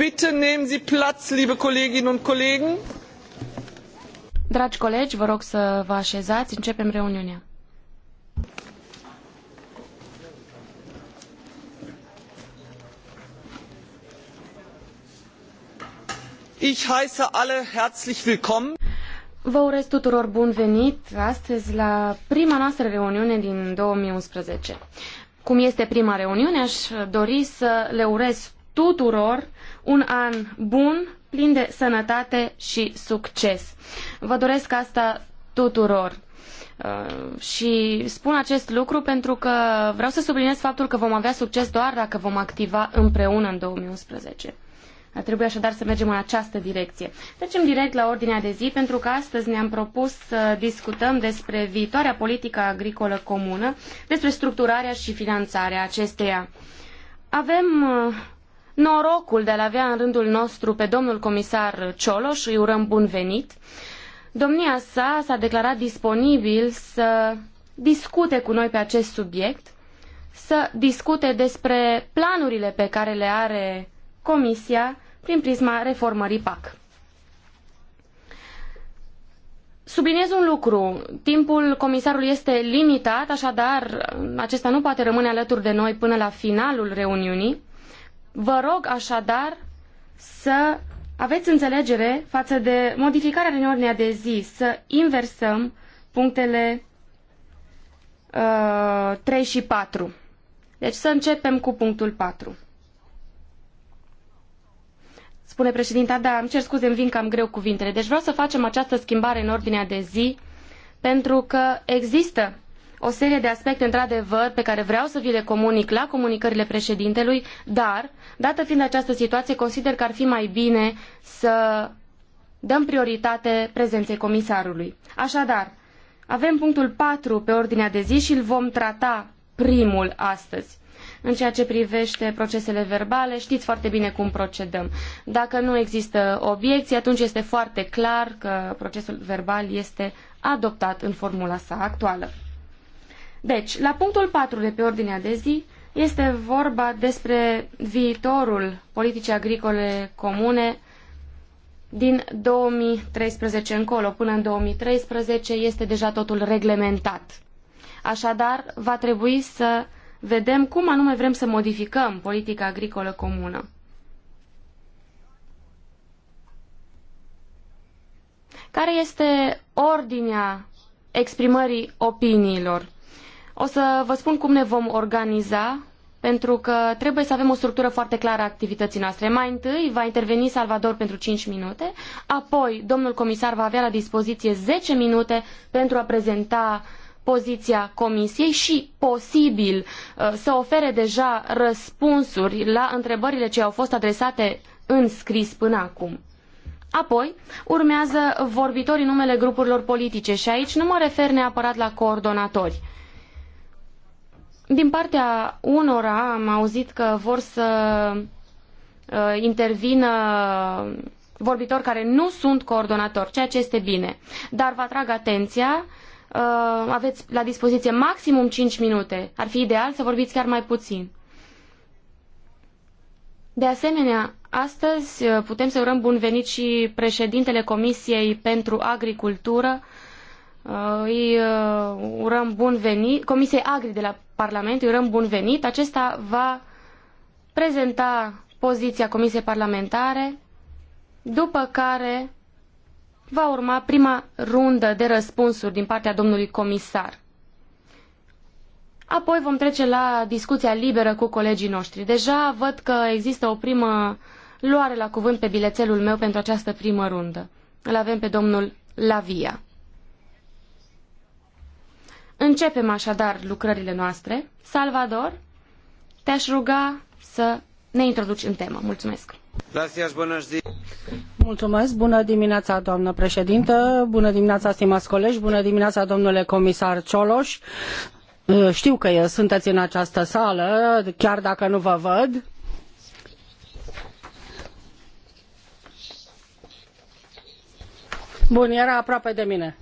Bitte nehmen Sie Platz, liebe Kolleginnen und Kollegen. Dragi colegi, vă rog să vă așezați, începem reuniunea. Ich heiße alle herzlich willkommen. Vă urez tuturor bun venit astăzi la prima noastră reuniune din 2011. Cum este prima reuniune, aș dori să le urez tuturor un an bun, plin de sănătate și succes. Vă doresc asta tuturor. Uh, și spun acest lucru pentru că vreau să subliniez faptul că vom avea succes doar dacă vom activa împreună în 2011. Ar trebui așadar să mergem în această direcție. Trecem direct la ordinea de zi, pentru că astăzi ne-am propus să discutăm despre viitoarea politică agricolă comună, despre structurarea și finanțarea acesteia. Avem uh, norocul de a-l avea în rândul nostru pe domnul comisar Cioloș, îi urăm bun venit. Domnia sa s-a declarat disponibil să discute cu noi pe acest subiect, să discute despre planurile pe care le are Comisia prin prisma reformării PAC. Subliniez un lucru. Timpul comisarului este limitat, așadar acesta nu poate rămâne alături de noi până la finalul reuniunii. Vă rog așadar să aveți înțelegere față de modificarea din ordinea de zi, să inversăm punctele uh, 3 și 4. Deci să începem cu punctul 4. Spune președinta, da, îmi cer scuze, îmi vin cam greu cuvintele. Deci vreau să facem această schimbare în ordinea de zi, pentru că există o serie de aspecte, într-adevăr, pe care vreau să vi le comunic la comunicările președintelui, dar Dată fiind această situație, consider că ar fi mai bine să dăm prioritate prezenței comisarului. Așadar, avem punctul patru pe ordinea de zi și îl vom trata primul astăzi. În ceea ce privește procesele verbale, știți foarte bine cum procedăm. Dacă nu există obiecții, atunci este foarte clar că procesul verbal este adoptat în formula sa actuală. Deci, la punctul patru de pe ordinea de zi, este vorba despre viitorul politicii agricole comune din 2013 încolo. Până în 2013 este deja totul reglementat. Așadar, va trebui să vedem cum anume vrem să modificăm politica agricolă comună. Care este ordinea exprimării opiniilor? O să vă spun cum ne vom organiza, pentru că trebuie să avem o structură foarte clară a activității noastre. Mai întâi va interveni Salvador pentru cinci minute, apoi domnul comisar va avea la dispoziție zece minute pentru a prezenta poziția comisiei și posibil uh, să ofere deja răspunsuri la întrebările ce au fost adresate în scris până acum. Apoi, urmează vorbitorii numele grupurilor politice și aici nu mă refer neapărat la coordonatori. Din partea unora am auzit că vor să uh, intervină vorbitori care nu sunt coordonatori, ceea ce este bine. Dar vă atrag atenția, uh, aveți la dispoziție maximum cinci minute. Ar fi ideal să vorbiți chiar mai puțin. De asemenea, astăzi uh, putem să urăm bun venit și președintele Comisiei pentru Agricultură, uh, Uh, îi uh, urăm bun venit, Comisiei Agri de la Parlament îi urăm bun venit. Acesta va prezenta poziția Comisiei Parlamentare, după care va urma prima rundă de răspunsuri din partea domnului comisar. Apoi vom trece la discuția liberă cu colegii noștri. Deja văd că există o primă luare la cuvânt pe bilețelul meu pentru această primă rundă. Îl avem pe domnul Lavia. Începem așadar lucrările noastre. Salvador, te-aș ruga să ne introduci în temă. Mulțumesc! Mulțumesc. Bună dimineața, doamnă președintă, bună dimineața, stimați colegi, bună dimineața, domnule comisar Cioloș. Uh, știu că sunteți în această sală, chiar dacă nu vă văd. Bun, era aproape de mine.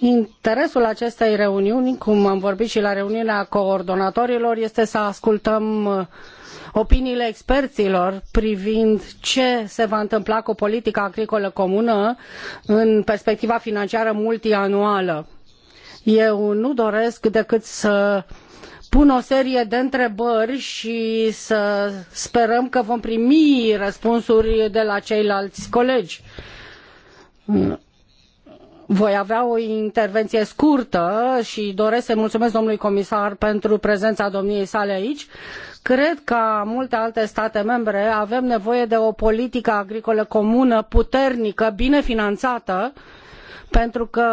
Interesul acestei reuniuni, cum am vorbit și la reuniunea coordonatorilor, este să ascultăm uh, opiniile experților privind ce se va întâmpla cu politica agricolă comună în perspectiva financiară multianuală. Eu nu doresc decât să pun o serie de întrebări și să sperăm că vom primi răspunsuri de la ceilalți colegi voi avea o intervenție scurtă și doresc să mulțumesc domnului comisar pentru prezența domniei sale aici. Cred că multe alte state membre avem nevoie de o politică agricolă comună puternică, bine finanțată, pentru că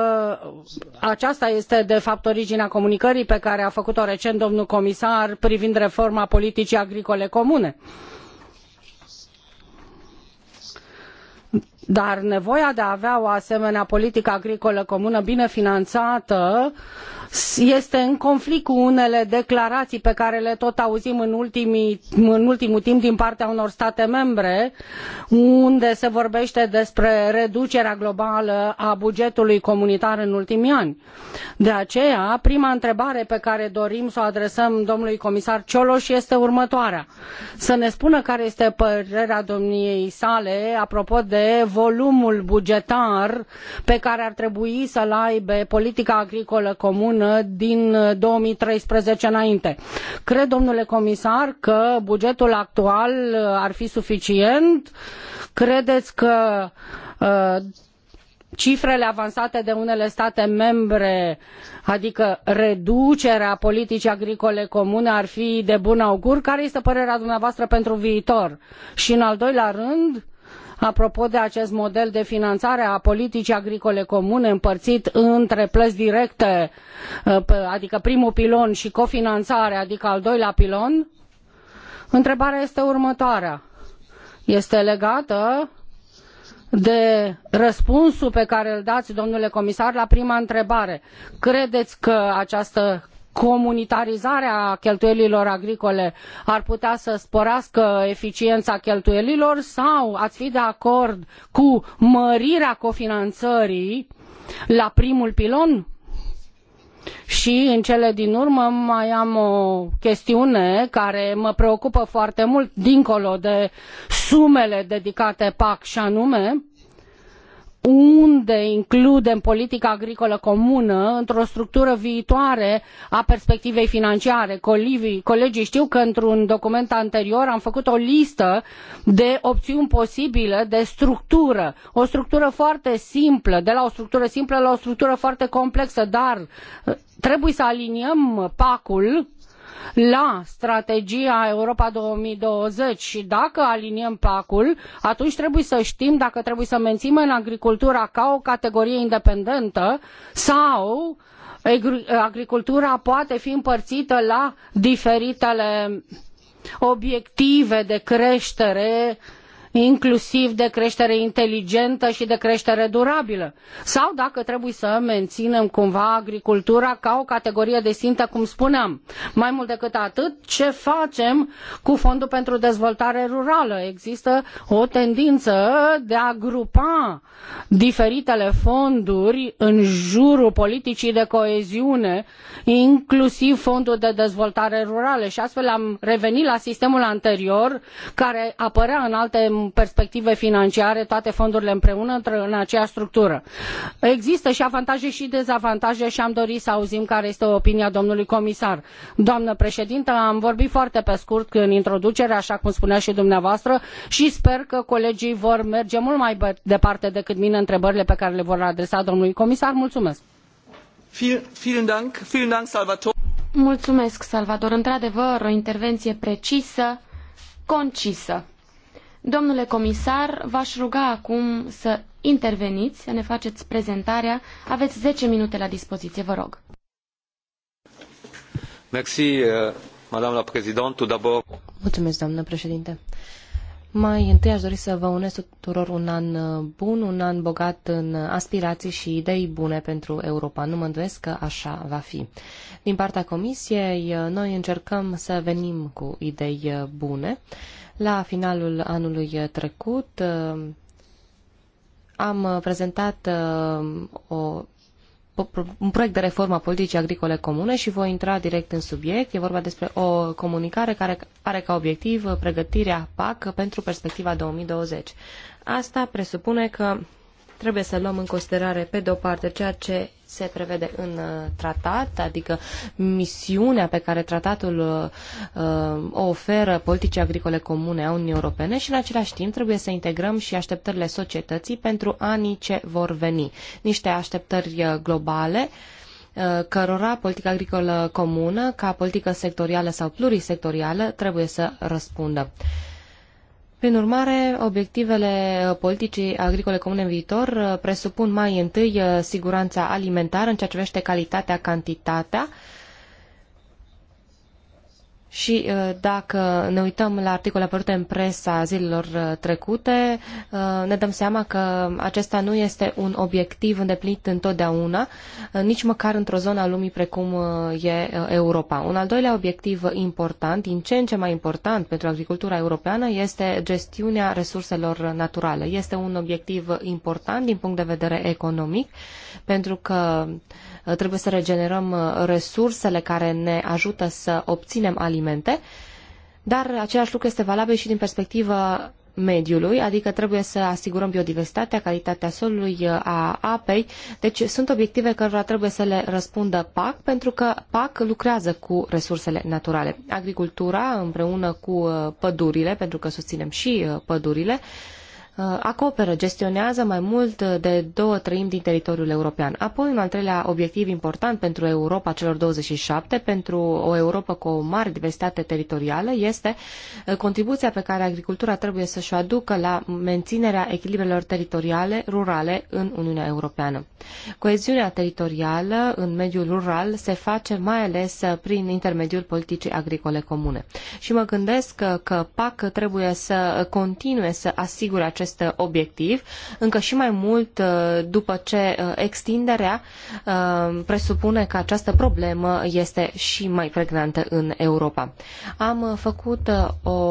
aceasta este de fapt originea comunicării pe care a făcut o recent domnul comisar privind reforma politicii agricole comune. dar nevoia de a avea o asemenea politică agricolă comună bine finanțată este în conflict cu unele declarații pe care le tot auzim în, ultimii, în ultimul timp din partea unor state membre, unde se vorbește despre reducerea globală a bugetului comunitar în ultimii ani. De aceea, prima întrebare pe care dorim să o adresăm domnului comisar Cioloș este următoarea. Să ne spună care este părerea domniei sale apropo de volumul bugetar pe care ar trebui să-l aibă politica agricolă comună până din 2013 uh, înainte. Cred, domnule comisar, că bugetul actual uh, ar fi suficient? Credeți că uh, cifrele avansate de unele state membre adică reducerea politicii agricole comune ar fi de bun augur care este părerea dumneavoastră pentru viitor Și în al doilea rând apropo de acest model de finanțare a politicii agricole comune împărțit între plăi directe, uh, adică primul pilon și cofinanțare, adică al doilea pilon, întrebarea este următoarea. Este legată de răspunsul pe care îl dai domnule comisar la prima întrebare credeți că această comunitarizarea cheltuielilor agricole ar putea să sporească eficiența cheltuielilor sau ați fi de acord cu mărirea cofinanțării la primul pilon? Și în cele din urmă mai am o chestiune care mă preocupă foarte mult dincolo de sumele dedicate PAC și anume unde includem politica agricolă comună într o structură viitoare a perspectivei financiare. Colivii, colegii știu că într un document anterior am făcut o listă de opțiuni posibile de structură o structură foarte simplă de la o structură simplă la o structură foarte complexă dar trebuie să aliniem pacul la strategia Europa 2020 și dacă aliniem pacul, atunci trebuie să știm dacă trebuie să menținem agricultura ca o categorie independentă sau agricultura poate fi împărțită la diferitele obiective de creștere uh, inclusiv de creștere inteligentă și de creștere durabilă. Sau dacă trebuie să menținem cumva agricultura ca o categorie de țintă, cum spuneam. Mai mult decât atât, ce facem cu Fondul pentru Dezvoltare Rurală? Există o tendință de a grupa diferitele fonduri în jurul politicii de coeziune, inclusiv Fondul de Dezvoltare Rurală și astfel am revenit la sistemul anterior care apărea în alte perspective financiare toate fondurile împreună în aceeași structură. Există și avantaje și dezavantaje și am dorit să auzim care este opinia domnului comisar. Doamnă președintă, am vorbit foarte pe scurt în introducere, așa cum spunea și dumneavoastră, și sper că colegii vor merge mult mai departe decât mine întrebările pe care le vor adresa domnului comisar. Mulțumesc! Mulțumesc, Salvador. Într-adevăr, o intervenție precisă, concisă. Domnule comisar, v-aș ruga acum să interveniți, să ne faceți prezentarea. Aveți 10 minute la dispoziție, vă rog. Merci, euh, Mulțumesc, doamnă președinte. Mai întâi aș dori să vă unesc tuturor un an uh, bun, un an bogat în aspirații și idei bune pentru Europa. Nu mă îndoiesc că așa va fi. Din partea Comisiei, uh, noi încercăm să venim cu idei uh, bune. La finalul anului trecut am prezentat o un proiect de reformă a politicii agricole comune și voi intra direct în subiect. E vorba despre o comunicare care are ca obiectiv pregătirea PAC pentru perspectiva 2020. Asta presupune că trebuie să luăm în considerare, pe de o parte, ceea ce se prevede în uh, tratat, adică misiunea pe care tratatul uh, o oferă politicii agricole comune a Uniunii Europene și, în același timp, trebuie să integrăm și așteptările societății pentru anii ce vor veni. Niște așteptări uh, globale uh, cărora politica agricolă comună, ca politică sectorială sau plurisectorială, trebuie să răspundă. Uh, prin urmare, obiectivele uh, politicii agricole comune în viitor uh, presupun mai întâi uh, siguranța alimentară în ceea ce privește calitatea, cantitatea, și uh, dacă ne uităm la articole apărute în presa zilelor uh, trecute, uh, ne dăm seama că acesta nu este un obiectiv îndeplinit întotdeauna, nici măcar într-o zonă a lumii precum e Europa. Un al doilea obiectiv important, din ce în ce mai important pentru agricultura europeană, este gestiunea resurselor naturale. Este un obiectiv important din punct de vedere economic, pentru că Uh, trebuie să regenerăm uh, resursele care ne ajută să obținem alimente, dar același lucru este valabil și din perspectiva mediului, adică trebuie să asigurăm biodiversitatea, calitatea solului, uh, a apei. Deci sunt obiective cărora trebuie să le răspundă PAC, pentru că PAC lucrează cu resursele naturale. Agricultura împreună cu pădurile, pentru că susținem și pădurile, Uh, acoperă, gestionează mai mult uh, de două treimi din teritoriul european. Apoi, un al treilea obiectiv important pentru Europa celor 27, pentru o Europa cu o mare diversitate teritorială, este uh, contribuția pe care agricultura trebuie să-și o aducă la menținerea echilibrelor teritoriale rurale în Uniunea Europeană. Coeziunea teritorială în mediul rural se face mai ales prin intermediul politicii agricole comune. Și mă gândesc că PAC trebuie să continue să asigure acest acest obiectiv, încă și mai mult uh, după ce uh, extinderea uh, presupune că această problemă este și mai pregnantă în Europa. Am făcut o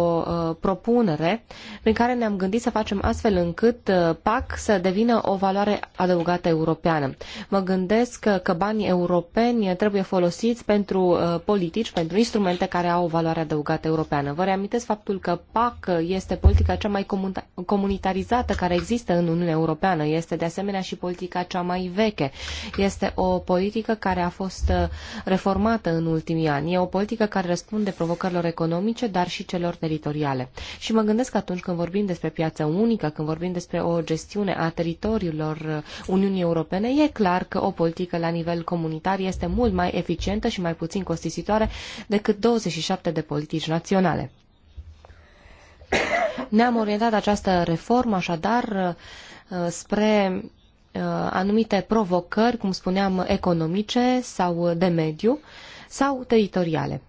propunere prin care ne-am gândit să facem astfel încât PAC să devină o valoare adăugată europeană. Mă gândesc că banii europeni trebuie folosiți pentru politici, pentru instrumente care au o valoare adăugată europeană. Vă reamintesc faptul că PAC este politica cea mai comunitară militarizată care există în Uniunea Europeană. Este de asemenea și politica cea mai veche. Este o politică care a fost uh, reformată în ultimii ani. E o politică care răspunde provocărilor economice, dar și celor teritoriale. Și mă gândesc că atunci când vorbim despre piața unică, când vorbim despre o gestiune a teritoriilor uh, Uniunii Europene, e clar că o politică la nivel comunitar este mult mai eficientă și mai puțin costisitoare decât 27 de politici naționale. Ne-am orientat această reformă, așadar, uh, spre uh, anumite provocări, cum spuneam, economice sau de mediu sau teritoriale.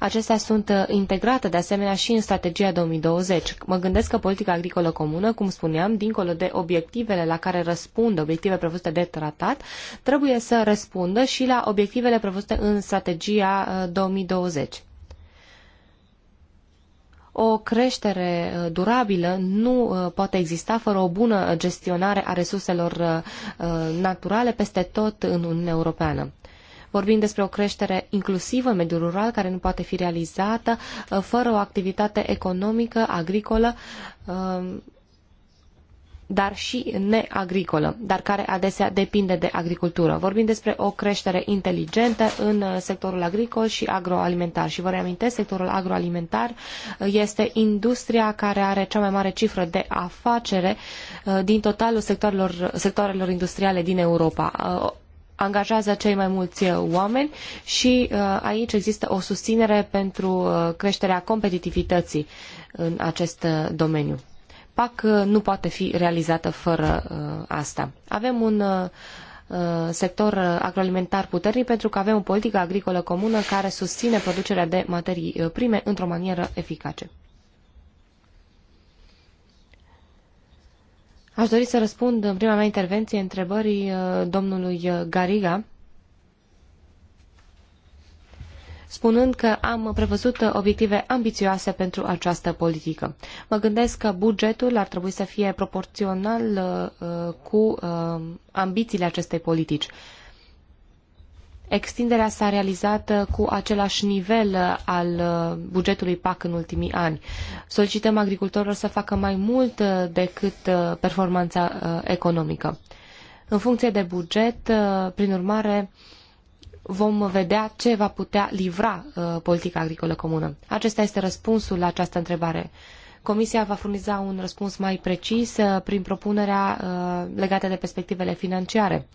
Acestea sunt uh, integrate de asemenea și în strategia 2020. Mă gândesc că politica agricolă comună, cum spuneam, dincolo de obiectivele la care răspund, obiective prevăzute de tratat, trebuie să răspundă și la obiectivele prevăzute în strategia 2020 uh, o creștere uh, durabilă nu poate exista fără o bună gestionare a resurselor naturale peste tot în Uniunea Europeană. Vorbim despre o creștere inclusivă în mediul rural, care nu poate fi realizată uh, fără o activitate economică, agricolă, um, dar și neagricolă, dar care adesea depinde de agricultură. Vorbim despre o creștere inteligentă în uh, sectorul agricol și agroalimentar. Și vă reamintesc, sectorul agroalimentar uh, este industria care are cea mai mare cifră de afacere din totalul sectoarelor, sectoarelor industriale din Europa angajează cei mai mulți uh, oameni și uh, aici există o susținere pentru uh, creșterea competitivității în acest domeniu. PAC nu poate fi realizată fără asta. Avem un sector agroalimentar puternic pentru că avem o politică agricolă comună care susține producerea de materii prime într-o manieră eficace. Aș dori să răspund în prima mea intervenție întrebării uh, domnului uh, Gariga, spunând că am prevăzut uh, obiective ambițioase pentru această politică. Mă gândesc că bugetul ar trebui să fie proporțional cu ambițiile acestei politici extinderea s-a realizat uh, cu același nivel uh, al uh, bugetului PAC în ultimii ani. Solicităm agricultorilor să facă mai mult decât performanța economică. În funcție de buget, prin urmare, vom vedea ce va putea livra politica agricolă comună. Acesta este răspunsul la această întrebare. Comisia va furniza un răspuns mai precis prin propunerea legată de perspectivele financiare.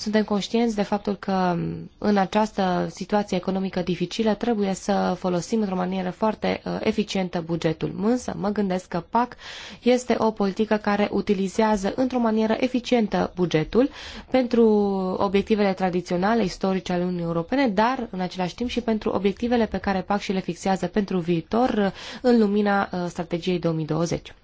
Suntem conștienți de faptul că în această situație economică dificilă trebuie să folosim într-o manieră foarte uh, eficientă bugetul. Însă mă gândesc că PAC este o politică care utilizează într-o manieră eficientă bugetul pentru obiectivele tradiționale, istorice ale Uniunii Europene, dar în același timp și pentru obiectivele pe care PAC și le fixează pentru viitor uh, în lumina uh, strategiei 2020.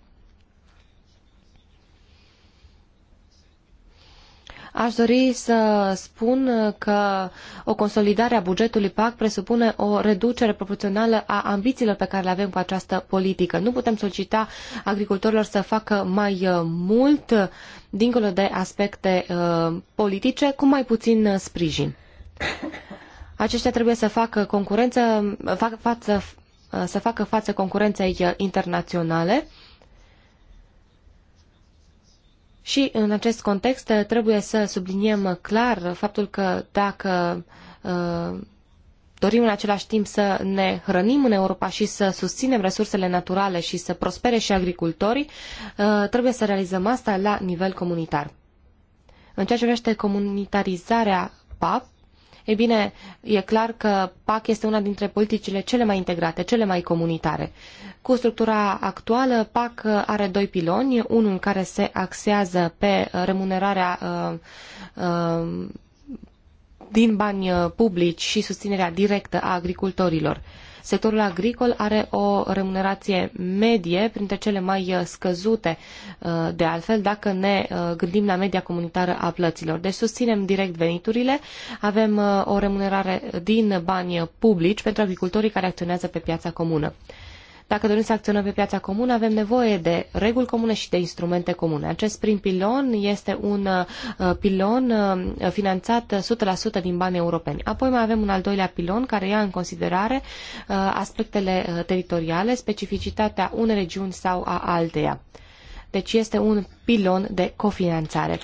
Aș dori să spun că o consolidare a bugetului PAC presupune o reducere proporțională a ambițiilor pe care le avem cu această politică. Nu putem solicita agricultorilor să facă mai mult dincolo de aspecte uh, politice cu mai puțin sprijin. Aceștia trebuie să facă concurență, fac față, uh, să facă față concurenței internaționale și în acest context eh, trebuie să subliniem clar faptul că dacă eh, dorim în același timp să ne hrănim în Europa și să susținem resursele naturale și să prospere și agricultorii, eh, trebuie să realizăm asta la nivel comunitar. În ceea ce privește comunitarizarea PAP, e bine, e clar că PAC este una dintre politicile cele mai integrate, cele mai comunitare. Cu structura actuală, PAC are doi piloni, unul în care se axează pe uh, remunerarea uh, uh, din bani publici și susținerea directă a agricultorilor. Sectorul agricol are o remunerație medie printre cele mai scăzute, de altfel, dacă ne gândim la media comunitară a plăților. Deci susținem direct veniturile, avem o remunerare din bani publici pentru agricultorii care acționează pe piața comună. Dacă dorim să acționăm pe piața comună, avem nevoie de reguli comune și de instrumente comune. Acest prim pilon este un uh, pilon uh, finanțat 100% din bani europeni. Apoi mai avem un al doilea pilon care ia în considerare uh, aspectele teritoriale, specificitatea unei regiuni sau a alteia. Deci este un pilon de cofinanțare.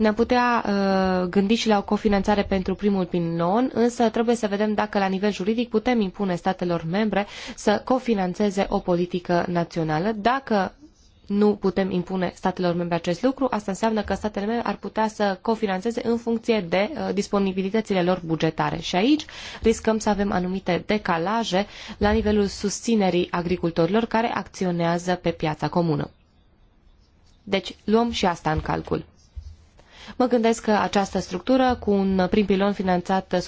Ne-am putea uh, gândi și la o cofinanțare pentru primul pilon, însă trebuie să vedem dacă la nivel juridic putem impune statelor membre să cofinanțeze o politică națională. Dacă nu putem impune statelor membre acest lucru, asta înseamnă că statele membre ar putea să cofinanțeze în funcție de uh, disponibilitățile lor bugetare. Și aici riscăm să avem anumite decalaje la nivelul susținerii agricultorilor care acționează pe piața comună. Deci luăm și asta în calcul. Mă gândesc că această structură, cu un prim pilon finanțat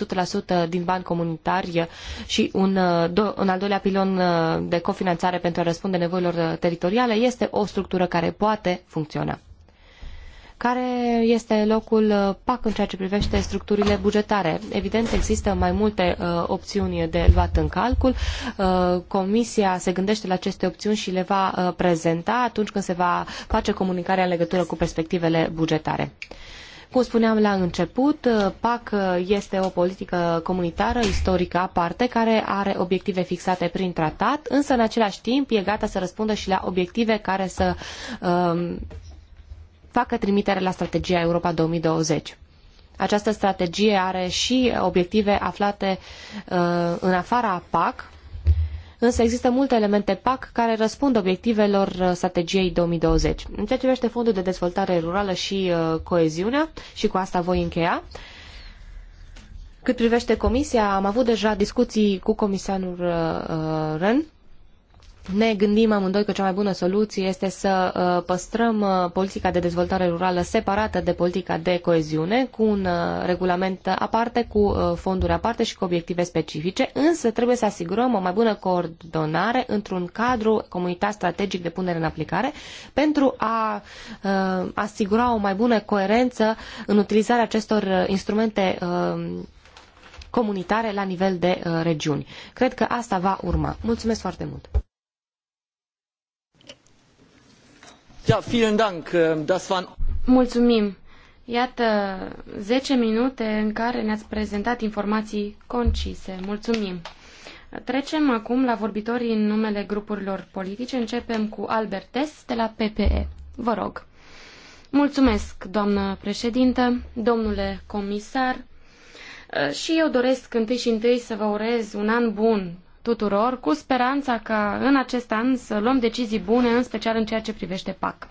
100% din bani comunitari și un, do, un al doilea pilon uh, de cofinanțare pentru a răspunde nevoilor teritoriale, este o structură care poate funcționa care este locul uh, PAC în ceea ce privește structurile bugetare. Evident, există mai multe uh, opțiuni de luat în calcul. Uh, comisia se gândește la aceste opțiuni și le va uh, prezenta atunci când se va face comunicarea în legătură cu perspectivele bugetare. Cum spuneam la început, uh, PAC uh, este o politică comunitară istorică aparte care are obiective fixate prin tratat, însă în același timp e gata să răspundă și la obiective care să facă trimitere la strategia Europa 2020. Această strategie are și obiective aflate uh, în afara PAC, însă există multe elemente PAC care răspund obiectivelor uh, strategiei 2020. În ceea ce privește fondul de dezvoltare rurală și uh, coeziunea, și cu asta voi încheia, cât privește Comisia, am avut deja discuții cu comisarul uh, Ren ne gândim amândoi că cea mai bună soluție este să uh, păstrăm uh, politica de dezvoltare rurală separată de politica de coeziune, cu un uh, regulament aparte, cu fonduri aparte și cu obiective specifice, însă trebuie să asigurăm o mai bună coordonare într-un cadru comunitar strategic de punere în aplicare pentru a asigura o mai bună coerență în utilizarea acestor instrumente comunitare la nivel de regiuni. Cred că asta va urma. Mulțumesc foarte mult! Ähm, Mulțumim. Iată, zece minute în care ne-ați prezentat informații concise. Mulțumim. Trecem acum la vorbitorii în numele grupurilor politice. Începem cu Albert Tess de la PPE. Vă rog. Mulțumesc, doamnă președintă, domnule comisar. Ă, și eu doresc întâi și întâi să vă urez un an bun tuturor, cu speranța că în acest an să luăm decizii bune, în special în ceea ce privește PAC.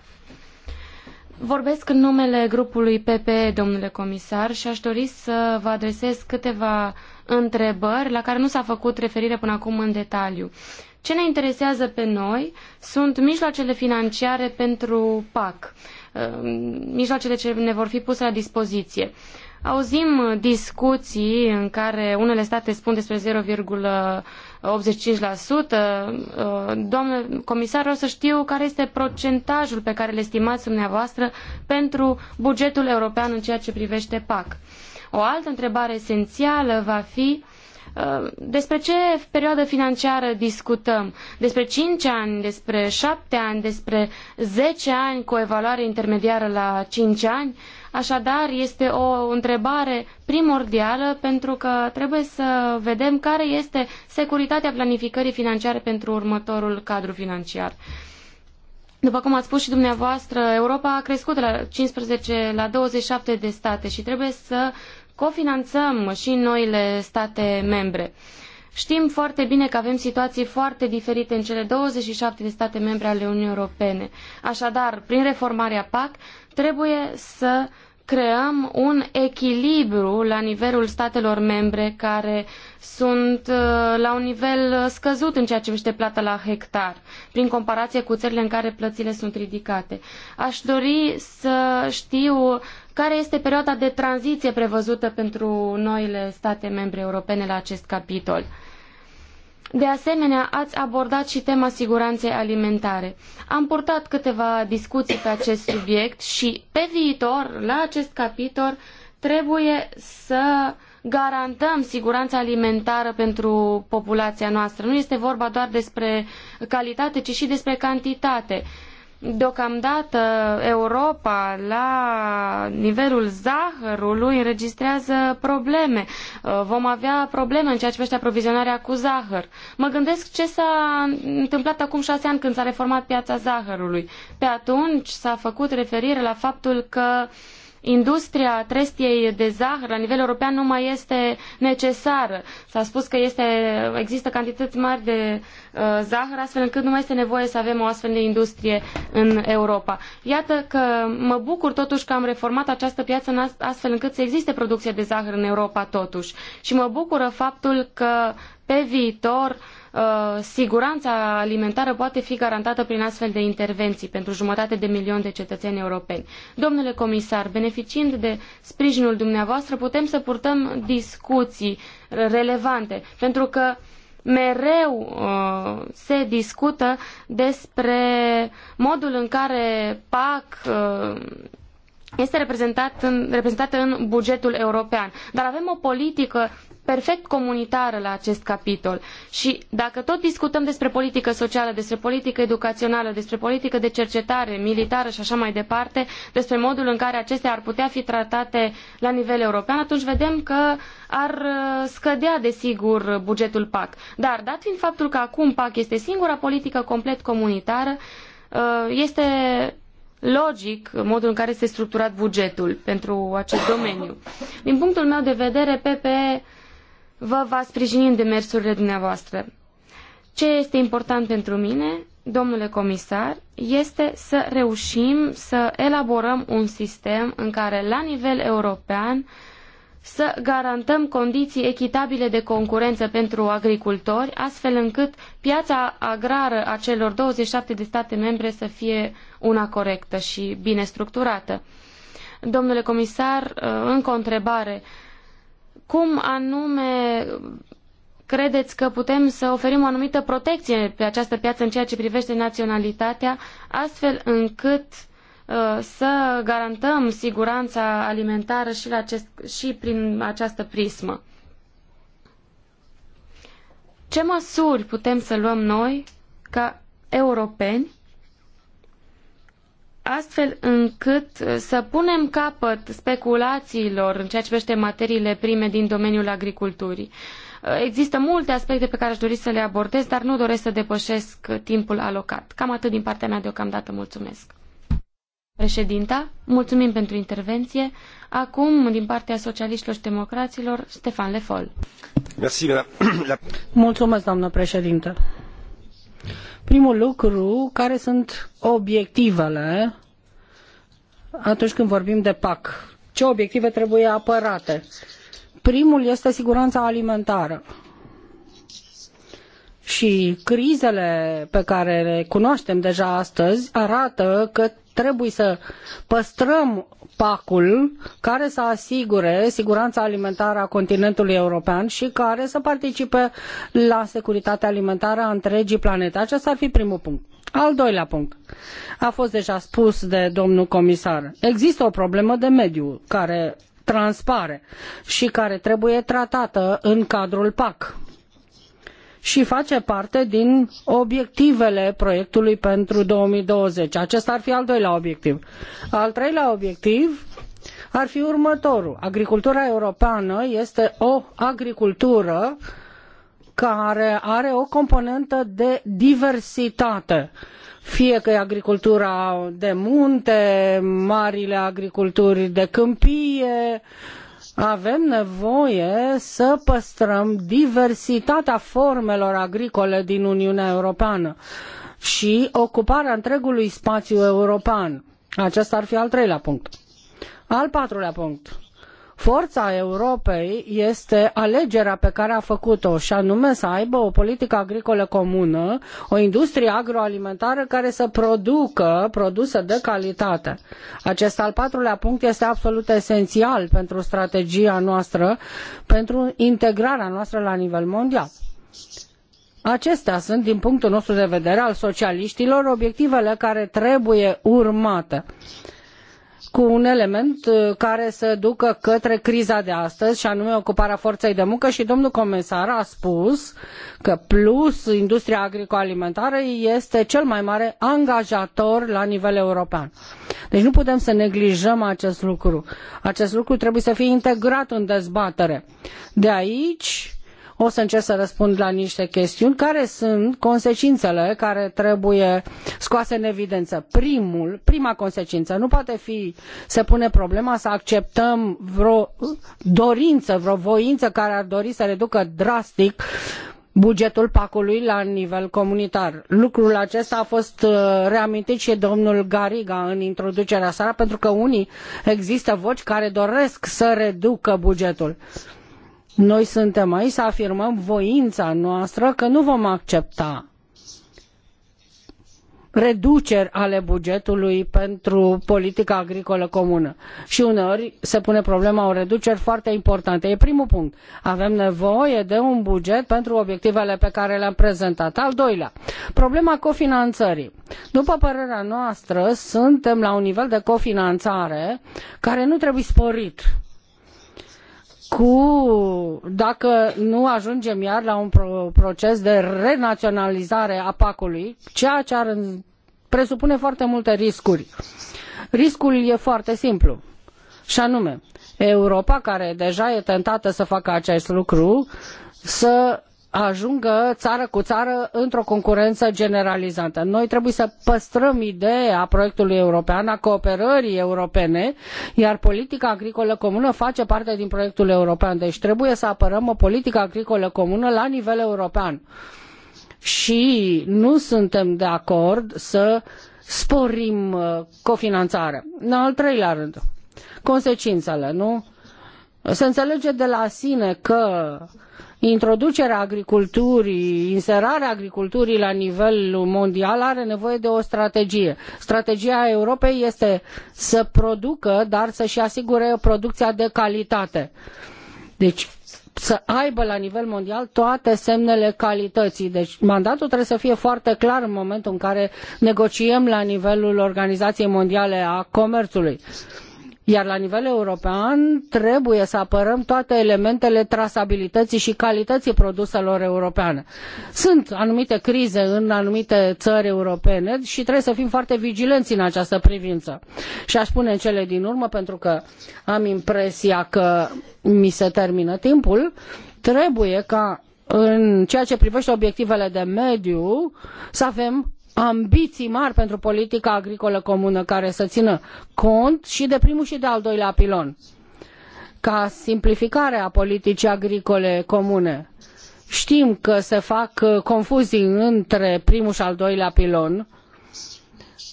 Vorbesc în numele grupului PP, domnule comisar, și aș dori să vă adresez câteva întrebări la care nu s-a făcut referire până acum în detaliu. Ce ne interesează pe noi sunt mijloacele financiare pentru PAC, uh, mijloacele ce ne vor fi puse la dispoziție. Auzim discuții în care unele state spun despre 0, 85%. Uh, doamnă comisar, vreau să știu care este procentajul pe care le estimați dumneavoastră pentru bugetul european în ceea ce privește PAC. O altă întrebare esențială va fi uh, despre ce perioadă financiară discutăm? Despre cinci ani, despre 7 ani, despre zece ani cu o evaluare intermediară la cinci ani? Așadar, este o întrebare primordială pentru că trebuie să vedem care este securitatea planificării financiare pentru următorul cadru financiar. După cum ați spus și dumneavoastră, Europa a crescut de la 15 la 27 de state și trebuie să cofinanțăm și noile state membre. Știm foarte bine că avem situații foarte diferite în cele 27 de state membre ale Uniunii Europene. Așadar, prin reformarea PAC Trebuie să creăm un echilibru la nivelul statelor membre care sunt uh, la un nivel uh, scăzut în ceea ce privește plata la hectar, prin comparație cu țările în care plățile sunt ridicate. Aș dori să știu care este perioada de tranziție prevăzută pentru noile state membre europene la acest capitol. De asemenea, ați abordat și tema siguranței alimentare. Am purtat câteva discuții pe acest subiect și pe viitor, la acest capitol, trebuie să garantăm siguranța alimentară pentru populația noastră. Nu este vorba doar despre calitate, ci și despre cantitate. Deocamdată Europa la nivelul zahărului înregistrează probleme. Uh, vom avea probleme în ceea ce privește aprovizionarea cu zahăr. Mă gândesc ce s-a întâmplat acum șase ani când s-a reformat piața zahărului. Pe atunci s-a făcut referire la faptul că uh, Industria trestiei de zahăr la nivel european nu mai este necesară. S-a spus că este, există cantități mari de uh, zahăr, astfel încât nu mai este nevoie să avem o astfel de industrie în Europa. Iată că mă bucur totuși că am reformat această piață astfel încât să existe producție de zahăr în Europa totuși. Și mă bucură faptul că pe viitor uh, Uh, siguranța alimentară poate fi garantată prin astfel de intervenții pentru jumătate de milion de cetățeni europeni. Domnule comisar, beneficiind de sprijinul dumneavoastră, putem să purtăm discuții relevante, pentru că mereu uh, se discută despre modul în care PAC uh, este reprezentat în, reprezentată în bugetul european. Dar avem o politică perfect comunitară la acest capitol. Și dacă tot discutăm despre politică socială, despre politică educațională, despre politică de cercetare, militară și așa mai departe, despre modul în care acestea ar putea fi tratate la nivel european, atunci vedem că ar uh, scădea, desigur, bugetul PAC. Dar, dat fiind faptul că acum PAC este singura politică complet comunitară, uh, este logic modul în care este structurat bugetul pentru acest domeniu. Din punctul meu de vedere, PPE vă va sprijini în demersurile dumneavoastră. Ce este important pentru mine, domnule comisar, este să reușim să elaborăm un sistem în care, la nivel european, să garantăm condiții echitabile de concurență pentru agricultori, astfel încât piața agrară a celor 27 de state membre să fie una corectă și bine structurată. Domnule comisar, încă o întrebare cum anume credeți că putem să oferim o anumită protecție pe această piață în ceea ce privește naționalitatea, astfel încât uh, să garantăm siguranța alimentară și, la acest, și prin această prismă. Ce măsuri putem să luăm noi ca europeni astfel încât uh, să punem capăt speculațiilor în ceea ce privește materiile prime din domeniul agriculturii. Uh, există multe aspecte pe care aș dori să le abordez, dar nu doresc să depășesc timpul alocat. Cam atât din partea mea deocamdată. Mulțumesc. Președinta, mulțumim pentru intervenție. Acum, din partea socialiștilor și democraților, Stefan Lefol. Mulțumesc, doamnă președintă Primul lucru, care sunt obiectivele atunci când vorbim de PAC? Ce obiective trebuie apărate? Primul este siguranța alimentară. Și crizele pe care le cunoaștem deja astăzi arată că trebuie să păstrăm pacul care să asigure siguranța alimentară a continentului european și care să participe la securitatea alimentară a întregii planete. Acesta ar fi primul punct. Al doilea punct. A fost deja spus de domnul comisar. Există o problemă de mediu care transpare și care trebuie tratată în cadrul PAC și face parte din obiectivele proiectului pentru 2020. Acesta ar fi al doilea obiectiv. Al treilea obiectiv ar fi următorul. Agricultura europeană este o agricultură care are o componentă de diversitate fie că e agricultura de munte, marile agriculturi de câmpie, avem nevoie să păstrăm diversitatea formelor agricole din Uniunea Europeană și ocuparea întregului spațiu european. Acesta ar fi al treilea punct. Al patrulea punct Forța Europei este alegerea pe care a făcut-o și anume să aibă o politică agricolă comună, o industrie agroalimentară care să producă produse de calitate. Acest al patrulea punct este absolut esențial pentru strategia noastră, pentru integrarea noastră la nivel mondial. Acestea sunt, din punctul nostru de vedere al socialiștilor, obiectivele care trebuie urmate cu un element uh, care să ducă către criza de astăzi și anume ocuparea forței de muncă și domnul comisar a spus că plus industria agroalimentară este cel mai mare angajator la nivel european. Deci nu putem să neglijăm acest lucru. Acest lucru trebuie să fie integrat în dezbatere. De aici o să încerc să răspund la niște chestiuni care sunt consecințele care trebuie scoase în evidență. Primul, prima consecință, nu poate fi, se pune problema să acceptăm vreo dorință, vreo voință care ar dori să reducă drastic bugetul pacului la nivel comunitar. Lucrul acesta a fost uh, reamintit și domnul Gariga în introducerea sa, pentru că unii există voci care doresc să reducă bugetul. Noi suntem aici să afirmăm voința noastră că nu vom accepta reduceri ale bugetului pentru politica agricolă comună. Și uneori se pune problema unor reduceri foarte importante. E primul punct. Avem nevoie de un buget pentru obiectivele pe care le-am prezentat. Al doilea, problema cofinanțării. După părerea noastră, suntem la un nivel de cofinanțare care nu trebuie sporit cu, dacă nu ajungem iar la un proces de renaționalizare a PAC-ului, ceea ce ar presupune foarte multe riscuri. Riscul e foarte simplu, și anume, Europa, care deja e tentată să facă acest lucru, să ajungă țară cu țară într-o concurență generalizată. Noi trebuie să păstrăm ideea proiectului european, a cooperării europene, iar politica agricolă comună face parte din proiectul european. Deci trebuie să apărăm o politică agricolă comună la nivel european. Și nu suntem de acord să sporim uh, cofinanțarea. În al treilea rând, consecințele, nu? Se înțelege de la sine că introducerea agriculturii, inserarea agriculturii la nivel mondial are nevoie de o strategie. Strategia Europei este să producă, dar să-și asigure producția de calitate. Deci să aibă la nivel mondial toate semnele calității. Deci mandatul trebuie să fie foarte clar în momentul în care negociem la nivelul Organizației Mondiale a Comerțului. Uh, iar la nivel european trebuie să apărăm toate elementele trasabilității și calității produselor europene. Sunt anumite crize în anumite țări europene și trebuie să fim foarte vigilenți în această privință. Și aș spune în cele din urmă, pentru că am impresia că mi se termină timpul, trebuie ca în ceea ce privește obiectivele de mediu să avem ambiții mari pentru politica agricolă comună care să țină cont și de primul și de al doilea pilon ca simplificare a politicii agricole comune. Știm că se fac uh, confuzii între primul și al doilea pilon.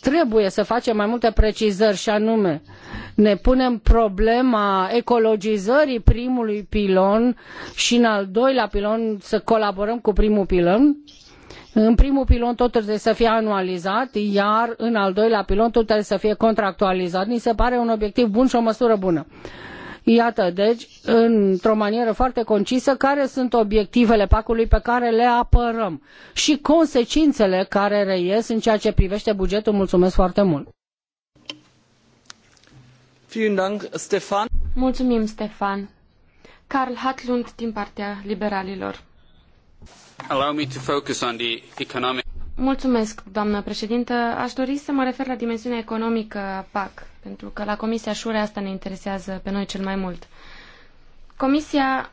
Trebuie să facem mai multe precizări și anume ne punem problema ecologizării primului pilon și în al doilea pilon să colaborăm cu primul pilon. În primul pilon totul trebuie să fie anualizat, iar în al doilea pilon totul trebuie să fie contractualizat. Mi se pare un obiectiv bun și o măsură bună. Iată, deci, într-o manieră foarte concisă, care sunt obiectivele pacului pe care le apărăm și consecințele care reies în ceea ce privește bugetul. Mulțumesc foarte mult! Mulțumim, Stefan! Carl Hatlund din partea liberalilor. Mulțumesc, doamnă președintă. Aș dori să mă refer la dimensiunea economică a PAC, pentru că la Comisia Șure asta ne interesează pe noi cel mai mult. Comisia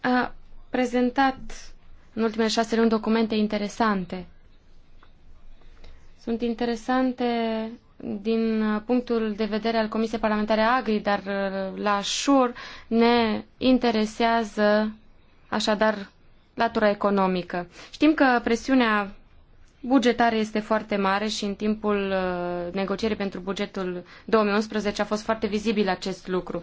a prezentat în ultimele șase luni documente interesante. Sunt interesante din punctul de vedere al Comisiei Parlamentare Agri, dar la șur ne interesează așadar latura economică. Știm că presiunea bugetară este foarte mare și în timpul uh, negocierii pentru bugetul 2011 a fost foarte vizibil acest lucru.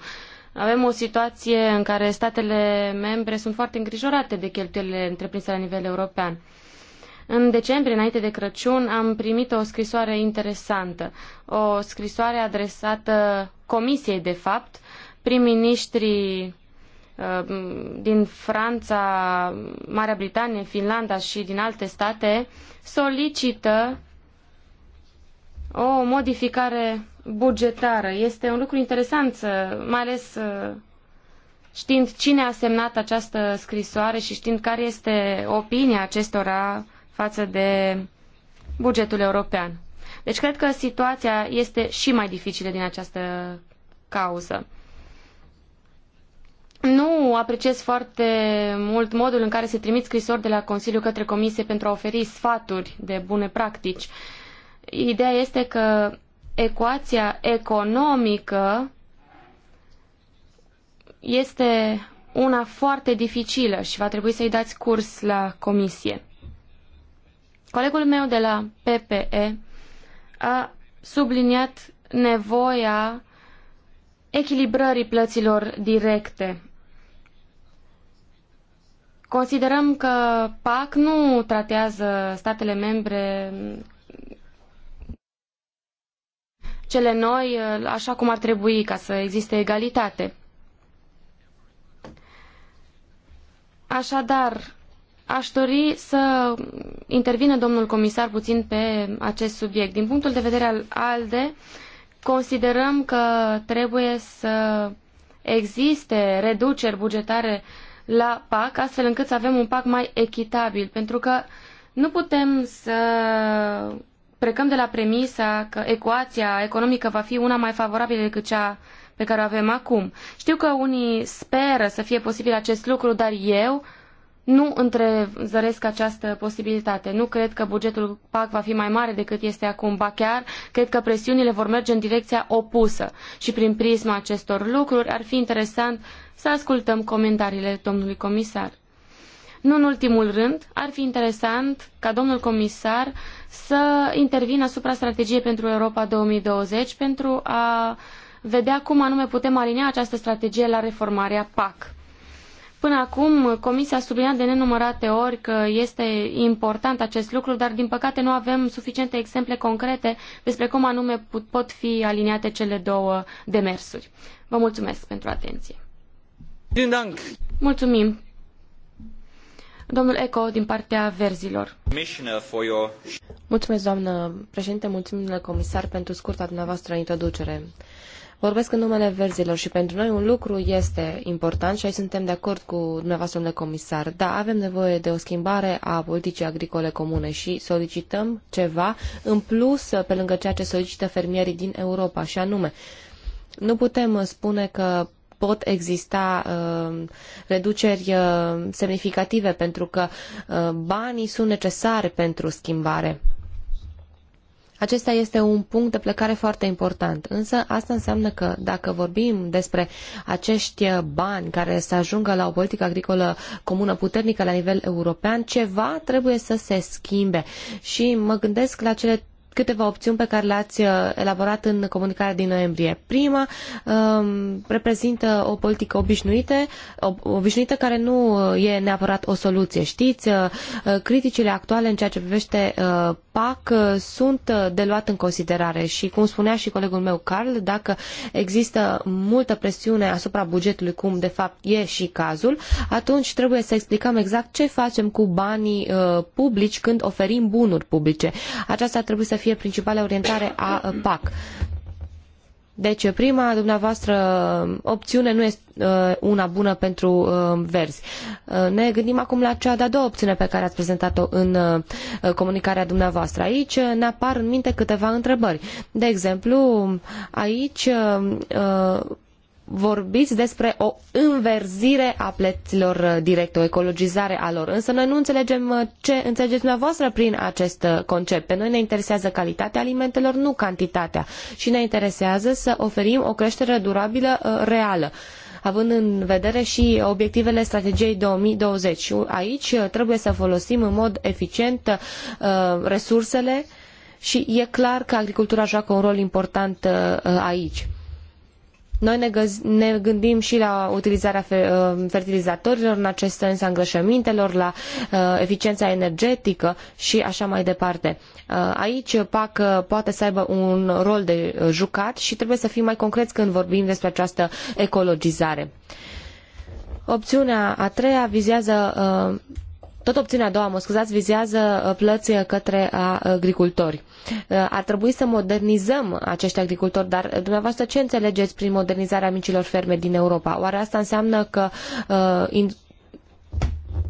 Avem o situație în care statele membre sunt foarte îngrijorate de cheltuielile întreprinse la nivel european. În decembrie, înainte de Crăciun, am primit o scrisoare interesantă, o scrisoare adresată Comisiei, de fapt, prim-ministrii Uh, din Franța, Marea Britanie, Finlanda și din alte state solicită o modificare bugetară. Este un lucru interesant, uh, mai ales uh, știind cine a semnat această scrisoare și știind care este opinia acestora față de bugetul european. Deci cred că situația este și mai dificilă din această cauză nu apreciez foarte mult modul în care se trimit scrisori de la Consiliu către Comisie pentru a oferi sfaturi de bune practici. Ideea este că ecuația economică este una foarte dificilă și va trebui să-i dați curs la comisie. Colegul meu de la PPE a subliniat nevoia echilibrării plăților directe Considerăm că PAC nu tratează statele membre cele noi uh, așa cum ar trebui ca să existe egalitate. Așadar, aș dori să intervine domnul comisar puțin pe acest subiect. Din punctul de vedere al ALDE, considerăm că trebuie să existe reduceri bugetare uh, la PAC, astfel încât să avem un PAC mai echitabil, pentru că nu putem să plecăm de la premisa că ecuația economică va fi una mai favorabilă decât cea pe care o avem acum. Știu că unii speră să fie posibil acest lucru, dar eu nu întrezăresc această posibilitate. Nu cred că bugetul PAC va fi mai mare decât este acum, ba chiar cred că presiunile vor merge în direcția opusă. Și prin prisma acestor lucruri ar fi interesant să ascultăm comentariile domnului comisar. Nu în ultimul rând, ar fi interesant ca domnul comisar să intervină asupra strategiei pentru Europa 2020 pentru a vedea cum anume putem alinea această strategie la reformarea PAC. Până acum, Comisia a subliniat de nenumărate ori că este important acest lucru, dar din păcate nu avem suficiente exemple concrete despre cum anume pot fi aliniate cele două demersuri. Vă mulțumesc pentru atenție. Mulțumim. Eco, din partea verzilor. Mulțumesc, doamnă președinte, mulțumim, domnule comisar, pentru scurta dumneavoastră introducere. Vorbesc în numele verzilor și pentru noi un lucru este important și aici suntem de acord cu dumneavoastră, domnule comisar. Da, avem nevoie de o schimbare a politicii agricole comune și solicităm ceva în plus pe lângă ceea ce solicită fermierii din Europa și anume nu putem spune că pot exista uh, reduceri uh, semnificative pentru că uh, banii sunt necesari pentru schimbare. Acesta este un punct de plecare foarte important, însă asta înseamnă că dacă vorbim despre acești bani care să ajungă la o politică agricolă comună puternică la nivel european, ceva trebuie să se schimbe. Și mă gândesc la cele câteva opțiuni pe care le-ați uh, elaborat în comunicarea din noiembrie. Prima um, reprezintă o politică obișnuită, obișnuită care nu uh, e neapărat o soluție. Știți, uh, criticile actuale în ceea ce privește PAC sunt de luat în considerare și, cum spunea și colegul meu Carl, dacă există multă presiune asupra bugetului, cum de fapt e și cazul, atunci trebuie să explicăm exact ce facem cu banii publici când oferim bunuri publice. Aceasta trebuie să fie fie principala orientare a uh, PAC. Deci uh, prima dumneavoastră uh, opțiune nu este una bună pentru verzi. Ne gândim acum la cea de-a doua opțiune pe care ați prezentat-o în comunicarea dumneavoastră. Aici ne apar în minte câteva întrebări. De exemplu, aici vorbiți despre o înverzire a plăților uh, directe, o ecologizare a lor. Însă noi nu înțelegem uh, ce înțelegeți dumneavoastră prin acest uh, concept. Pe noi ne interesează calitatea alimentelor, nu cantitatea. Și ne interesează să oferim o creștere durabilă reală având în vedere și obiectivele strategiei 2020. Aici trebuie să folosim în mod eficient resursele și e clar că agricultura joacă un rol important aici. Noi ne, găz- ne gândim și la utilizarea uh, fertilizatorilor, în acest sens a îngrășămintelor, la uh, eficiența energetică și așa mai departe. Uh, aici PAC uh, poate să aibă un rol de uh, jucat și trebuie să fim mai concreți când vorbim despre această ecologizare. Opțiunea a treia vizează uh, tot opțiunea a doua, mă scuzați, vizează uh, plăți uh, către uh, agricultori. Ar trebui să modernizăm acești agricultori, dar dumneavoastră ce înțelegeți prin modernizarea micilor ferme din Europa? Oare asta înseamnă că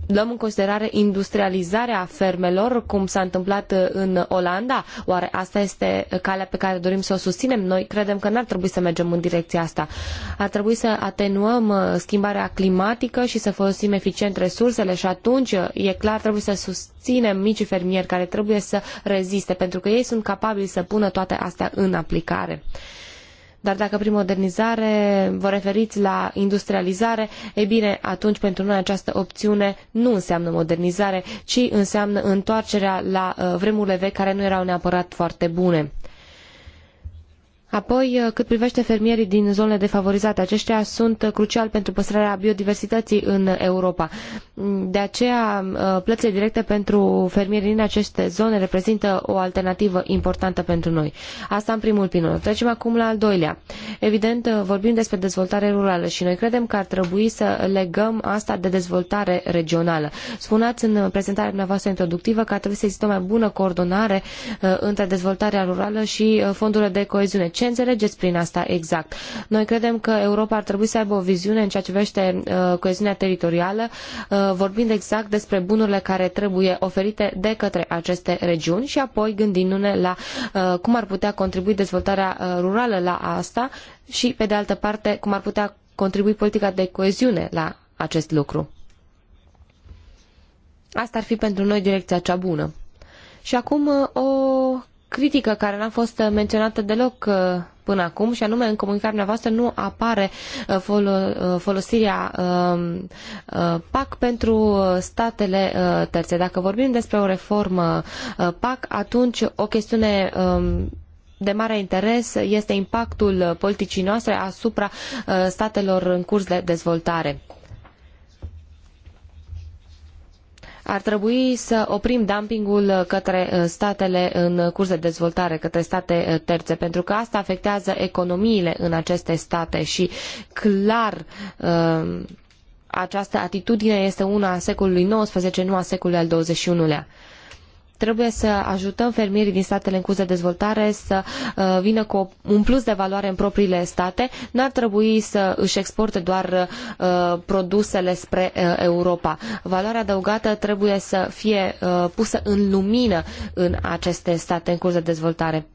luăm în considerare industrializarea fermelor, cum s-a întâmplat uh, în Olanda? Oare asta este calea pe care dorim să o susținem? Noi credem că n-ar trebui să mergem în direcția asta. Ar trebui să atenuăm uh, schimbarea climatică și să folosim eficient resursele și atunci, uh, e clar, trebuie să susținem micii fermieri care trebuie să reziste, pentru că ei sunt capabili să pună toate astea în aplicare. Dar dacă prin modernizare vă referiți la industrializare, e bine, atunci pentru noi această opțiune nu înseamnă modernizare, ci înseamnă întoarcerea la uh, vremurile vechi care nu erau neapărat foarte bune. Apoi, uh, cât privește fermierii din zonele defavorizate, aceștia sunt uh, cruciali pentru păstrarea biodiversității în Europa. Mm, de aceea, uh, plățile directe pentru fermierii din aceste zone reprezintă o alternativă importantă pentru noi. Asta în primul pilon. Trecem acum la al doilea. Evident, vorbim despre dezvoltare rurală și noi credem că ar trebui să legăm asta de dezvoltare regională. Spuneați în prezentarea dumneavoastră introductivă că ar trebui să existe o mai bună coordonare între dezvoltarea rurală și fondurile de coeziune ce înțelegeți prin asta exact? Noi credem că Europa ar trebui să aibă o viziune în ceea ce vește uh, coeziunea teritorială, uh, vorbind exact despre bunurile care trebuie oferite de către aceste regiuni și apoi gândindu-ne la uh, cum ar putea contribui dezvoltarea rurală la asta și, pe de altă parte, cum ar putea contribui politica de coeziune la acest lucru. Asta ar fi pentru noi direcția cea bună. Și acum o critică care n-a fost uh, menționată deloc uh, până acum și anume în comunicarea noastră nu apare uh, folosirea um, PAC pentru statele terțe. Dacă vorbim despre o reformă PAC, atunci o chestiune um, de mare interes este impactul politicii noastre asupra statelor în curs de dezvoltare. Ar trebui să oprim dumpingul către uh, statele în curs de dezvoltare, către state uh, terțe, pentru că asta afectează economiile în aceste state și clar uh, această atitudine este una a secolului XIX, nu a secolului al XXI-lea. Trebuie să ajutăm fermierii din statele în curs de dezvoltare să uh, vină cu un plus de valoare în propriile state. N-ar trebui să își exporte doar uh, produsele spre uh, Europa. Valoarea adăugată trebuie să fie pusă în lumină în aceste state în curs de dezvoltare.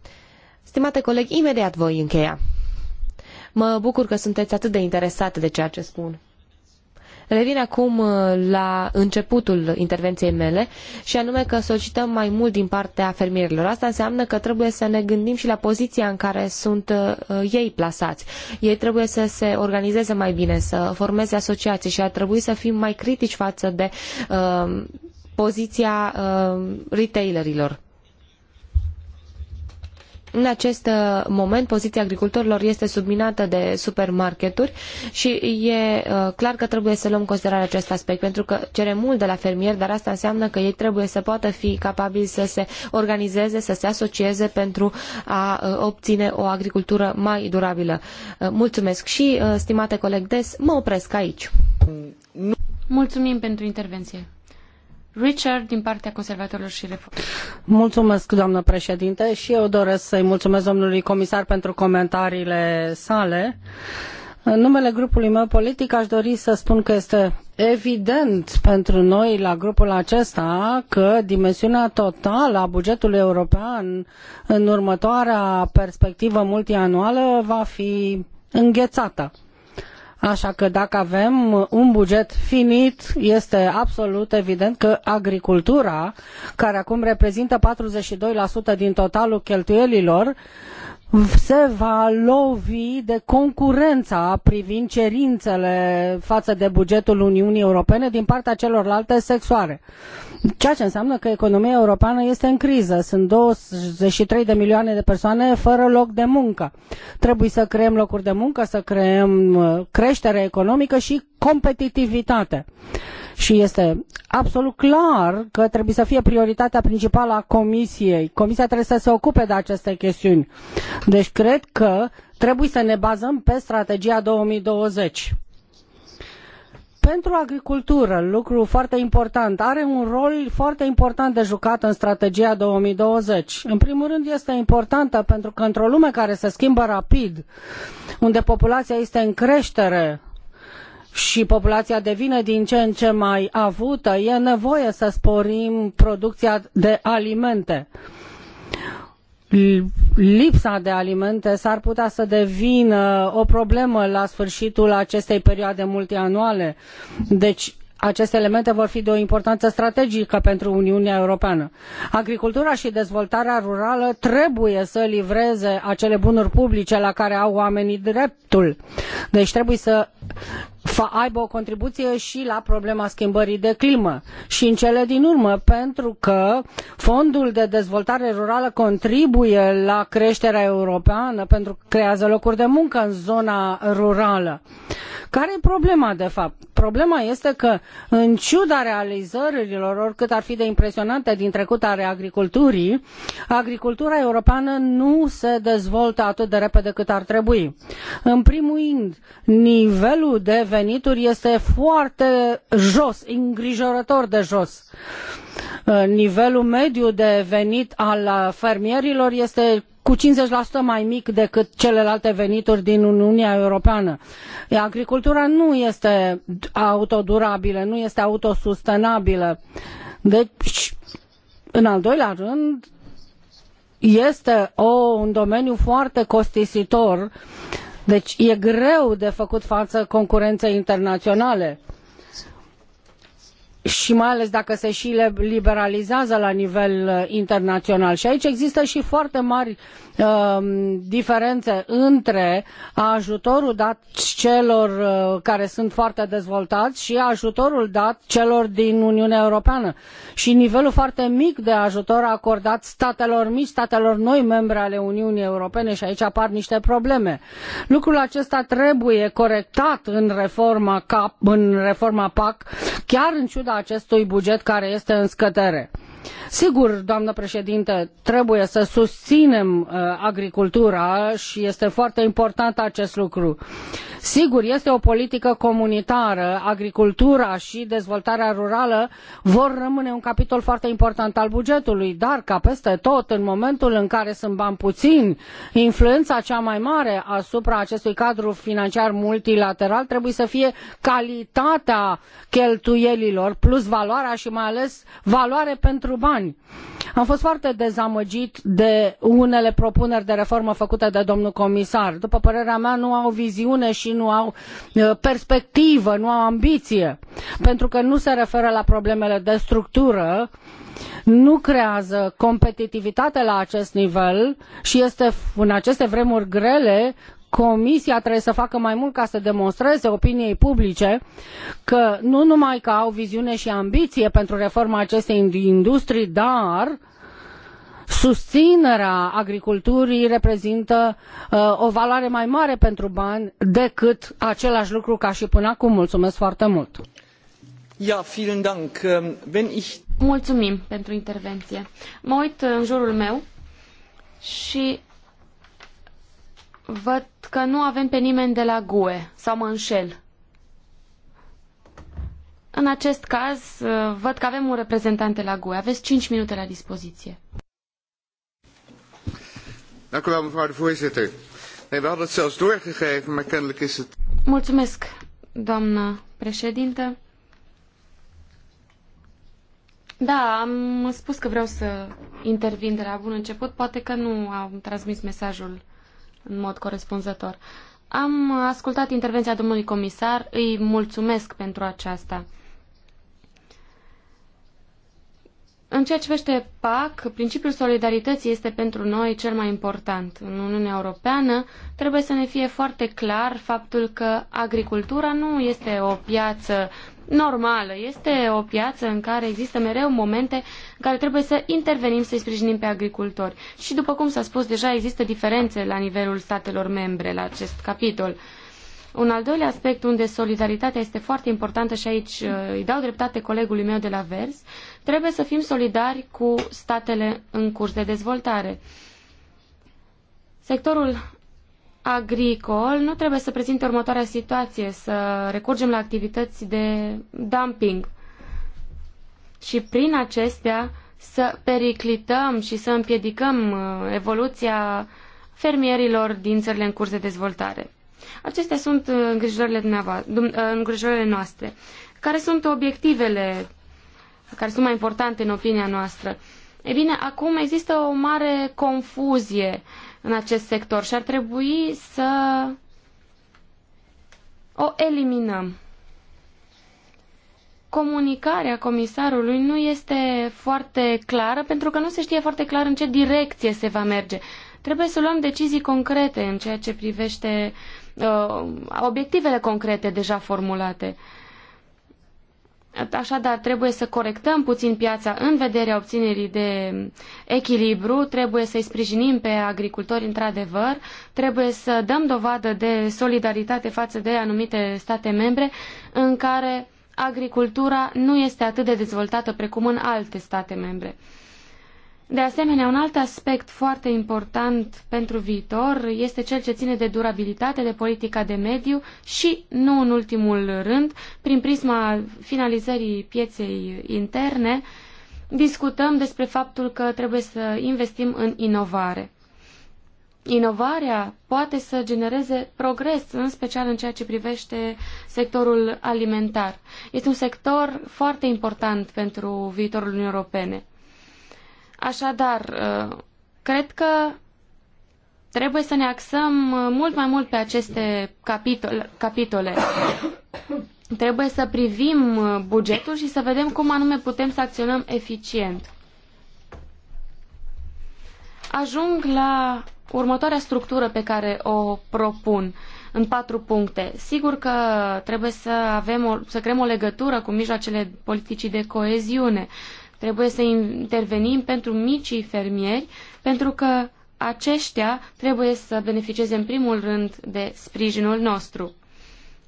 Stimate coleg, imediat voi încheia. Mă bucur că sunteți atât de interesate de ceea ce spun. Revin acum uh, la începutul intervenției mele și anume că solicităm mai mult din partea fermierilor. Asta înseamnă că trebuie să ne gândim și la poziția în care sunt uh, ei plasați. Ei trebuie să se organizeze mai bine, să formeze asociații și ar trebui să fim mai critici față de uh, poziția uh, retailerilor. În acest uh, moment, poziția agricultorilor este subminată de supermarketuri și e uh, clar că trebuie să luăm în considerare acest aspect, pentru că cere mult de la fermieri, dar asta înseamnă că ei trebuie să poată fi capabili să se organizeze, să se asocieze pentru a uh, obține o agricultură mai durabilă. Mulțumesc și, stimate coleg Des, mă opresc aici. Mulțumim pentru intervenție. Richard din partea conservatorilor și Mulțumesc, doamnă președinte, și eu doresc să-i mulțumesc domnului comisar pentru comentariile sale. În numele grupului meu politic aș dori să spun că este evident pentru noi la grupul acesta că dimensiunea totală a bugetului european în următoarea perspectivă multianuală va fi înghețată Așa că dacă avem un buget finit, este absolut evident că agricultura, care acum reprezintă 42% din totalul cheltuielilor, se va lovi de concurența privind cerințele față de bugetul Uniunii Europene din partea celorlalte sectoare. Ceea ce înseamnă că economia europeană este în criză. Sunt 23 de milioane de persoane fără loc de muncă. Trebuie să creăm locuri de muncă, să creăm uh, creștere economică și competitivitate. Uh, și este absolut clar că trebuie să fie prioritatea principală a Comisiei. Comisia trebuie să se ocupe de aceste chestiuni. Deci cred că trebuie să ne bazăm pe strategia 2020. Pentru agricultură, lucru foarte important, are un rol foarte important de jucat în strategia 2020. În primul rând este importantă pentru că într-o lume care se schimbă rapid, unde populația este în creștere, și populația devine din ce în ce mai avută, e nevoie să sporim producția de alimente. Lipsa de alimente s-ar putea să devină o problemă la sfârșitul acestei perioade multianuale. Deci aceste elemente vor fi de o importanță strategică pentru Uniunea Europeană. Agricultura și dezvoltarea rurală trebuie să livreze acele bunuri publice la care au oamenii dreptul. Deci trebuie să aibă o contribuție și la problema schimbării de climă și în cele din urmă, pentru că Fondul de Dezvoltare Rurală contribuie la creșterea europeană, pentru că creează locuri de muncă în zona rurală. Care e problema, de fapt? Problema este că, în ciuda realizărilor, oricât ar fi de impresionante din trecut ale agriculturii, agricultura europeană nu se dezvoltă atât de repede cât ar trebui. În primul rând, nivel nivelul de venituri este foarte jos, îngrijorător de jos. Uh, nivelul mediu de venit al uh, fermierilor este cu 50% mai mic decât celelalte venituri din Uniunea Europeană. Agricultura nu este autodurabilă, nu este autosustenabilă. Deci, în al doilea rând, este o, un domeniu foarte costisitor deci e greu de făcut față concurenței internaționale și mai ales dacă se și liberalizează la nivel uh, internațional. Și aici există și foarte mari Um, diferențe între ajutorul dat celor uh, care sunt foarte dezvoltați și ajutorul dat celor din Uniunea Europeană și nivelul foarte mic de ajutor acordat statelor mici, statelor noi membre ale Uniunii Europene și aici apar niște probleme. Lucrul acesta trebuie corectat în reforma, CAP, în reforma PAC, chiar în ciuda acestui buget care este în scădere Sigur, doamnă președinte, trebuie să susținem uh, agricultura și este foarte important acest lucru. Sigur, este o politică comunitară, agricultura și dezvoltarea rurală vor rămâne un capitol foarte important al bugetului, dar ca peste tot, în momentul în care sunt bani puțini, influența cea mai mare asupra acestui cadru financiar multilateral trebuie să fie calitatea cheltuielilor plus valoarea și mai ales valoare pentru bani. Am fost foarte dezamăgit de unele propuneri de reformă făcute de domnul comisar. După părerea mea, nu au viziune și nu au uh, perspectivă, nu au ambiție, pentru că nu se referă la problemele de structură, nu creează competitivitate la acest nivel și este în aceste vremuri grele Comisia trebuie să facă mai mult ca să demonstreze opiniei publice că nu numai că au viziune și ambiție pentru reforma acestei industrii, dar susținerea agriculturii reprezintă uh, o valoare mai mare pentru bani decât același lucru ca și până acum. Mulțumesc foarte mult! Ja, vielen Dank. Ähm, wenn ich... Mulțumim pentru intervenție. Mă uit în jurul meu și Văd că nu avem pe nimeni de la GUE, sau mă înșel. În acest caz, uh, văd că avem un reprezentant de la GUE. Aveți 5 minute la dispoziție. Mulțumesc, doamnă președintă. Da, am spus că vreau să intervin de la bun început. Poate că nu am transmis mesajul în mod corespunzător. Am ascultat intervenția domnului comisar, îi mulțumesc pentru aceasta. În ceea ce vește PAC, principiul solidarității este pentru noi cel mai important. În Uniunea Europeană trebuie să ne fie foarte clar faptul că agricultura nu este o piață normală. Este o piață în care există mereu momente în care trebuie să intervenim, să-i sprijinim pe agricultori. Și după cum s-a spus deja, există diferențe la nivelul statelor membre la acest capitol. Un al doilea aspect unde solidaritatea este foarte importantă și aici uh, îi dau dreptate colegului meu de la Vers, trebuie să fim solidari cu statele în curs de dezvoltare. Sectorul agricol nu trebuie să prezinte următoarea situație, să recurgem la activități de dumping și prin acestea să periclităm și să împiedicăm uh, evoluția fermierilor din țările în curs de dezvoltare. Acestea sunt uh, îngrijorările, uh, îngrijorările noastre. Care sunt obiectivele care sunt mai importante în opinia noastră? E bine, acum există o mare confuzie uh, în acest sector și ar trebui să o eliminăm. Comunicarea comisarului nu este foarte clară pentru că nu se știe foarte clar în ce direcție se va merge. Trebuie să luăm decizii concrete în ceea ce privește uh, obiectivele concrete deja formulate. Uh, Așadar, trebuie să corectăm puțin piața în vederea obținerii de echilibru, trebuie să-i sprijinim pe agricultori într-adevăr, trebuie să dăm dovadă de solidaritate față de anumite state membre în care agricultura nu este atât de dezvoltată precum în alte state membre. De asemenea, un alt aspect foarte important pentru viitor este cel ce ține de durabilitate, de politica de mediu și, nu în ultimul rând, prin prisma finalizării pieței interne, discutăm despre faptul că trebuie să investim în inovare. Inovarea poate să genereze progres, în special în ceea ce privește sectorul alimentar. Este un sector foarte important pentru viitorul Uniunii Europene. Așadar, uh, cred că trebuie să ne axăm uh, mult mai mult pe aceste capitole. capitole. Trebuie să privim uh, bugetul și să vedem cum anume putem să acționăm eficient. Ajung la următoarea structură pe care o propun în patru puncte. Sigur că trebuie să, avem o, să creăm o legătură cu mijloacele politicii de coeziune. Trebuie să intervenim pentru micii fermieri, pentru că aceștia trebuie să beneficieze în primul rând de sprijinul nostru.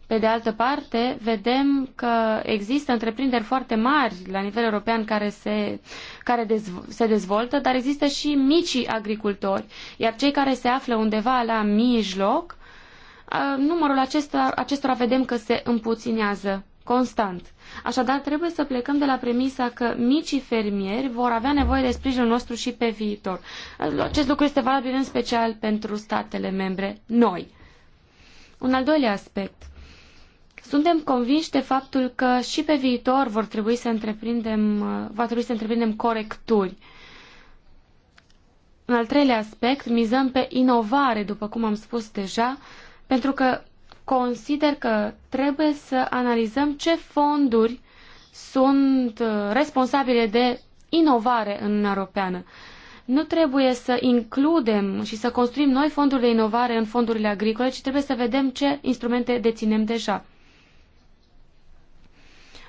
Pe de altă parte, vedem că există întreprinderi foarte mari la nivel european care se, care dezv- se dezvoltă, dar există și micii agricultori, iar cei care se află undeva la mijloc, numărul acestora acestora vedem că se împuținează constant. Așadar, trebuie să plecăm de la premisa că micii fermieri vor avea nevoie de sprijinul nostru și pe viitor. Acest lucru este valabil în special pentru statele membre noi. Un al doilea aspect. Suntem convinși de faptul că și pe viitor vor trebui să întreprindem, va trebui să întreprindem corecturi. În al treilea aspect, mizăm pe inovare, după cum am spus deja, pentru că consider că trebuie să analizăm ce fonduri sunt uh, responsabile de inovare în Uniunea Europeană. Nu trebuie să includem și să construim noi fonduri de inovare în fondurile agricole, ci trebuie să vedem ce instrumente deținem deja.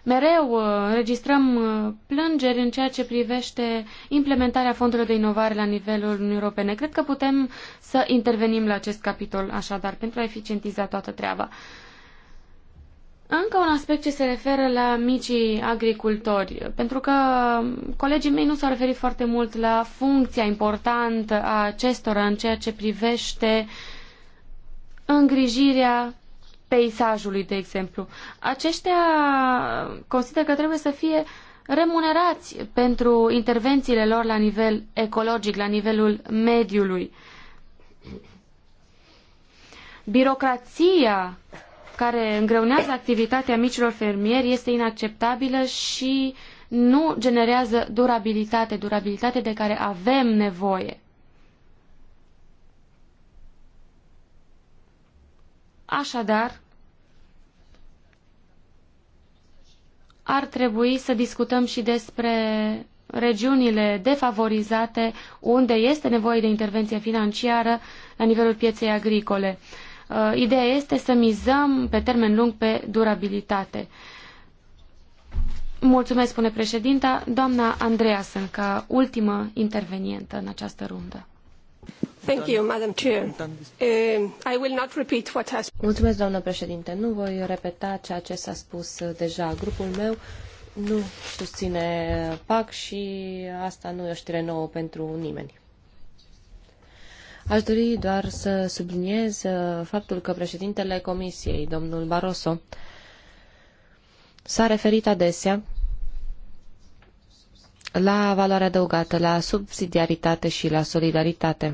Mereu uh, înregistrăm uh, plângeri în ceea ce privește implementarea fondurilor de inovare la nivelul Uniunii Europene. Cred că putem să intervenim la acest capitol, așadar, pentru a eficientiza toată treaba. Încă un aspect ce se referă la micii agricultori, pentru că colegii mei nu s-au referit foarte mult la funcția importantă a acestora în ceea ce privește îngrijirea peisajului, de exemplu. Aceștia consideră că trebuie să fie remunerați pentru intervențiile lor la nivel ecologic, la nivelul mediului. Birocrația care îngreunează activitatea micilor fermieri este inacceptabilă și nu generează durabilitate, durabilitate de care avem nevoie. Așadar, ar trebui să discutăm și despre regiunile defavorizate unde este nevoie de intervenție financiară la nivelul pieței agricole. Uh, ideea este să mizăm pe termen lung pe durabilitate. Mulțumesc, spune președinta, doamna Andreasen, ca ultimă intervenientă în această rundă. Thank you, Madam Chair. Um, I will not repeat what has... Mulțumesc, doamnă președinte. Nu voi repeta ceea ce s-a spus deja. Grupul meu nu susține PAC și asta nu e o știre nouă pentru nimeni. Aș dori doar să subliniez uh, faptul că președintele Comisiei, domnul Barroso, s-a referit adesea la valoarea adăugată, la subsidiaritate și la solidaritate.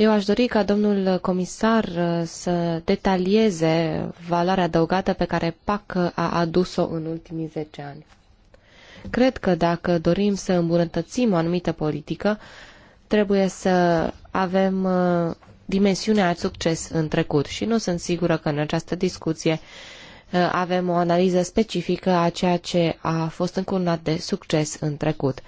Eu aș dori ca domnul comisar uh, să detalieze valoarea adăugată pe care PAC a adus-o în ultimii 10 ani. Cred că dacă dorim să îmbunătățim o anumită politică, trebuie să avem uh, dimensiunea succes în trecut și nu sunt sigură că în această discuție uh, avem o analiză specifică a ceea ce a fost încurnat de succes în trecut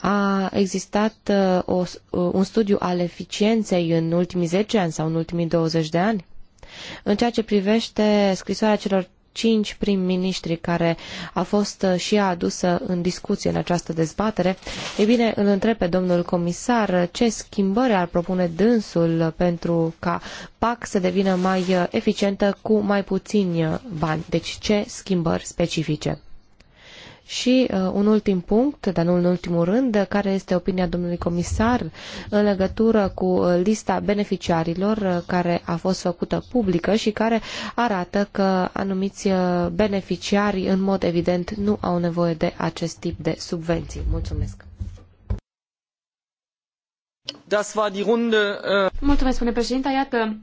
a existat uh, o, uh, un studiu al eficienței în ultimii 10 ani sau în ultimii 20 de ani? În ceea ce privește scrisoarea celor cinci prim-ministri care a fost uh, și a adusă în discuție în această dezbatere, e bine, îl întreb pe domnul comisar ce schimbări ar propune dânsul pentru ca PAC să devină mai eficientă cu mai puțini bani. Deci ce schimbări specifice? Și uh, un ultim punct, dar nu în ultimul rând, care este opinia domnului comisar în legătură cu uh, lista beneficiarilor uh, care a fost făcută publică și care arată că anumiți uh, beneficiari în mod evident nu au nevoie de acest tip de subvenții. Mulțumesc! Das war die Runde, uh... Mulțumesc, spune președinte. Iată,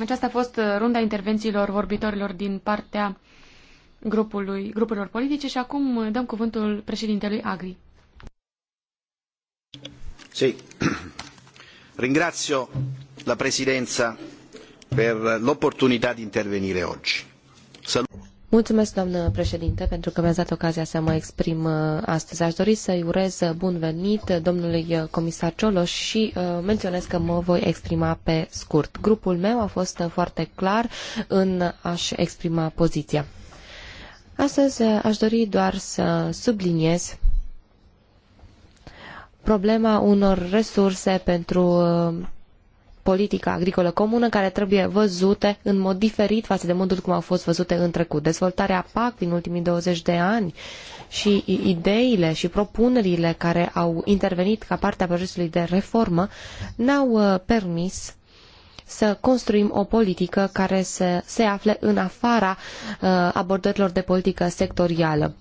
aceasta a fost runda intervențiilor vorbitorilor din partea grupului, grupurilor politice și acum uh, dăm cuvântul președintelui Agri. Sì. Ringrazio la Presidenza per l'opportunità di intervenire oggi. Salut. Mulțumesc, doamnă președinte, pentru că mi a dat ocazia să mă exprim uh, astăzi. Aș dori să-i urez uh, bun venit domnului comisar Cioloș și menționez că mă voi exprima pe scurt. Grupul meu a fost foarte clar în a-și exprima poziția. Astăzi eh, aș dori doar să subliniez problema unor resurse pentru eh, politica agricolă comună care trebuie văzute în mod diferit față de modul cum au fost văzute în trecut. Dezvoltarea PAC din ultimii 20 de ani și ideile și propunerile care au intervenit ca parte a procesului de reformă n-au eh, permis să construim o politică care să se afle în afara uh, abordărilor de politică sectorială.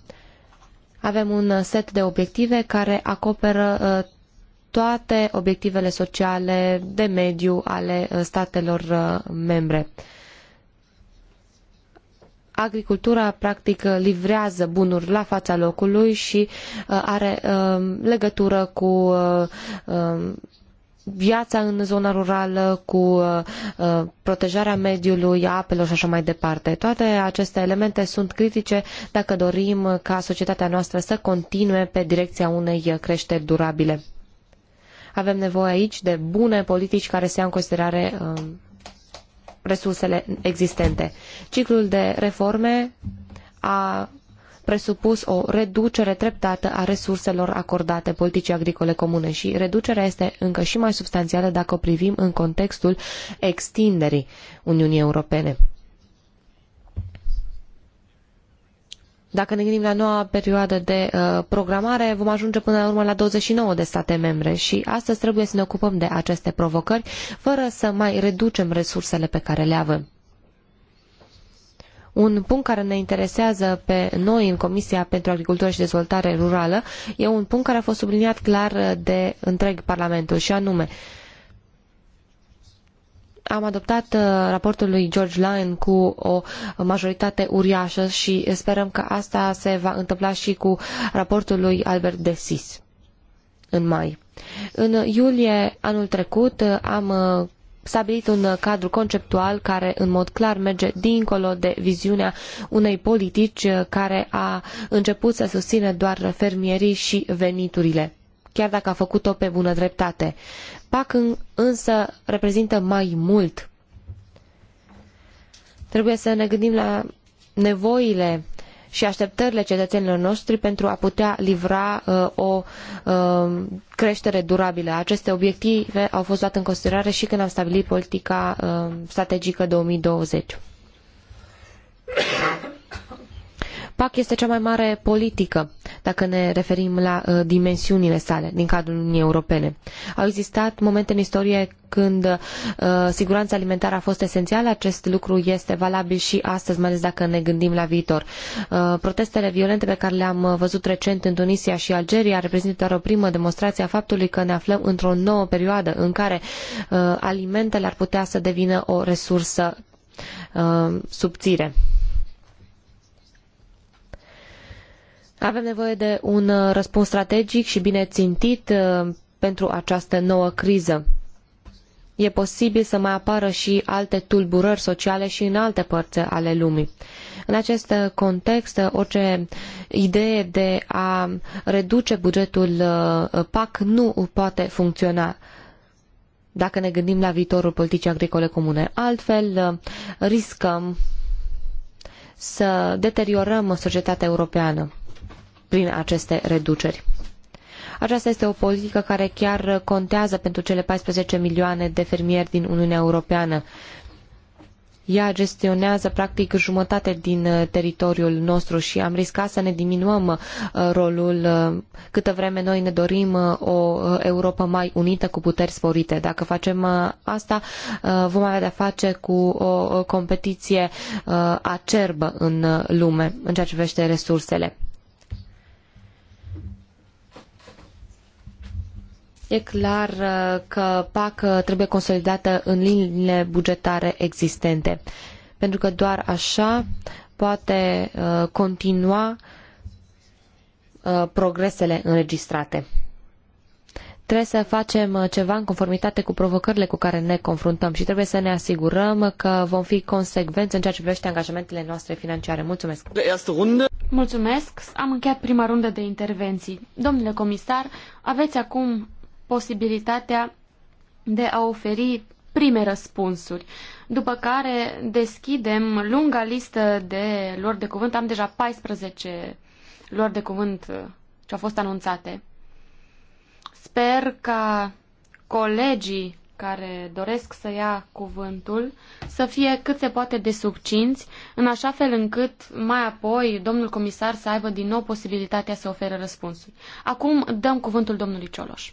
Avem un set de obiective care acoperă uh, toate obiectivele sociale de mediu ale uh, statelor membre agricultura practic livrează bunuri la fața locului și are legătură cu um, viața în zona rurală, cu uh, uh, protejarea mediului, apelor și așa mai departe. Toate aceste elemente sunt critice dacă dorim ca societatea noastră să continue pe direcția unei creșteri durabile. Avem nevoie aici de bune politici care să ia în considerare uh, resursele existente. Ciclul de reforme a presupus o reducere treptată a resurselor acordate politicii agricole comune și reducerea este încă și mai substanțială dacă o privim în contextul extinderii Uniunii Europene. Dacă ne gândim la noua perioadă de uh, programare, vom ajunge până la urmă la 29 de state membre și astăzi trebuie să ne ocupăm de aceste provocări, fără să mai reducem resursele pe care le avem. Un punct care ne interesează pe noi în Comisia pentru Agricultură și Dezvoltare Rurală e un punct care a fost subliniat clar de întreg Parlamentul și anume am adoptat uh, raportul lui George Lyon cu o majoritate uriașă și sperăm că asta se va întâmpla și cu raportul lui Albert Desis în mai. În iulie anul trecut uh, am uh, stabilit un cadru conceptual care în mod clar merge dincolo de viziunea unei politici care a început să susține doar fermierii și veniturile chiar dacă a făcut-o pe bună dreptate. PAC însă reprezintă mai mult. Trebuie să ne gândim la nevoile și așteptările cetățenilor noștri pentru a putea livra uh, o uh, creștere durabilă. Aceste obiective au fost luate în considerare și când am stabilit politica uh, strategică 2020. PAC este cea mai mare politică, dacă ne referim la uh, dimensiunile sale din cadrul Uniunii Europene. Au existat momente în istorie când uh, siguranța alimentară a fost esențială, acest lucru este valabil și astăzi, mai ales dacă ne gândim la viitor. Uh, protestele violente pe care le-am uh, văzut recent în Tunisia și Algeria reprezintă doar o primă demonstrație a faptului că ne aflăm într-o nouă perioadă în care uh, alimentele ar putea să devină o resursă uh, subțire. Avem nevoie de un uh, răspuns strategic și bine țintit uh, pentru această nouă criză. E posibil să mai apară și alte tulburări sociale și în alte părți ale lumii. În acest context, uh, orice idee de a reduce bugetul PAC nu poate funcționa dacă ne gândim la viitorul politicii agricole comune. Altfel, riscăm să deteriorăm societatea europeană prin aceste reduceri. Aceasta este o politică care chiar contează pentru cele 14 milioane de fermieri din Uniunea Europeană. Ea gestionează practic jumătate din uh, teritoriul nostru și am riscat să ne diminuăm uh, rolul uh, câtă vreme noi ne dorim o Europa mai unită cu puteri sporite. Dacă facem asta, vom avea de-a face cu o competiție acerbă în lume în ceea ce privește resursele. E clar uh, că PAC uh, trebuie consolidată în liniile bugetare existente, pentru că doar așa poate uh, continua progresele înregistrate. Trebuie să facem ceva în conformitate cu provocările cu care ne confruntăm și trebuie să ne asigurăm că vom fi consecvenți în ceea ce privește angajamentele noastre financiare. Mulțumesc! Mulțumesc! Am încheiat prima rundă de intervenții. Domnule comisar, aveți acum posibilitatea de a oferi prime răspunsuri, după care deschidem lunga listă de lor de cuvânt. Am deja 14 lor de cuvânt uh, ce au fost anunțate. Sper ca colegii care doresc să ia cuvântul să fie cât se poate de subcinți, în așa fel încât mai apoi domnul comisar să aibă din nou posibilitatea să ofere răspunsuri. Acum dăm cuvântul domnului Cioloș.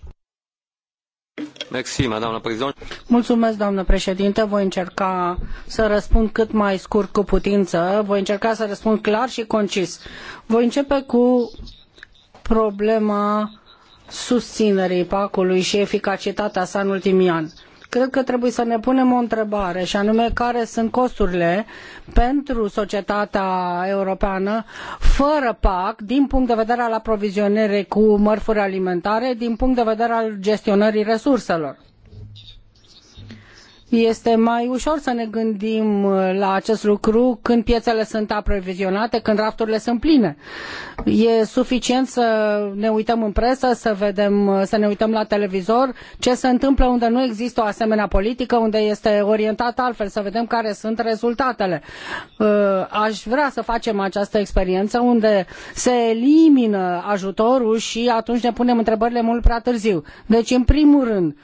Mulțumesc, doamnă președinte. Voi încerca să răspund cât mai scurt cu putință. Voi încerca să răspund clar și concis. Voi începe cu problema susținerii pacului și eficacitatea sa în ultimii ani cred că trebuie să ne punem o întrebare și anume care sunt costurile pentru societatea europeană fără PAC din punct de vedere al aprovizionării cu mărfuri alimentare, din punct de vedere al gestionării resurselor este mai ușor să ne gândim uh, la acest lucru când piețele sunt aprovizionate, când rafturile sunt pline. E suficient să ne uităm în presă, să, vedem, uh, să ne uităm la televizor ce se întâmplă unde nu există o asemenea politică, unde este orientată altfel, să vedem care sunt rezultatele. Uh, aș vrea să facem această experiență unde se elimină ajutorul și atunci ne punem întrebările mult prea târziu. Deci, în primul rând,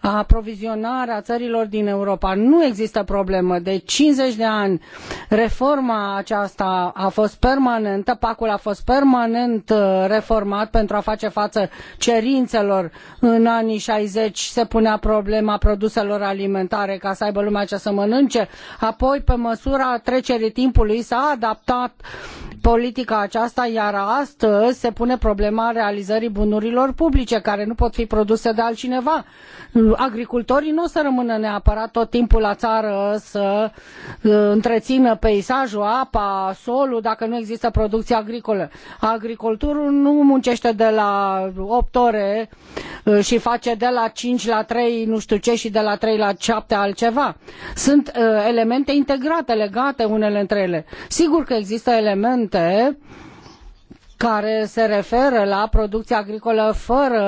aprovizionarea țărilor din Europa. Nu există problemă. De 50 de ani reforma aceasta a fost permanentă, pacul a fost permanent uh, reformat pentru a face față cerințelor. În anii 60 se punea problema produselor alimentare ca să aibă lumea ce să mănânce. Apoi, pe măsura trecerii timpului, s-a adaptat politica aceasta, iar astăzi se pune problema realizării bunurilor publice care nu pot fi produse de altcineva. Agricultorii nu o să rămână neapărat vara tot timpul la țară să uh, întrețină peisajul, apa, solul, dacă nu există producție agricolă. Agricultorul nu muncește de la opt ore uh, și face de la cinci la trei nu știu ce și de la trei la 7 altceva. Sunt uh, elemente integrate, legate unele între ele. Sigur că există elemente uh, care se referă la producția agricolă fără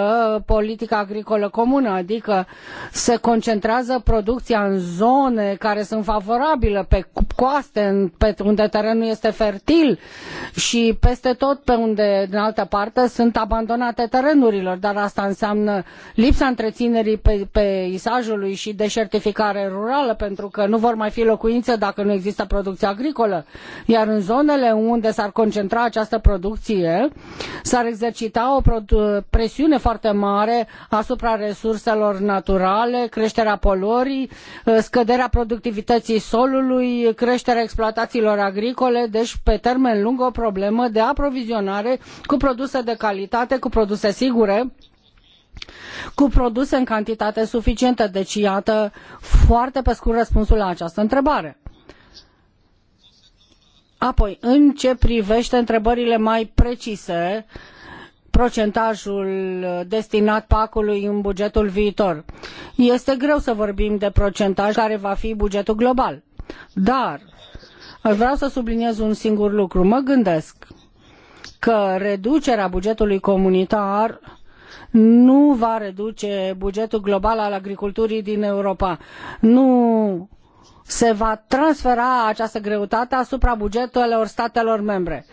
politică agricolă comună, adică se concentrează producția în zone care sunt favorabile, pe coaste, pe unde terenul este fertil și peste tot pe unde, în altă parte, sunt abandonate terenurilor, dar asta înseamnă lipsa întreținerii pe, peisajului și deșertificare rurală, pentru că nu vor mai fi locuințe dacă nu există producție agricolă. Iar în zonele unde s-ar concentra această producție, energie, s-ar exercita o presiune foarte mare asupra resurselor naturale, creșterea poluării, uh, scăderea productivității solului, creșterea exploatațiilor agricole, deci pe termen lung o problemă de aprovizionare cu produse de calitate, cu produse sigure cu produse în cantitate suficientă. Deci, iată, foarte pe scurt răspunsul la această întrebare. Apoi, în ce privește întrebările mai precise, procentajul destinat PAC-ului în bugetul viitor. Este greu să vorbim de procentaj care va fi bugetul global. Dar vreau să subliniez un singur lucru. Mă gândesc că reducerea bugetului comunitar nu va reduce bugetul global al agriculturii din Europa. Nu se va transfera această greutate asupra bugetelor statelor membre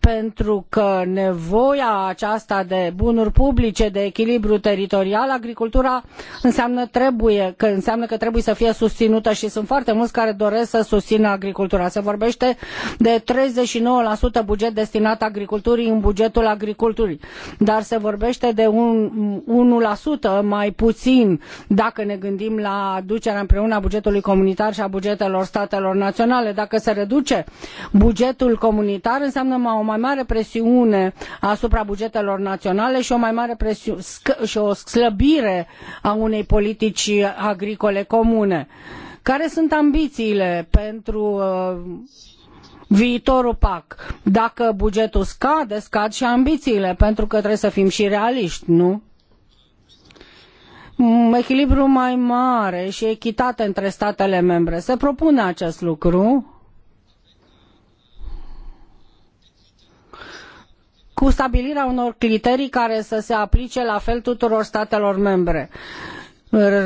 pentru că nevoia aceasta de bunuri publice, de echilibru teritorial, agricultura înseamnă, trebuie, că înseamnă că trebuie să fie susținută și sunt foarte mulți care doresc să susțină agricultura. Se vorbește de 39% buget destinat agriculturii în bugetul agriculturii, dar se vorbește de un, 1% mai puțin dacă ne gândim la aducerea împreună a bugetului comunitar și a bugetelor statelor naționale. Dacă se reduce bugetul comunitar, înseamnă mai o mai mare presiune asupra bugetelor naționale și o mai mare presiune și o slăbire a unei politici agricole comune. Care sunt ambițiile pentru uh, viitorul PAC? Dacă bugetul scade, scad și ambițiile, pentru că trebuie să fim și realiști, nu? Mm, echilibru mai mare și echitate între statele membre. Se propune acest lucru cu stabilirea unor criterii care să se aplice la fel tuturor statelor membre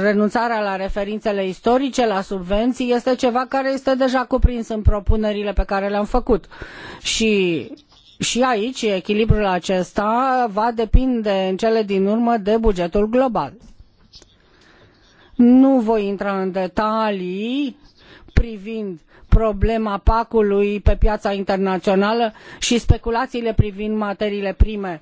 renunarea la referinele istorice la subvenii este ceva care este deja cuprins în propunerile pe care le am făcut i i aici echilibrul acesta va depinde în cele din urmă de bugetul global. Nu voi intra în detalii privind problema pacului pe piața internațională și speculațiile privind materiile prime.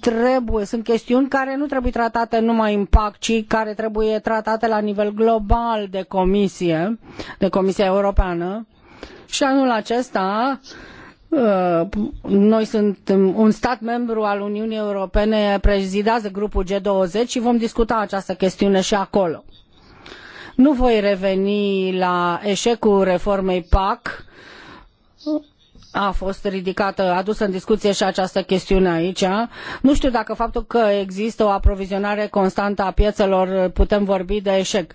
Trebuie, sunt chestiuni care nu trebuie tratate numai în PAC, ci care trebuie tratate la nivel global de Comisie, de Comisia Europeană. Și anul acesta uh, noi suntem un stat membru al Uniunii Europene, prezidează grupul G20 și vom discuta această chestiune și acolo. Nu voi reveni la eșecul reformei PAC. A fost ridicată, adusă în discuție și această chestiune aici. Nu știu dacă faptul că există o aprovizionare constantă a piețelor putem vorbi de eșec.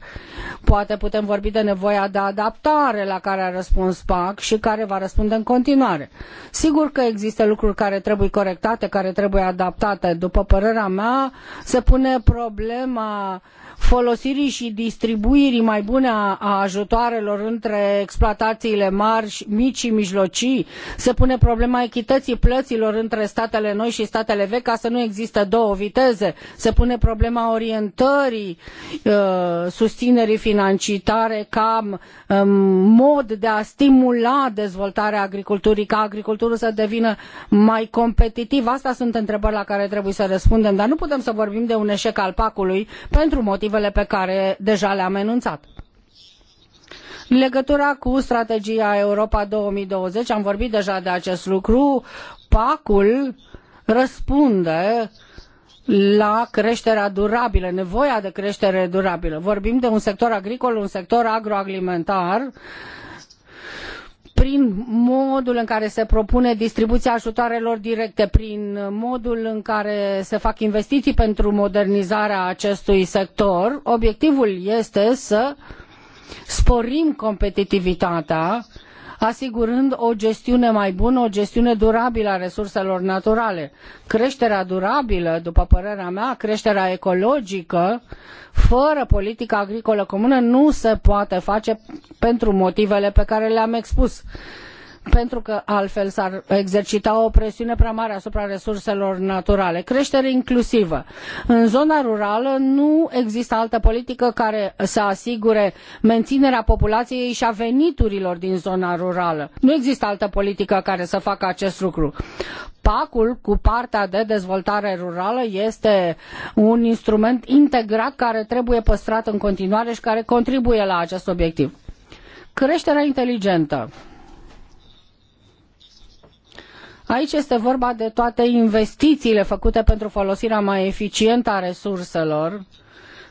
Poate putem vorbi de nevoia de adaptare la care a răspuns PAC și care va răspunde în continuare. Sigur că există lucruri care trebuie corectate, care trebuie adaptate. După părerea mea, se pune problema folosirii și distribuirii mai bune a, ajutoarelor între exploatațiile mari, mici și mijlocii, se pune problema echității plăților între statele noi și statele vechi, ca să nu existe două viteze, se pune problema orientării uh, susținerii financiare ca um, mod de a stimula dezvoltarea agriculturii, ca agricultura să devină mai competitivă. Asta sunt întrebări la care trebuie să răspundem, dar nu putem să vorbim de un eșec al pacului pentru motive motivele pe care deja le-am enunțat. În legătură cu strategia Europa 2020, am vorbit deja de acest lucru, PAC-ul răspunde la creșterea durabilă, nevoia de creștere durabilă. Vorbim de un sector agricol, un sector agroalimentar prin modul în care se propune distribuția ajutoarelor directe, prin modul în care se fac investiții pentru modernizarea acestui sector, obiectivul este să sporim competitivitatea uh, asigurând o gestiune mai bună, o gestiune durabilă a resurselor naturale. Creșterea durabilă, după părerea mea, creșterea ecologică, fără politica agricolă comună nu se poate face pentru motivele pe care le-am expus pentru că altfel s-ar exercita o presiune prea mare asupra resurselor naturale. Creștere inclusivă. În zona rurală nu există altă politică care să asigure menținerea populației și a veniturilor din zona rurală. Nu există altă politică care să facă acest lucru. PAC-ul cu partea de dezvoltare rurală este un instrument integrat care trebuie păstrat în continuare și care contribuie la acest obiectiv. Creșterea inteligentă Aici este vorba de toate investițiile făcute pentru folosirea mai eficientă a resurselor,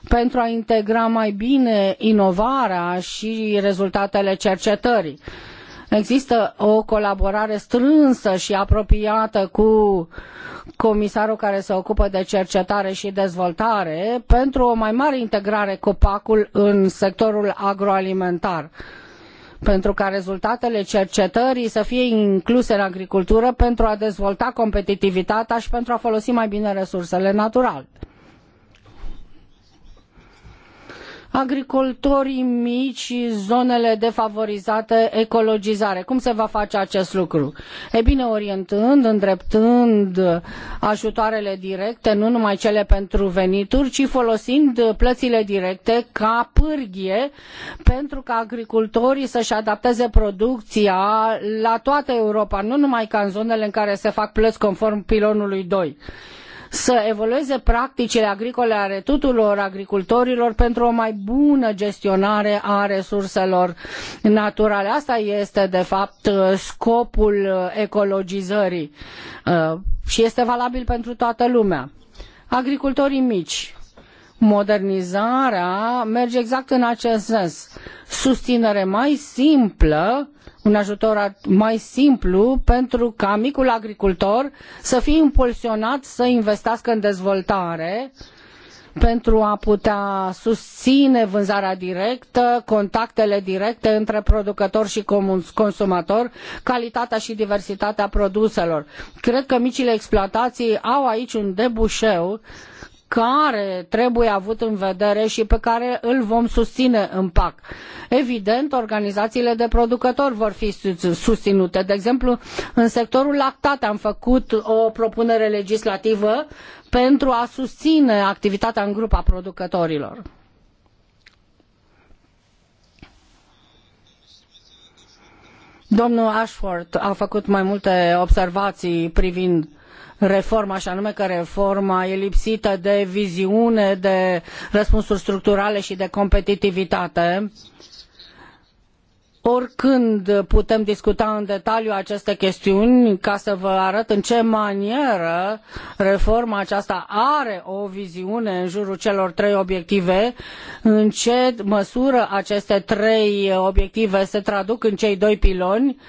pentru a integra mai bine inovarea și rezultatele cercetării. Există o colaborare strânsă și apropiată cu comisarul care se ocupă de cercetare și dezvoltare pentru o mai mare integrare copacul în sectorul agroalimentar pentru ca rezultatele cercetării să fie incluse în agricultură pentru a dezvolta competitivitatea și pentru a folosi mai bine resursele naturale. agricultorii mici, zonele defavorizate, ecologizare. Cum se va face acest lucru? E bine, orientând, îndreptând ajutoarele directe, nu numai cele pentru venituri, ci folosind plățile directe ca pârghie pentru ca agricultorii să-și adapteze producția la toată Europa, nu numai ca în zonele în care se fac plăți conform pilonului 2 să evolueze practicile agricole ale tuturor agricultorilor pentru o mai bună gestionare a resurselor naturale. Asta este, de fapt, scopul ecologizării uh, și este valabil pentru toată lumea. Agricultorii mici modernizarea merge exact în acest sens. Susținere mai simplă, un ajutor mai simplu pentru ca micul agricultor să fie impulsionat să investească în dezvoltare pentru a putea susține vânzarea directă, contactele directe între producător și consumator, calitatea și diversitatea produselor. Cred că micile exploatații au aici un debușeu care trebuie avut în vedere și pe care îl vom susține în PAC. Evident, organizațiile de producători vor fi susținute. De exemplu, în sectorul lactat am făcut o propunere legislativă pentru a susține activitatea în grup a producătorilor. Domnul Ashford a făcut mai multe observații privind reforma și anume că reforma e lipsită de viziune, de răspunsuri structurale și de competitivitate. Oricând putem discuta în detaliu aceste chestiuni ca să vă arăt în ce manieră reforma aceasta are o viziune în jurul celor trei obiective, în ce măsură aceste trei obiective se traduc în cei doi piloni uh,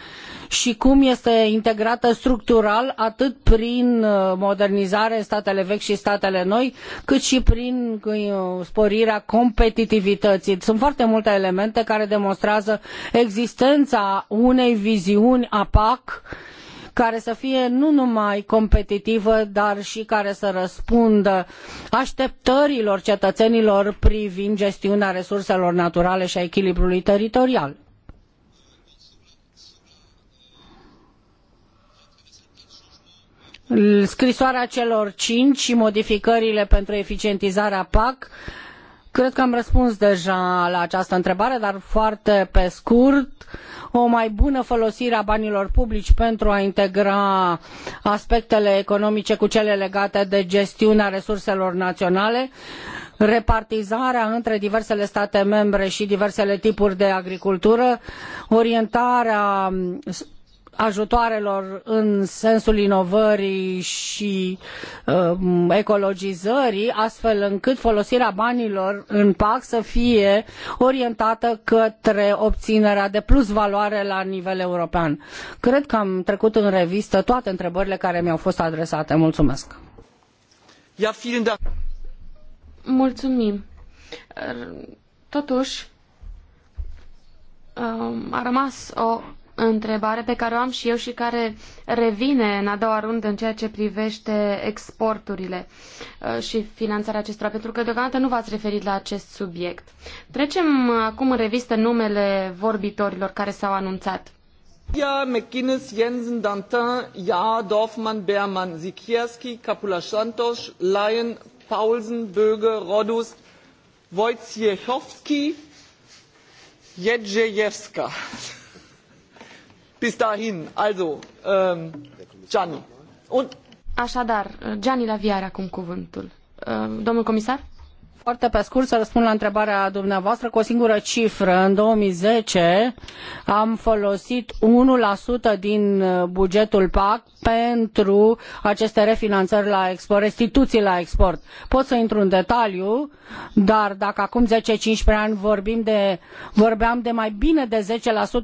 și cum este integrată structural atât prin uh, modernizare în statele vechi și statele noi, cât și prin uh, sporirea competitivității. Sunt foarte multe elemente care demonstrează existența unei viziuni a PAC care să fie nu numai competitivă, dar și care să răspundă așteptărilor cetățenilor privind gestiunea resurselor naturale și a echilibrului teritorial. scrisoarea celor cinci și modificările pentru eficientizarea PAC. Cred că am răspuns deja la această întrebare, dar foarte pe scurt. O mai bună folosire a banilor publici pentru a integra aspectele economice cu cele legate de gestiunea resurselor naționale, repartizarea între diversele state membre și diversele tipuri de agricultură, orientarea ajutoarelor în sensul inovării și um, ecologizării, astfel încât folosirea banilor în PAC să fie orientată către obținerea de plus valoare la nivel european. Cred că am trecut în revistă toate întrebările care mi-au fost adresate. Mulțumesc! Mulțumim! Totuși, um, a rămas o întrebare pe care o am și eu și care revine în a doua rundă în ceea ce privește exporturile uh, și finanțarea acestora, pentru că deocamdată nu v-ați referit la acest subiect. Trecem acum în revistă numele vorbitorilor care s-au anunțat. Ja, McGuinness, Jensen, Dantin, Ja, Dorfmann, Beermann, Sikierski, Kapula-Santos, Lyon, Paulsen, Böge, Rodus, Wojciechowski, Jedrzejewska bis dahin, also, um, Gianni. Așadar, Gianni Lavia are acum cuvântul. domnul comisar? Foarte pe scurt să răspund la întrebarea dumneavoastră cu o singură cifră. În 2010 am folosit 1% din uh, bugetul PAC pentru aceste refinanțări la export, restituții la export. Pot să intru în detaliu, dar dacă acum 10-15 ani vorbim de, vorbeam de mai bine de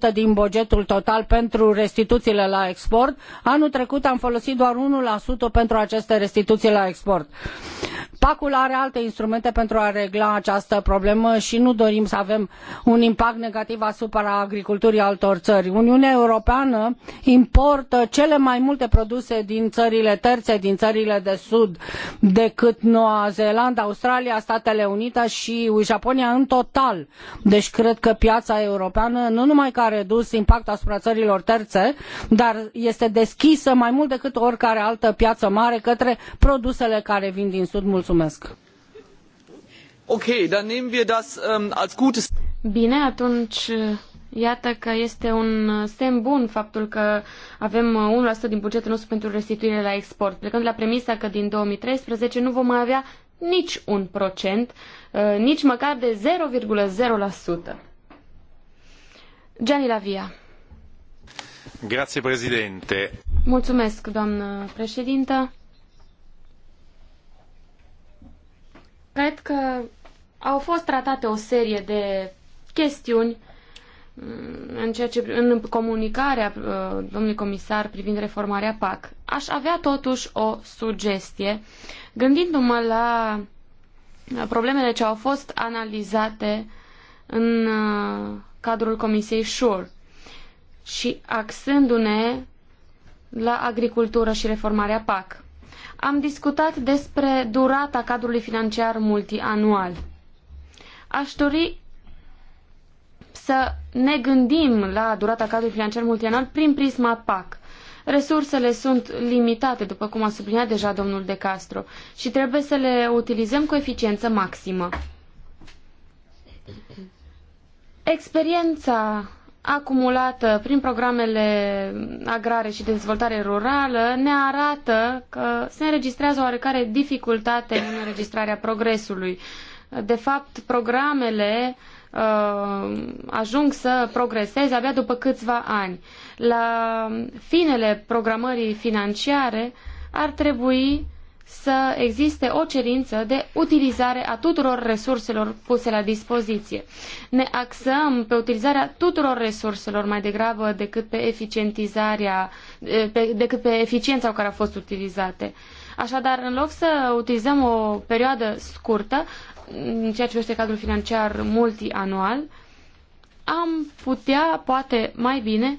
10% din bugetul total pentru restituțiile la export, anul trecut am folosit doar 1% pentru aceste restituții la export. PAC-ul are alte instrumente pentru pentru a regla această problemă și nu dorim să avem un impact negativ asupra agriculturii altor țări. Uniunea Europeană importă cele mai multe produse din țările terțe, din țările de sud, decât Noua Zeelandă, Australia, Statele Unite și Japonia în total. Deci cred că piața europeană nu numai că a redus impactul asupra țărilor terțe, dar este deschisă mai mult decât oricare altă piață mare către produsele care vin din sud. Mulțumesc! Ähm, Bine, atunci iată că este un semn bun faptul că avem 1% din bugetul nostru pentru restituire la export, plecând de la premisa că din 2013 nu vom mai avea nici un procent, uh, nici măcar de 0,0%. Gianni Lavia. Grazie, președinte. Mulțumesc, doamnă președintă. Cred că au fost tratate o serie de chestiuni mm, în, ceea ce, în comunicarea uh, domnului comisar privind reformarea PAC. Aș avea totuși o sugestie, gândindu-mă la problemele ce au fost analizate în uh, cadrul Comisiei SURE și axându-ne la agricultură și reformarea PAC. Am discutat despre durata cadrului financiar multianual. Aș dori să ne gândim la durata cadrului financiar multianual prin prisma PAC. Resursele sunt limitate, după cum a subliniat deja domnul De Castro, și trebuie să le utilizăm cu eficiență maximă. Experiența acumulată prin programele agrare și de dezvoltare rurală ne arată că se înregistrează oarecare dificultate în înregistrarea progresului. De fapt, programele uh, ajung să progreseze abia după câțiva ani. La finele programării financiare ar trebui să existe o cerință de utilizare a tuturor resurselor puse la dispoziție. Ne axăm pe utilizarea tuturor resurselor mai degrabă decât pe eficientizarea, eh, pe, decât pe eficiența cu care au fost utilizate. Așadar, în loc să utilizăm o perioadă scurtă, în ceea ce este cadrul financiar multianual, am putea, poate mai bine,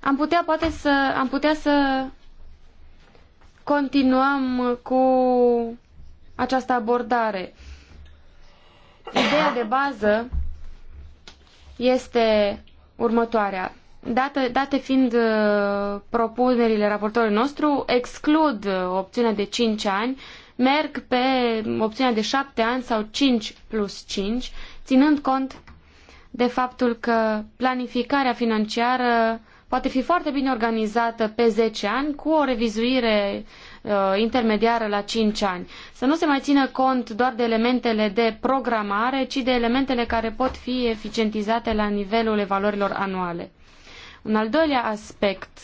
am putea, poate să, am putea să continuăm cu această abordare. Ideea de bază este următoarea. Date, date fiind uh, propunerile raportorului nostru, exclud uh, opțiunea de 5 ani, merg pe opțiunea de 7 ani sau 5 plus 5, ținând cont de faptul că planificarea financiară uh, poate fi foarte bine organizată pe 10 ani cu o revizuire uh, intermediară la 5 ani. Să nu se mai țină cont doar de elementele de programare, ci de elementele care pot fi eficientizate la nivelul evaluărilor anuale. Un al doilea aspect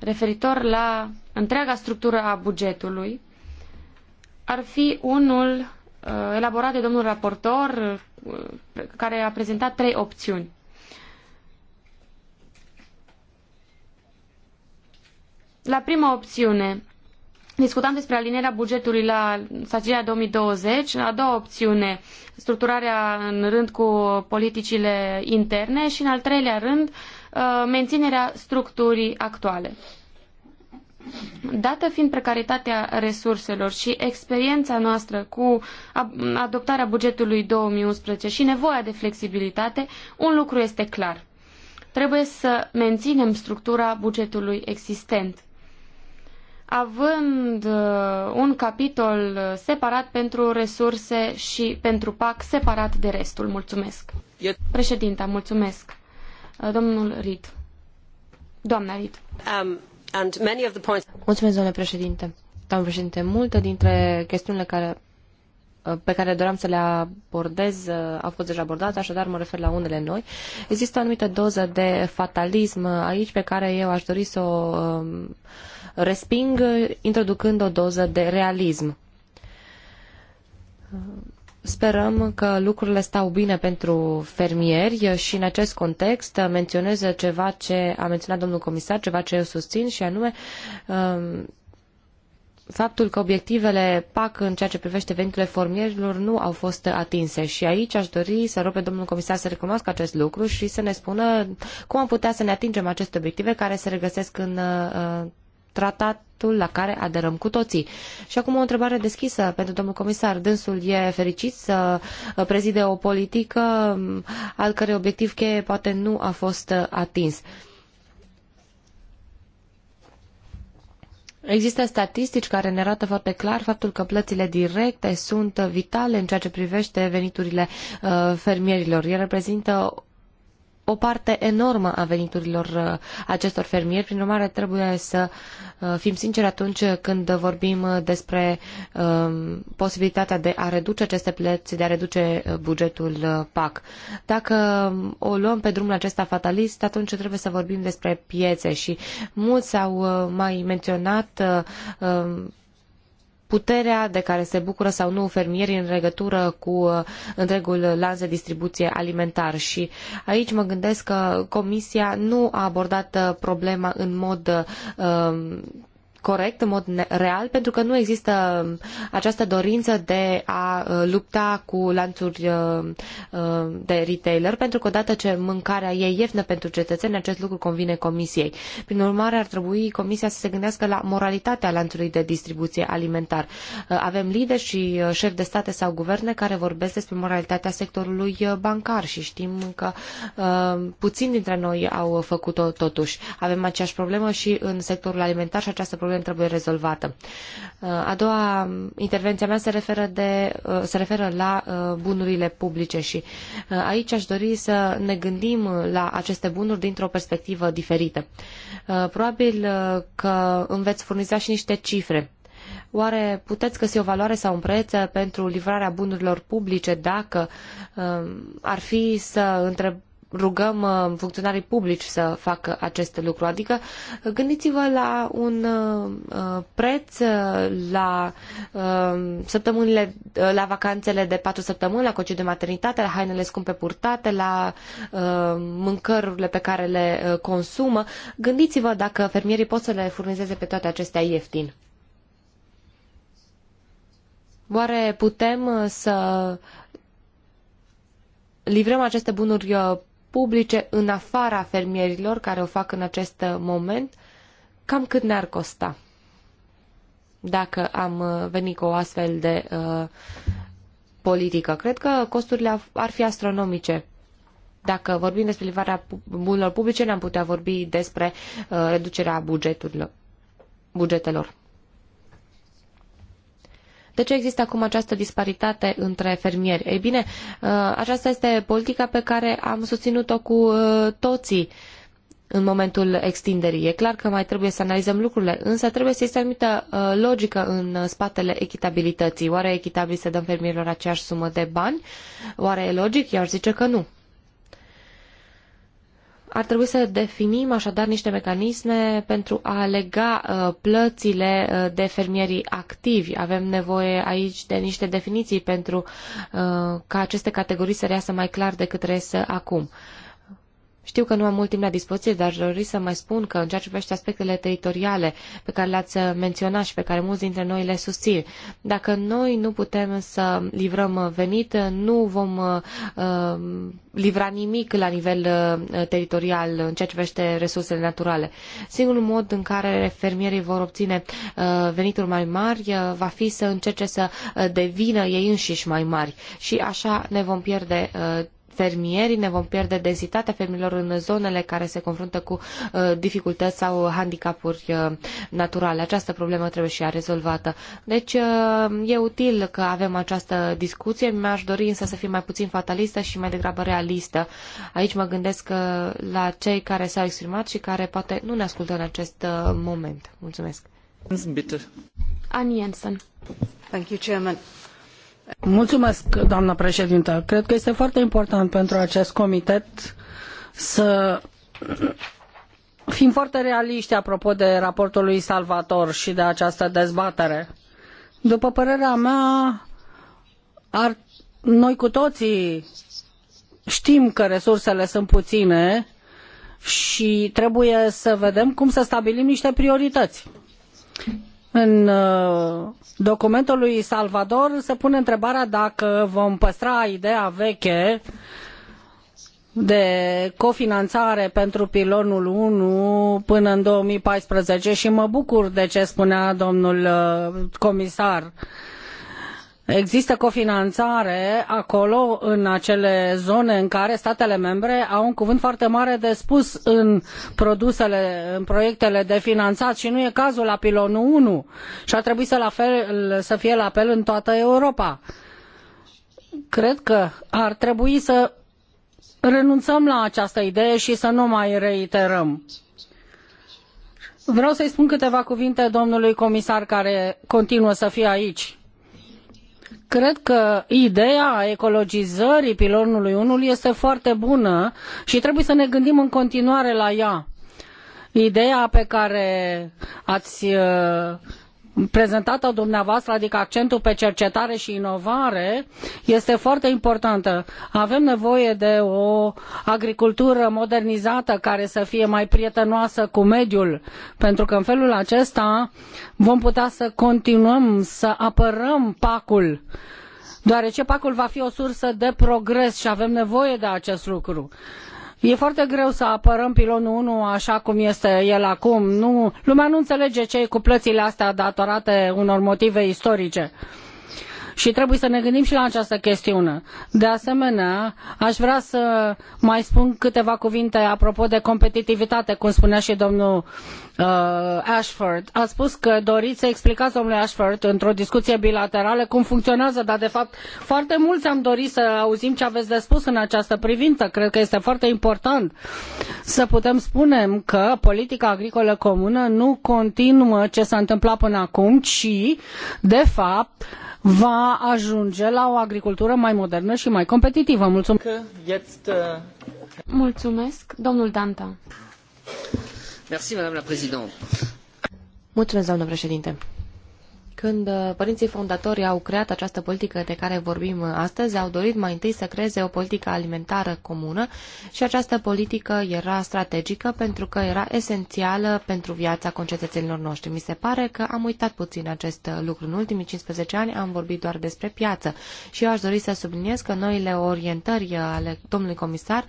referitor la întreaga structură a bugetului ar fi unul uh, elaborat de domnul raportor uh, care a prezentat trei opțiuni. La prima opțiune, discutam despre alinierea bugetului la strategia 2020, la a doua opțiune, structurarea în rând cu politicile interne și în al treilea rând, uh, menținerea structurii actuale. Dată fiind precaritatea resurselor și experiența noastră cu adoptarea bugetului 2011 și nevoia de flexibilitate, un lucru este clar. Trebuie să menținem structura bugetului existent având uh, un capitol separat pentru resurse și pentru PAC separat de restul. Mulțumesc. Președinta, mulțumesc. Uh, domnul Rid. Doamna Rid. Um, and many of the points... Mulțumesc, domnule președinte. Doamne președinte, multe dintre chestiunile care uh, pe care doream să le abordez au fost deja abordate, așadar mă refer la unele noi. Există o anumită doză de fatalism aici pe care eu aș dori să o um, resping introducând o doză de realism. Sperăm că lucrurile stau bine pentru fermieri și în acest context menționez ceva ce a menționat domnul comisar, ceva ce eu susțin și anume um, faptul că obiectivele PAC în ceea ce privește veniturile formierilor nu au fost atinse și aici aș dori să rog pe domnul comisar să recunoască acest lucru și să ne spună cum am putea să ne atingem aceste obiective care se regăsesc în uh, tratatul la care aderăm cu toții. Și acum o întrebare deschisă pentru domnul comisar. Dânsul e fericit să prezide o politică mm, al cărei obiectiv cheie poate nu a fost atins. Există statistici care ne arată foarte clar faptul că plățile directe sunt vitale în ceea ce privește veniturile uh, fermierilor. Ele reprezintă o parte enormă a veniturilor uh, acestor fermieri. Prin urmare, trebuie să uh, fim sinceri atunci când vorbim uh, despre um, posibilitatea de a reduce aceste plăți, de a reduce bugetul PAC. Dacă um, o luăm pe drumul acesta fatalist, atunci trebuie să vorbim despre piețe și mulți au mai menționat um, puterea de care se bucură sau nu fermierii în legătură cu uh, întregul lanț de distribuție alimentar. Și aici mă gândesc că Comisia nu a abordat uh, problema în mod uh, corect, în mod real, pentru că nu există această dorință de a uh, lupta cu lanțuri uh, uh, de retailer, pentru că odată ce mâncarea e ieftină pentru cetățeni, acest lucru convine comisiei. Prin urmare, ar trebui comisia să se gândească la moralitatea lanțului de distribuție alimentar. Avem lideri și șefi de state sau guverne care vorbesc despre moralitatea sectorului bancar și știm că puțin dintre noi au făcut-o totuși. Avem aceeași problemă și în sectorul alimentar și această problemă problemă trebuie rezolvată. Uh, a doua intervenția mea se referă, de, uh, se referă la uh, bunurile publice și aici aș dori să ne gândim la aceste bunuri dintr-o perspectivă diferită. Probabil că îmi veți furniza și niște cifre. Oare puteți găsi o valoare sau un preț pentru livrarea bunurilor publice dacă ar fi să întreb rugăm uh, funcționarii publici să facă acest lucru. Adică uh, gândiți-vă la un uh, preț la săptămânile, la vacanțele de patru săptămâni, la concediu de maternitate, la hainele scumpe purtate, la mâncărurile pe care le consumă. Gândiți-vă dacă fermierii pot să le furnizeze pe toate acestea ieftin. Oare putem să livrăm aceste bunuri publice în afara fermierilor care o fac în acest uh, moment, cam cât ne-ar costa dacă am uh, venit cu o astfel de uh, politică. Cred că costurile ar fi astronomice. Dacă vorbim despre livrarea bunurilor publice, ne-am putea vorbi despre uh, reducerea bugeturilor, bugetelor. De ce există acum această disparitate între fermieri? Ei bine, uh, aceasta este politica pe care am susținut-o cu uh, toții în momentul extinderii. E clar că mai trebuie să analizăm lucrurile, însă trebuie să existe anumită uh, logică în spatele echitabilității. Oare e echitabil să dăm fermierilor aceeași sumă de bani? Oare e logic? Eu ar zice că nu. Ar trebui să definim așadar niște mecanisme pentru a lega uh, plățile uh, de fermierii activi. Avem nevoie aici de niște definiții pentru uh, ca aceste categorii să reasă mai clar decât reiese acum. Uh, știu că nu am mult timp la dispoziție, dar dori să mai spun că în ceea ce privește aspectele teritoriale pe care le-ați uh, menționat și pe care mulți dintre noi le susțin, dacă noi nu putem să livrăm uh, venit, uh, nu vom uh, livra nimic la nivel uh, teritorial în ceea ce privește resursele naturale. Singurul mod în care fermierii vor obține uh, venituri mai mari va fi să încerce să devină ei înșiși mai mari și așa ne vom pierde fermierii, ne vom pierde densitatea fermilor în zonele care se confruntă cu uh, dificultăți sau handicapuri uh, naturale. Această problemă trebuie și ea rezolvată. Deci uh, e util că avem această discuție, mi-aș dori însă să fim mai puțin fatalistă și mai degrabă realistă. Aici mă gândesc la cei care s-au exprimat și care poate nu ne ascultă în acest moment. Mulțumesc. Ann Jensen. Thank you, Chairman. Mulțumesc, doamnă președintă. Cred că este foarte important pentru acest comitet să fim foarte realiști apropo de raportul lui Salvator și de această dezbatere. După părerea mea, ar, noi cu toții știm că resursele sunt puține și trebuie să vedem cum să stabilim niște priorități în uh, documentul lui Salvador se pune întrebarea dacă vom păstra ideea veche de cofinanțare pentru pilonul unu până în 2014 și mă bucur de ce spunea domnul uh, comisar uh, Există cofinanțare acolo, în acele zone în care statele membre au un cuvânt foarte mare de spus în produsele, în proiectele de finanțat și nu e cazul la pilonul 1 și ar trebui să, la fel, să fie la apel în toată Europa. Cred că ar trebui să renunțăm la această idee și să nu mai reiterăm. Vreau să-i spun câteva cuvinte domnului comisar care continuă să fie aici Cred că ideea ecologizării pilonului 1 este foarte bună și trebuie să ne gândim în continuare la ea. Ideea pe care ați uh, prezentată dumneavoastră, adică accentul pe cercetare și inovare, este foarte importantă. Avem nevoie de o agricultură modernizată care să fie mai prietenoasă cu mediul, pentru că în felul acesta vom putea să continuăm să apărăm pacul deoarece pacul va fi o sursă de progres și avem nevoie de acest lucru. E foarte greu să apărăm pilonul 1 așa cum este el acum. Nu, lumea nu înțelege ce e cu plățile astea datorate unor motive istorice și trebuie să ne gândim și la această chestiune. De asemenea, aș vrea să mai spun câteva cuvinte apropo de competitivitate, cum spunea și domnul uh, Ashford. A spus că doriți să explicați, domnului Ashford, într-o discuție bilaterală cum funcționează, dar de fapt foarte mulți am dorit să auzim ce aveți de spus în această privință. Cred că este foarte important să putem spune că politica agricolă comună nu continuă ce s-a întâmplat până acum, ci, de fapt, va ajunge la o agricultură mai modernă și mai competitivă. Mulțumesc. Uh, Mulțumesc, domnul Danta. Mulțumesc, doamnă președinte. Când uh, părinții fondatori au creat această politică de care vorbim uh, astăzi, au dorit mai întâi să creeze o politică alimentară comună și această politică era strategică pentru că era esențială pentru viața concetățenilor noștri. Mi se pare că am uitat puțin acest uh, lucru. În ultimii 15 ani am vorbit doar despre piață și eu aș dori să subliniez că noile orientări ale domnului comisar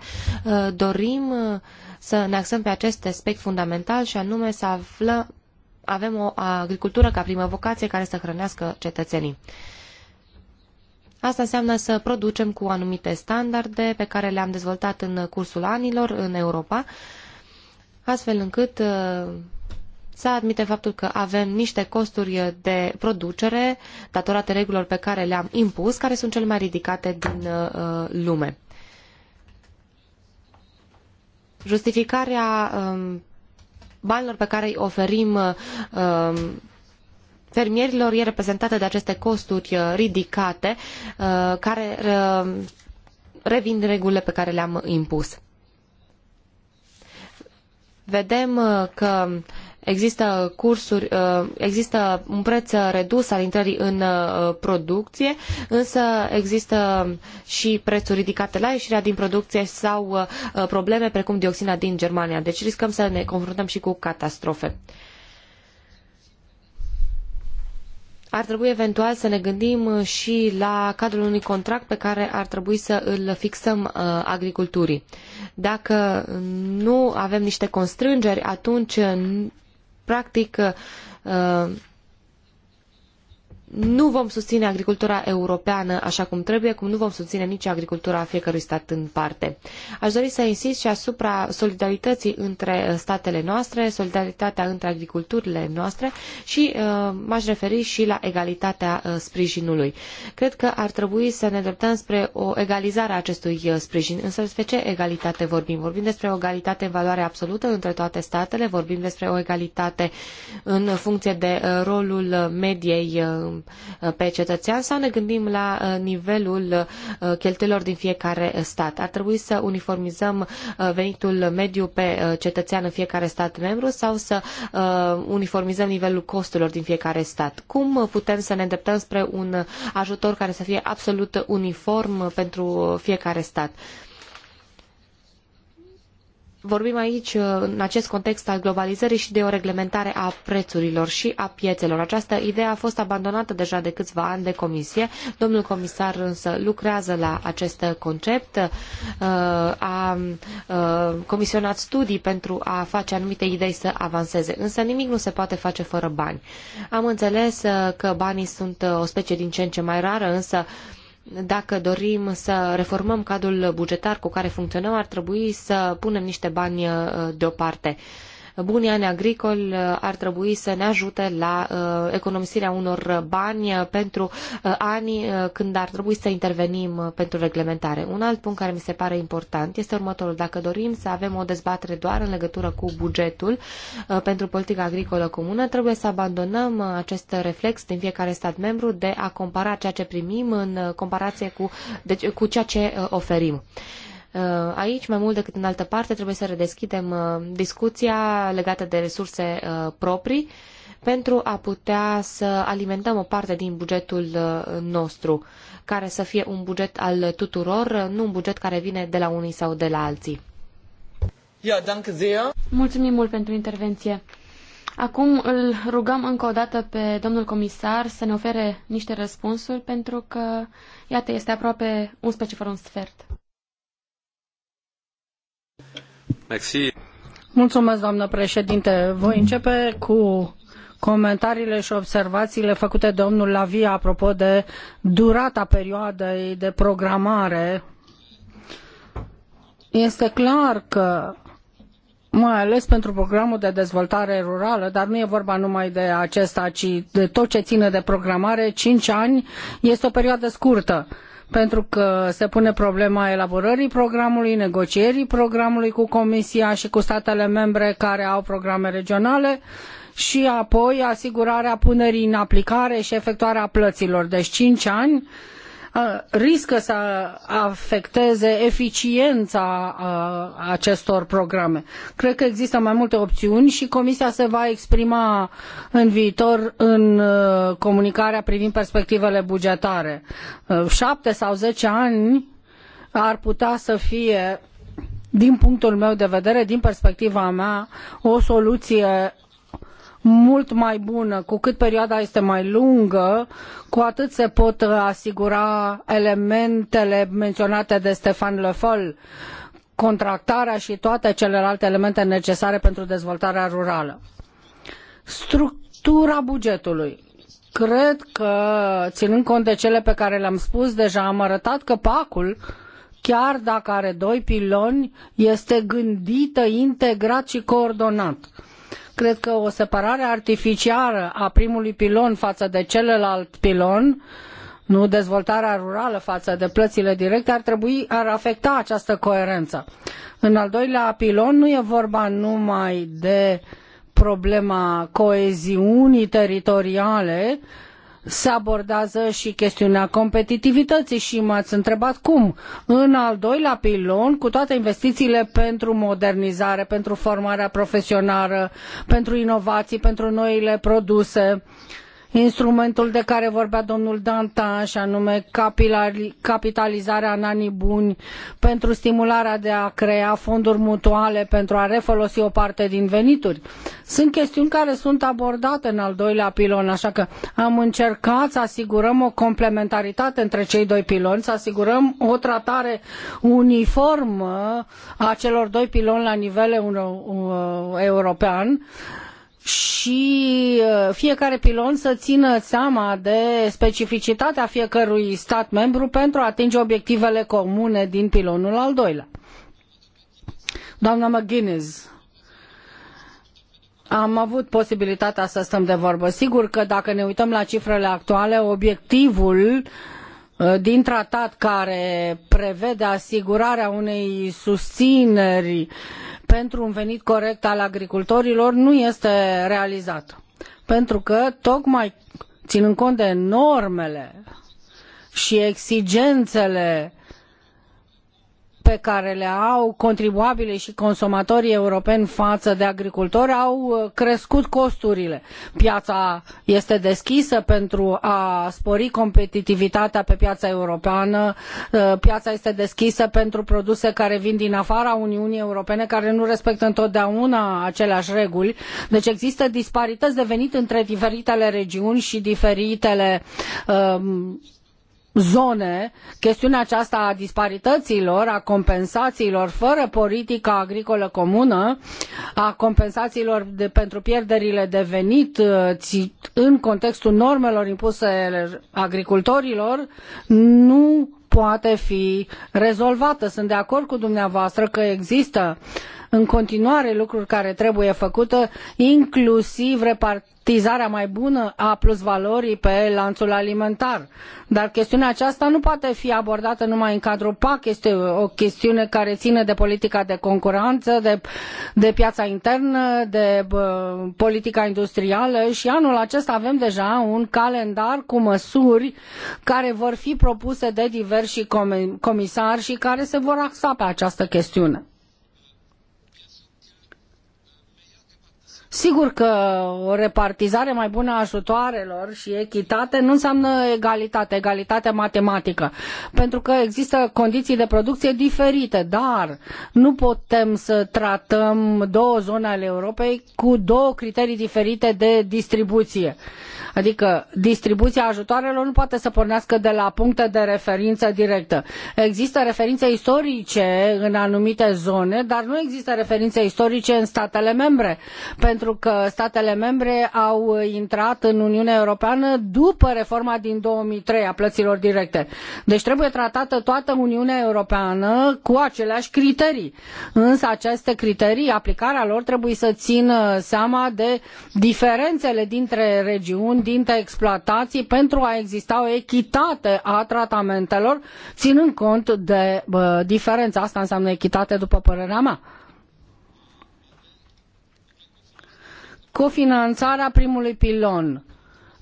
dorim să ne axăm pe acest aspect fundamental și anume să aflăm avem o agricultură ca primă vocație care să hrănească cetățenii. Asta înseamnă să producem cu anumite standarde pe care le-am dezvoltat în cursul anilor în Europa, astfel încât uh, să admite faptul că avem niște costuri de producere datorate regulilor pe care le-am impus, care sunt cele mai ridicate din uh, lume. Justificarea um, banilor pe care îi oferim uh, um, fermierilor e reprezentată de aceste costuri uh, ridicate uh, care revin regulile pe care le-am impus. Vedem că uh, există cursuri, uh, există un preț redus al intrării în uh, producție, însă există și prețuri ridicate la ieșirea din producție sau uh, probleme precum dioxina din Germania. Deci riscăm să ne confruntăm și cu catastrofe. Ar trebui eventual să ne gândim și la cadrul unui contract pe care ar trebui să îl fixăm agriculturii. Dacă nu avem niște constrângeri, atunci practic uh, nu vom susține agricultura europeană așa cum trebuie, cum nu vom susține nici agricultura fiecărui stat în parte. Aș dori să insist și asupra solidarității între uh, statele noastre, solidaritatea între agriculturile noastre și uh, m-aș referi și la egalitatea uh, sprijinului. Cred că ar trebui să ne dreptăm spre o egalizare a acestui uh, sprijin, însă despre ce egalitate vorbim? Vorbim despre o egalitate în valoare absolută între toate statele, vorbim despre o egalitate în funcție de uh, rolul uh, mediei Uh, pe cetățean sau ne gândim la uh, nivelul uh, cheltuielor din fiecare stat? Ar trebui să uniformizăm venitul mediu pe cetățean în fiecare stat membru sau să uniformizăm nivelul costurilor din fiecare stat? Cum putem să ne îndreptăm spre un ajutor care să fie absolut uniform pentru fiecare stat? vorbim aici uh, în acest context al globalizării și de o reglementare a prețurilor și a piețelor. Această idee a fost abandonată deja de câțiva ani de comisie. Domnul comisar însă lucrează la acest concept, uh, a uh, comisionat studii pentru a face anumite idei să avanseze, însă nimic nu se poate face fără bani. Am înțeles că banii sunt o specie din ce în ce mai rară, însă dacă dorim să reformăm cadrul bugetar cu care funcționăm, ar trebui să punem niște bani uh, deoparte bunii ani agricoli uh, ar trebui să ne ajute la uh, economisirea unor bani uh, pentru ani când ar trebui să intervenim pentru reglementare. Un alt punct care mi se pare important este următorul. Dacă dorim să avem o dezbatere doar în legătură cu bugetul pentru politica agricolă comună, trebuie să abandonăm acest reflex din fiecare stat membru de a compara ceea ce primim în comparație cu, deci, cu ceea ce oferim. Uh, aici, mai mult decât în altă parte, trebuie să redeschidem uh, discuția legată de resurse uh, proprii pentru a putea să alimentăm o parte din bugetul nostru, care să fie un buget al tuturor, nu un buget care vine de la unii sau de la alții. Ja, danke sehr. Mulțumim mult pentru intervenție. Acum îl rugăm încă o dată pe domnul comisar să ne ofere niște răspunsuri, pentru că, iată, este aproape 11 fără un sfert. Mulțumesc, doamnă președinte. Voi începe cu comentariile și observațiile făcute de domnul Lavia apropo de durata perioadei de programare. Este clar că mai ales pentru programul de dezvoltare rurală, dar nu e vorba numai de acesta, ci de tot ce ține de programare, Cinci ani este o perioadă scurtă pentru că se pune problema elaborării programului, negocierii programului cu Comisia și cu statele membre care au programe regionale și apoi asigurarea punerii în aplicare și efectuarea plăților. Deci cinci ani uh, riscă să afecteze eficiența acestor programe. Cred că există mai multe opțiuni și Comisia se va exprima în viitor în uh, comunicarea privind perspectivele bugetare. Șapte sau zece ani ar putea să fie din punctul meu de vedere, din perspectiva mea, o soluție mult mai bună. Cu cât perioada este mai lungă, cu atât se pot asigura elementele menționate de Stefan Le Foll, contractarea și toate celelalte elemente necesare pentru dezvoltarea rurală. Structura bugetului cred că, ținând cont de cele pe care le-am spus deja, am arătat că pacul, chiar dacă are doi piloni, este gândită, integrat și coordonat. Cred că o separare artificială a primului pilon față de celălalt pilon nu dezvoltarea rurală față de plățile directe ar trebui ar afecta această coerență. În al doilea pilon nu e vorba numai de problema coeziunii teritoriale, se abordează și chestiunea competitivității și m-ați întrebat cum. În al doilea pilon, cu toate investițiile pentru modernizare, pentru formarea profesională, pentru inovații, pentru noile produse, uh, instrumentul de care vorbea domnul Danta, și anume capitalizarea în anii buni pentru stimularea de a crea fonduri mutuale pentru a refolosi o parte din venituri. Sunt chestiuni care sunt abordate în al doilea pilon, așa că am încercat să asigurăm o complementaritate între cei doi piloni, să asigurăm o tratare uniformă a celor doi piloni la nivel euro uh, european și uh, fiecare pilon să țină seama de specificitatea fiecărui stat membru pentru a atinge obiectivele comune din pilonul al doilea. Doamna McGuinness, am avut posibilitatea să stăm de vorbă. Sigur că dacă ne uităm la cifrele actuale, obiectivul uh, din tratat care prevede asigurarea unei susțineri uh, pentru un venit corect al agricultorilor nu este realizat. Pentru că, tocmai ținând cont de normele și exigențele pe care le au contribuabilii și consumatorii europeni față de agricultori au uh, crescut costurile. Piața este deschisă pentru a spori competitivitatea pe piața europeană. Uh, piața este deschisă pentru produse care vin din afara Uniunii Europene, care nu respectă întotdeauna aceleași reguli. Deci există disparități de venit între diferitele regiuni și diferitele um, zone, chestiunea aceasta a disparităților, a compensațiilor fără politica agricolă comună, a compensațiilor de, pentru pierderile de venit uh, în contextul normelor impuse agricultorilor, nu poate fi rezolvată. Sunt de acord cu dumneavoastră că există uh, în continuare lucruri care trebuie făcute, inclusiv repartizarea mai bună a plusvalorii pe lanțul alimentar. Dar chestiunea aceasta nu poate fi abordată numai în cadrul PAC, este o chestiune care ține de politica de concurență, de, de piața internă, de uh, politica industrială și anul acesta avem deja un calendar cu măsuri care vor fi propuse de diversi comisari și care se vor axa pe această chestiune. Sigur că o repartizare mai bună a ajutoarelor și echitate nu înseamnă egalitate, egalitate matematică, pentru că există condiții de producție diferite, dar nu putem să tratăm două zone ale Europei cu două criterii diferite de distribuție. Uh, Adică distribuția ajutoarelor nu poate să pornească de la puncte de referință directă. Există referințe istorice în anumite zone, dar nu există referințe istorice în statele membre, pentru că statele membre au intrat în Uniunea Europeană după reforma din 2003 a plăților directe. Deci trebuie tratată toată Uniunea Europeană cu aceleași criterii. Însă aceste criterii, aplicarea lor trebuie să țină seama de diferențele dintre regiuni, dintre exploatații pentru a exista o echitate a tratamentelor, ținând cont de bă, diferența. Asta înseamnă echitate, după părerea mea. Cofinanțarea primului pilon.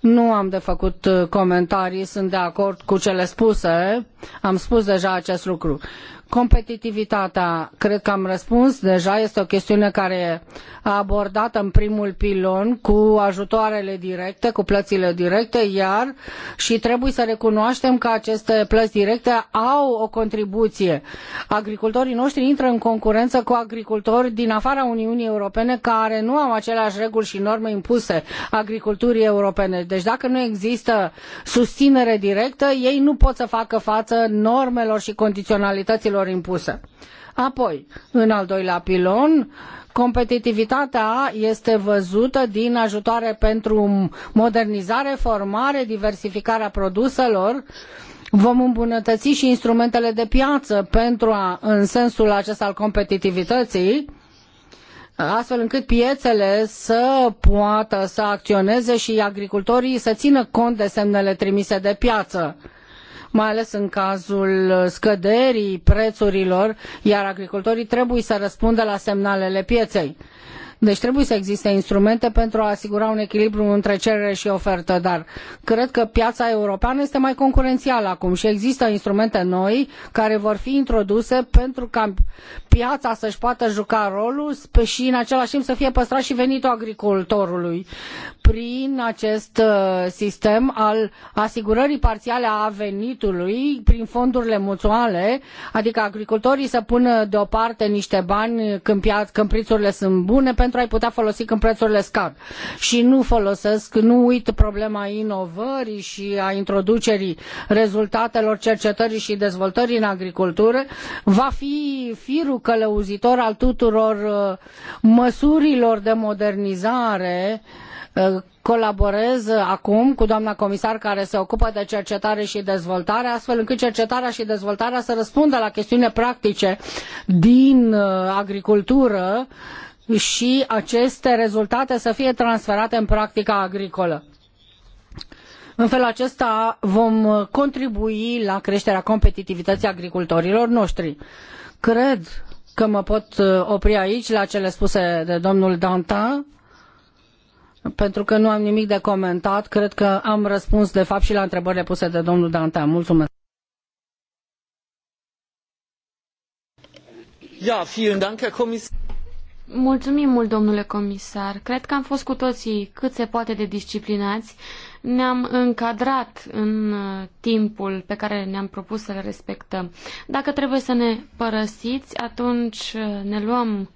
Nu am de făcut uh, comentarii, sunt de acord cu cele spuse, am spus deja acest lucru. Competitivitatea, cred că am răspuns deja, este o chestiune care a abordată în primul pilon cu ajutoarele directe, cu plățile directe, iar și trebuie să recunoaștem că aceste plăți directe au o contribuție. Agricultorii noștri intră în concurență cu agricultori din afara Uniunii Europene care nu au aceleași reguli și norme impuse agriculturii europene. Deci dacă nu există susținere directă, ei nu pot să facă față normelor și condiționalităților condițiilor impuse. Apoi, în al doilea pilon, competitivitatea este văzută din ajutoare pentru modernizare, formare, diversificarea produselor. Vom îmbunătăți și instrumentele de piață pentru a, în sensul acesta al competitivității, astfel încât piețele să poată să acționeze și agricultorii să țină cont de semnele trimise de piață mai ales în cazul scăderii prețurilor, iar agricultorii trebuie să răspundă la semnalele pieței deci trebuie să existe instrumente pentru a asigura un echilibru între cerere și ofertă, dar cred că piața europeană este mai concurențială acum și există instrumente noi care vor fi introduse pentru ca piața să-și poată juca rolul și în același timp să fie păstrat și venitul agricultorului prin acest uh, sistem al asigurării parțiale a venitului prin fondurile mutuale, adică agricultorii să pună deoparte niște bani când, pia- când prețurile sunt bune pentru a-i putea folosi când prețurile scad. Și nu folosesc, nu uit problema inovării și a introducerii rezultatelor cercetării și dezvoltării în agricultură. Va fi firul călăuzitor al tuturor uh, măsurilor de modernizare uh, colaborez acum cu doamna comisar care se ocupă de cercetare și dezvoltare, astfel încât cercetarea și dezvoltarea să răspundă la chestiune practice din uh, agricultură și aceste rezultate să fie transferate în practica agricolă. În felul acesta vom contribui la creșterea competitivității agricultorilor noștri. Cred că mă pot uh, opri aici la cele spuse de domnul Dantin, pentru că nu am nimic de comentat. Cred că am răspuns de fapt și la întrebările puse de domnul Dantin. Mulțumesc. Ja, vielen Dank, Herr Kommissar. Mulțumim mult, domnule comisar. Cred că am fost cu toții cât se poate de disciplinați. Ne-am încadrat în uh, timpul pe care ne-am propus să-l respectăm. Dacă trebuie să ne părăsiți, atunci uh, ne luăm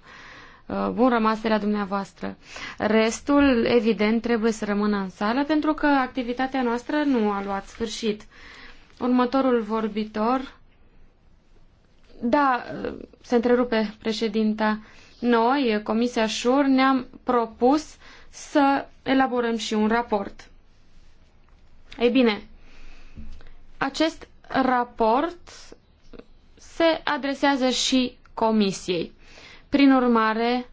uh, bun rămas de la dumneavoastră. Restul, evident, trebuie să rămână în sală pentru că activitatea noastră nu a luat sfârșit. Următorul vorbitor... Da, se întrerupe președinta noi, Comisia Șur, ne-am propus să elaborăm și un raport. Ei bine, acest raport se adresează și Comisiei. Prin urmare,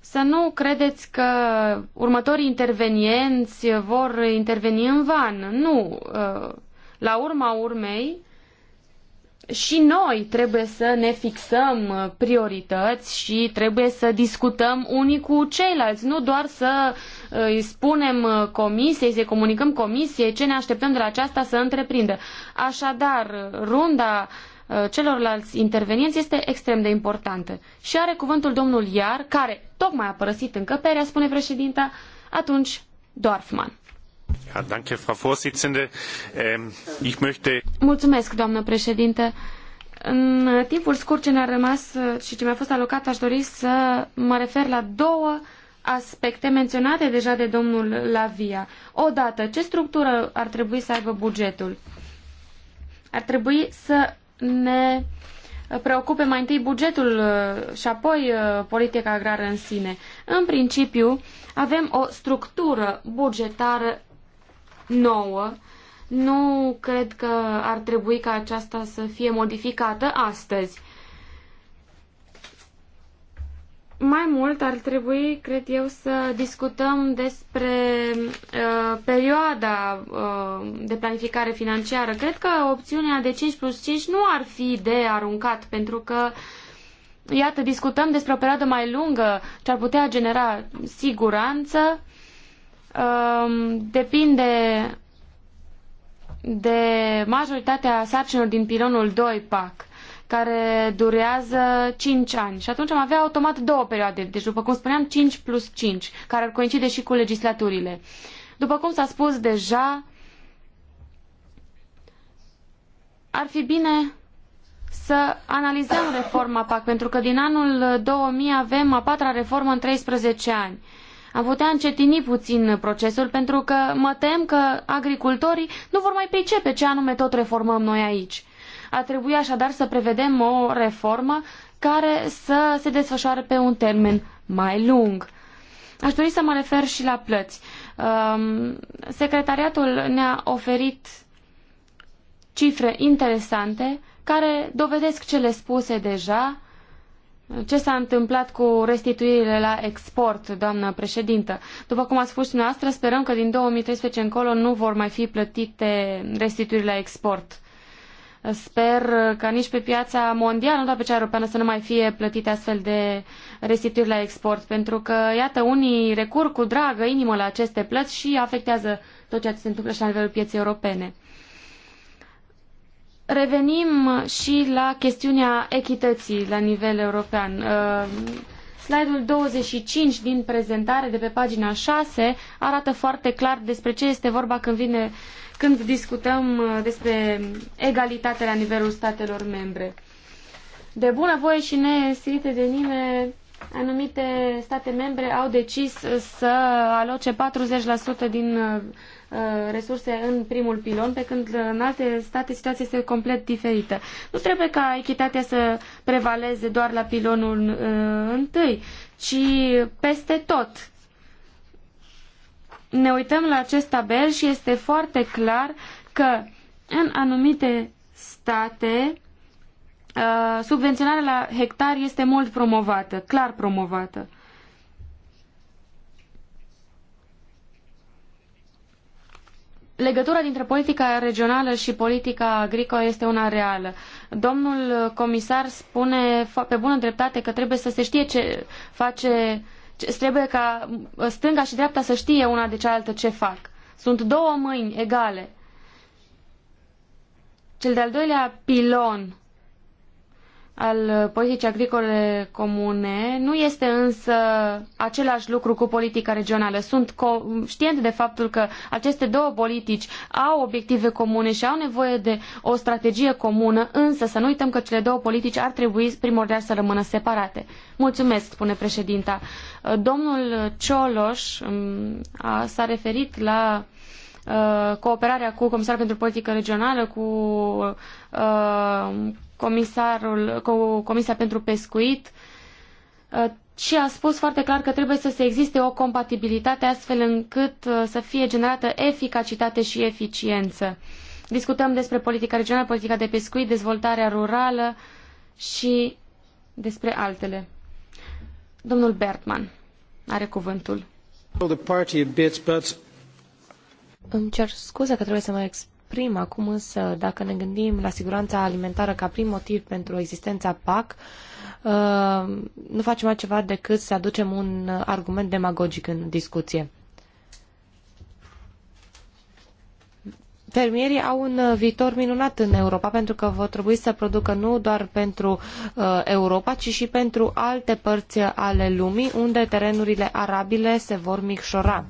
să nu credeți că următorii intervenienți vor interveni în van. Nu. La urma urmei, și noi trebuie să ne fixăm uh, priorități și trebuie să discutăm unii cu ceilalți, nu doar să uh, îi spunem uh, comisiei, să-i comunicăm comisiei ce ne așteptăm de la aceasta să întreprindă. Așadar, runda celorlalți intervenienți este extrem de importantă. Și are cuvântul domnul Iar, care tocmai a părăsit încăperea, spune președinta, atunci Dorfman. Ähm, Mulțumesc, doamnă președinte. În timpul scurt ce ne-a rămas uh, și ce mi-a fost alocat, aș dori să mă refer la două aspecte menționate deja de domnul Lavia. Odată, ce structură ar trebui să aibă bugetul? Ar trebui să ne preocupe mai întâi bugetul uh, și apoi uh, politica agrară în sine. În principiu, avem o structură bugetară nouă. Nu cred că ar trebui ca aceasta să fie modificată astăzi. Mai mult ar trebui, cred eu, să discutăm despre uh, perioada uh, de planificare financiară. Cred că opțiunea de 5 plus 5 nu ar fi de aruncat, pentru că, iată, discutăm despre o perioadă mai lungă ce ar putea genera siguranță um, depinde de majoritatea sarcinilor din pilonul 2 PAC, care durează 5 ani. Și atunci am avea automat două perioade, deci după cum spuneam 5 plus 5, care ar coincide și cu legislaturile. După cum s-a spus deja, ar fi bine să analizăm reforma PAC, pentru că din anul 2000 avem a patra reformă în 13 ani. Uh, am putea încetini puțin procesul pentru că mă tem că agricultorii nu vor mai pricepe ce anume tot reformăm noi aici. A trebui așadar să prevedem o reformă care să se desfășoare pe un termen mai lung. Aș dori să mă refer și la plăți. Um, secretariatul ne-a oferit cifre interesante care dovedesc cele spuse deja ce s-a întâmplat cu restituirile la export, doamnă președintă? După cum ați spus dumneavoastră, sperăm că din 2013 încolo nu vor mai fi plătite restituiri la export. Sper ca nici pe piața mondială, nu doar pe cea europeană, să nu mai fie plătite astfel de restituiri la export, pentru că, iată, unii recurg cu dragă inimă la aceste plăți și afectează tot ceea ce se întâmplă și la nivelul pieței europene. Revenim și la chestiunea echității la nivel european. Uh, slide-ul 25 din prezentare de pe pagina 6 arată foarte clar despre ce este vorba când vine când discutăm uh, despre egalitate la nivelul statelor membre. De bună voie și nesirite de nimeni, anumite state membre au decis să aloce 40% din uh, Uh, resurse în primul pilon, pe când în alte state situația este complet diferită. Nu trebuie ca echitatea să prevaleze doar la pilonul uh, întâi, ci peste tot. Ne uităm la acest tabel și este foarte clar că în anumite state uh, subvenționarea la hectar este mult promovată, clar promovată. legătura dintre politica regională și politica agricolă este una reală. Domnul comisar spune pe bună dreptate că trebuie să se știe ce face, ce, trebuie ca stânga și dreapta să știe una de cealaltă ce fac. Sunt două mâini egale. Cel de-al doilea pilon al politicii agricole comune nu este însă același lucru cu politica regională. Sunt conștient de faptul că aceste două politici au obiective comune și au nevoie de o strategie comună, însă să nu uităm că cele două politici ar trebui primordial să rămână separate. Mulțumesc, spune președinta. Domnul Cioloș um, s-a referit la uh, cooperarea cu Comisarul pentru Politică Regională, cu uh, comisarul, cu Comisia pentru Pescuit uh, și a spus foarte clar că trebuie să se existe o compatibilitate astfel încât uh, să fie generată eficacitate și eficiență. Discutăm despre politica regională, politica de pescuit, dezvoltarea rurală și despre altele. Domnul Bertman are cuvântul. Îmi cer scuze că trebuie să mă exprim oprim acum, însă dacă ne gândim la siguranța alimentară ca prim motiv pentru existența PAC, uh, nu facem altceva decât să aducem un argument demagogic în discuție. fermierii au un viitor minunat în Europa pentru că vor trebui să producă nu doar pentru uh, Europa, ci și pentru alte părți ale lumii unde terenurile arabile se vor micșora.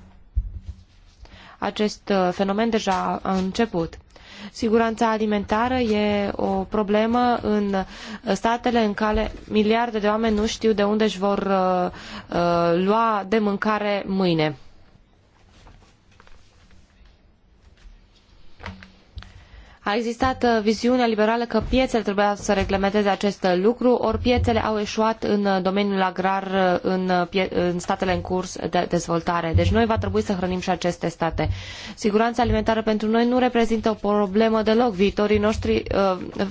Acest uh, fenomen deja a început. Siguranța alimentară e o problemă în statele în care miliarde de oameni nu știu de unde își vor uh, uh, lua de mâncare mâine. A existat uh, viziunea liberală că piețele trebuia să reglementeze acest uh, lucru, ori piețele au eșuat în uh, domeniul agrar în, în statele în curs de dezvoltare. Deci noi va trebui să hrănim și aceste state. Siguranța alimentară pentru noi nu reprezintă o problemă deloc. Viitorii noștri,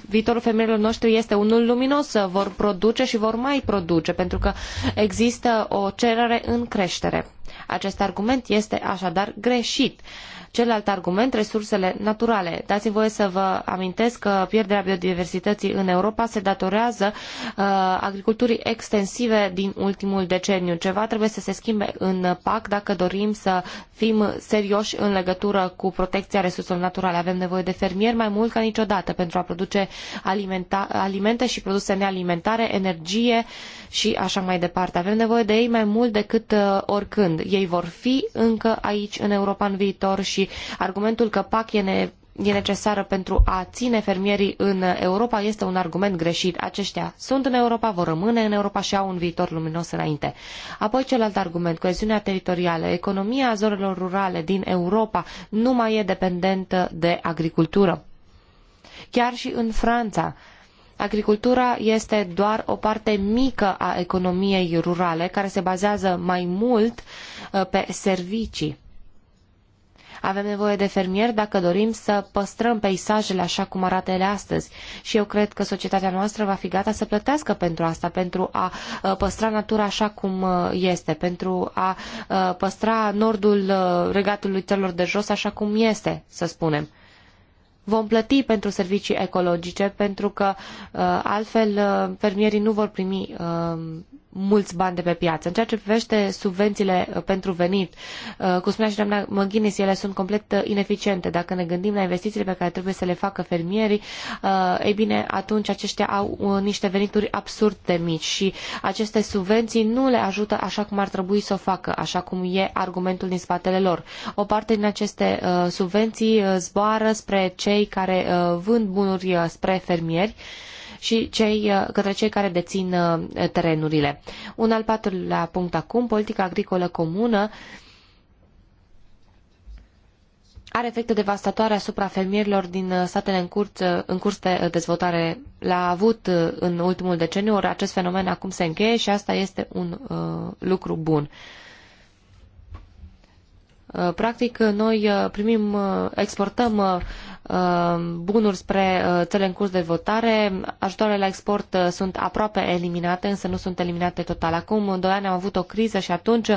viitorul femeilor noștri este unul luminos. Vor produce și vor mai produce, pentru că există o cerere în creștere. Acest argument este așadar greșit. Celălalt argument, resursele naturale. Dați-mi voie să vă amintesc că pierderea biodiversității în Europa se datorează uh, agriculturii extensive din ultimul deceniu. Ceva trebuie să se schimbe în PAC dacă dorim să fim serioși în legătură cu protecția resurselor naturale. Avem nevoie de fermieri mai mult ca niciodată pentru a produce alimente și produse nealimentare, energie și așa mai departe. Avem nevoie de ei mai mult decât uh, oricând. Ei vor fi încă aici în Europa în viitor și argumentul că PAC e, ne- e necesară pentru a ține fermierii în Europa este un argument greșit. Aceștia sunt în Europa, vor rămâne în Europa și au un viitor luminos înainte. Apoi celălalt argument, coeziunea teritorială. Economia zonelor rurale din Europa nu mai e dependentă de agricultură. Chiar și în Franța, Agricultura este doar o parte mică a economiei rurale, care se bazează mai mult uh, pe servicii. Avem nevoie de fermieri dacă dorim să păstrăm peisajele așa cum arată ele astăzi. Și eu cred că societatea noastră va fi gata să plătească pentru asta, pentru a uh, păstra natura așa cum uh, este, pentru a uh, păstra nordul regatului țărilor de jos așa cum este, să spunem vom plăti pentru servicii ecologice, pentru că altfel fermierii nu vor primi mulți bani de pe piață. În ceea ce privește subvențiile uh, pentru venit, uh, cum spunea și doamna McGuinness, ele sunt complet uh, ineficiente. Dacă ne gândim la investițiile pe care trebuie să le facă fermierii, ei bine, atunci aceștia au niște venituri absurd de mici și aceste subvenții nu le ajută așa cum ar trebui să o facă, așa cum e argumentul din spatele lor. O parte din aceste subvenții zboară spre cei care vând bunuri spre fermieri, și cei, uh, către cei care dețin uh, terenurile. Un al patrulea punct acum, politica agricolă comună are efecte devastatoare asupra fermierilor din uh, statele în curs, în curs de dezvoltare. L-a avut în ultimul deceniu, ori acest fenomen acum se încheie și asta este un uh, lucru bun. Uh, Uh, practic, uh, noi uh, primim, exportăm bunuri spre țele în curs de votare. Ajutoarele la export sunt aproape eliminate, însă nu sunt eliminate total. Acum, în doi ani am avut o criză și atunci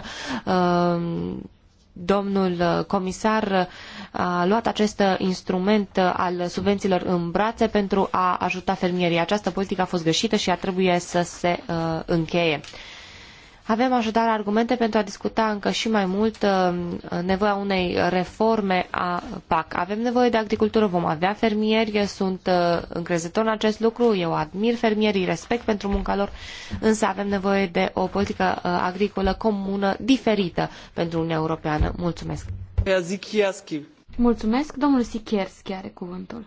domnul comisar a luat acest instrument al subvențiilor în brațe pentru a ajuta fermierii. Această politică a fost greșită și ea trebuie să se încheie. Avem așadar argumente pentru a discuta încă și mai mult uh, nevoia unei reforme a PAC. Avem nevoie de agricultură, vom avea fermieri, eu sunt uh, încrezător în acest lucru, eu admir fermierii, respect pentru munca lor, însă avem nevoie de o politică uh, agricolă comună diferită pentru Uniunea Europeană. Mulțumesc! Mulțumesc, domnul Sikierski are cuvântul.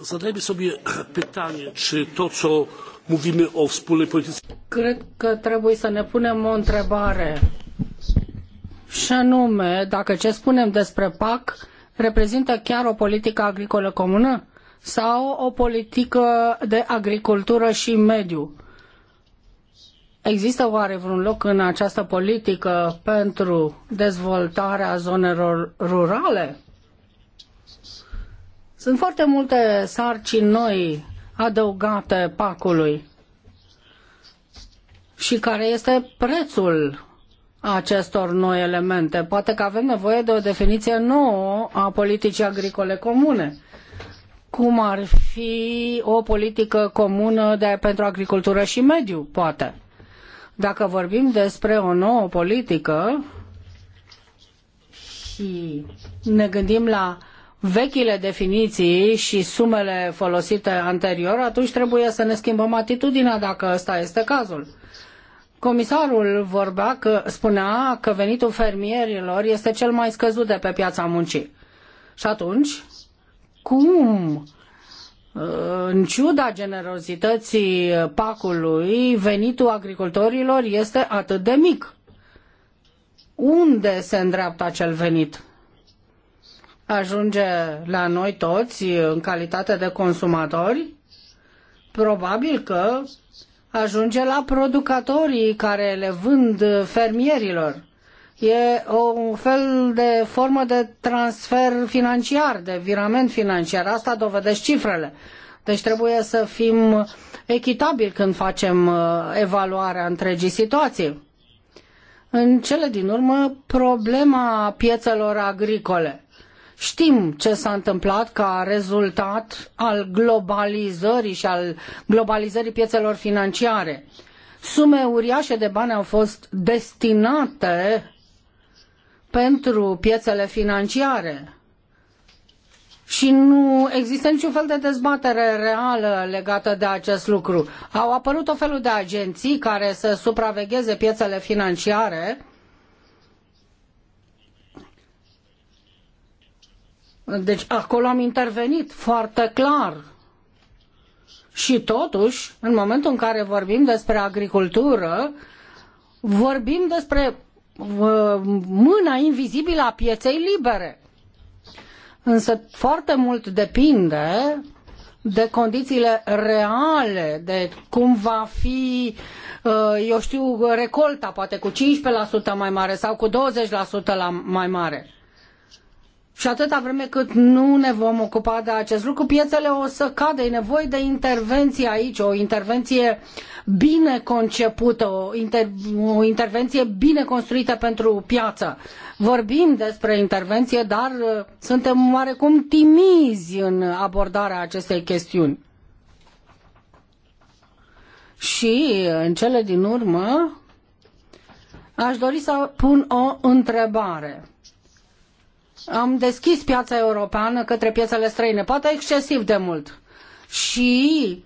Zadajmy sobie pytanie, czy to, co mówimy o wspólnej polityce... Cred că trebuie să ne punem o întrebare. Și anume, dacă ce spunem despre PAC reprezintă chiar o politică agricolă comună sau o politică de agricultură și mediu. Există oare vreun loc în această politică pentru dezvoltarea zonelor rurale? Sunt foarte multe sarcini noi adăugate pacului și care este prețul acestor noi elemente. Poate că avem nevoie de o definiție nouă a politicii agricole comune. Cum ar fi o politică comună de, pentru agricultură și mediu, poate. Dacă vorbim despre o nouă politică și ne gândim la vechile definiții și sumele folosite anterior, atunci trebuie să ne schimbăm atitudinea dacă ăsta este cazul. Comisarul vorbea că spunea că venitul fermierilor este cel mai scăzut de pe piața muncii. Și atunci, cum uh, în ciuda generozității pacului, venitul agricultorilor este atât de mic. Unde se îndreaptă acel venit? ajunge la noi toți în calitate de consumatori, probabil că ajunge la producătorii care le vând fermierilor. E o fel de formă de transfer financiar, de virament financiar. Asta dovedește cifrele. Deci trebuie să fim echitabili când facem uh, evaluarea întregii situații. În cele din urmă, problema piețelor agricole. Știm ce s-a întâmplat ca rezultat al globalizării și al globalizării piețelor financiare. Sume uriașe de bani au fost destinate pentru piețele financiare și nu există niciun fel de dezbatere reală legată de acest lucru. Au apărut o felul de agenții care să supravegheze piețele financiare Deci acolo am intervenit foarte clar. Și totuși, în momentul în care vorbim despre agricultură, vorbim despre uh, mâna invizibilă a pieței libere. Însă foarte mult depinde de condițiile reale, de cum va fi, uh, eu știu, recolta, poate cu 15% mai mare sau cu 20% la mai mare. Și atâta vreme cât nu ne vom ocupa de acest lucru, piețele o să cadă. E nevoie de intervenție aici, o intervenție bine concepută, o, inter... o intervenție bine construită pentru piață. Vorbim despre intervenție, dar uh, suntem oarecum timizi în abordarea acestei chestiuni. Și, în cele din urmă, aș dori să pun o întrebare am deschis piața europeană către piețele străine, poate excesiv de mult. Și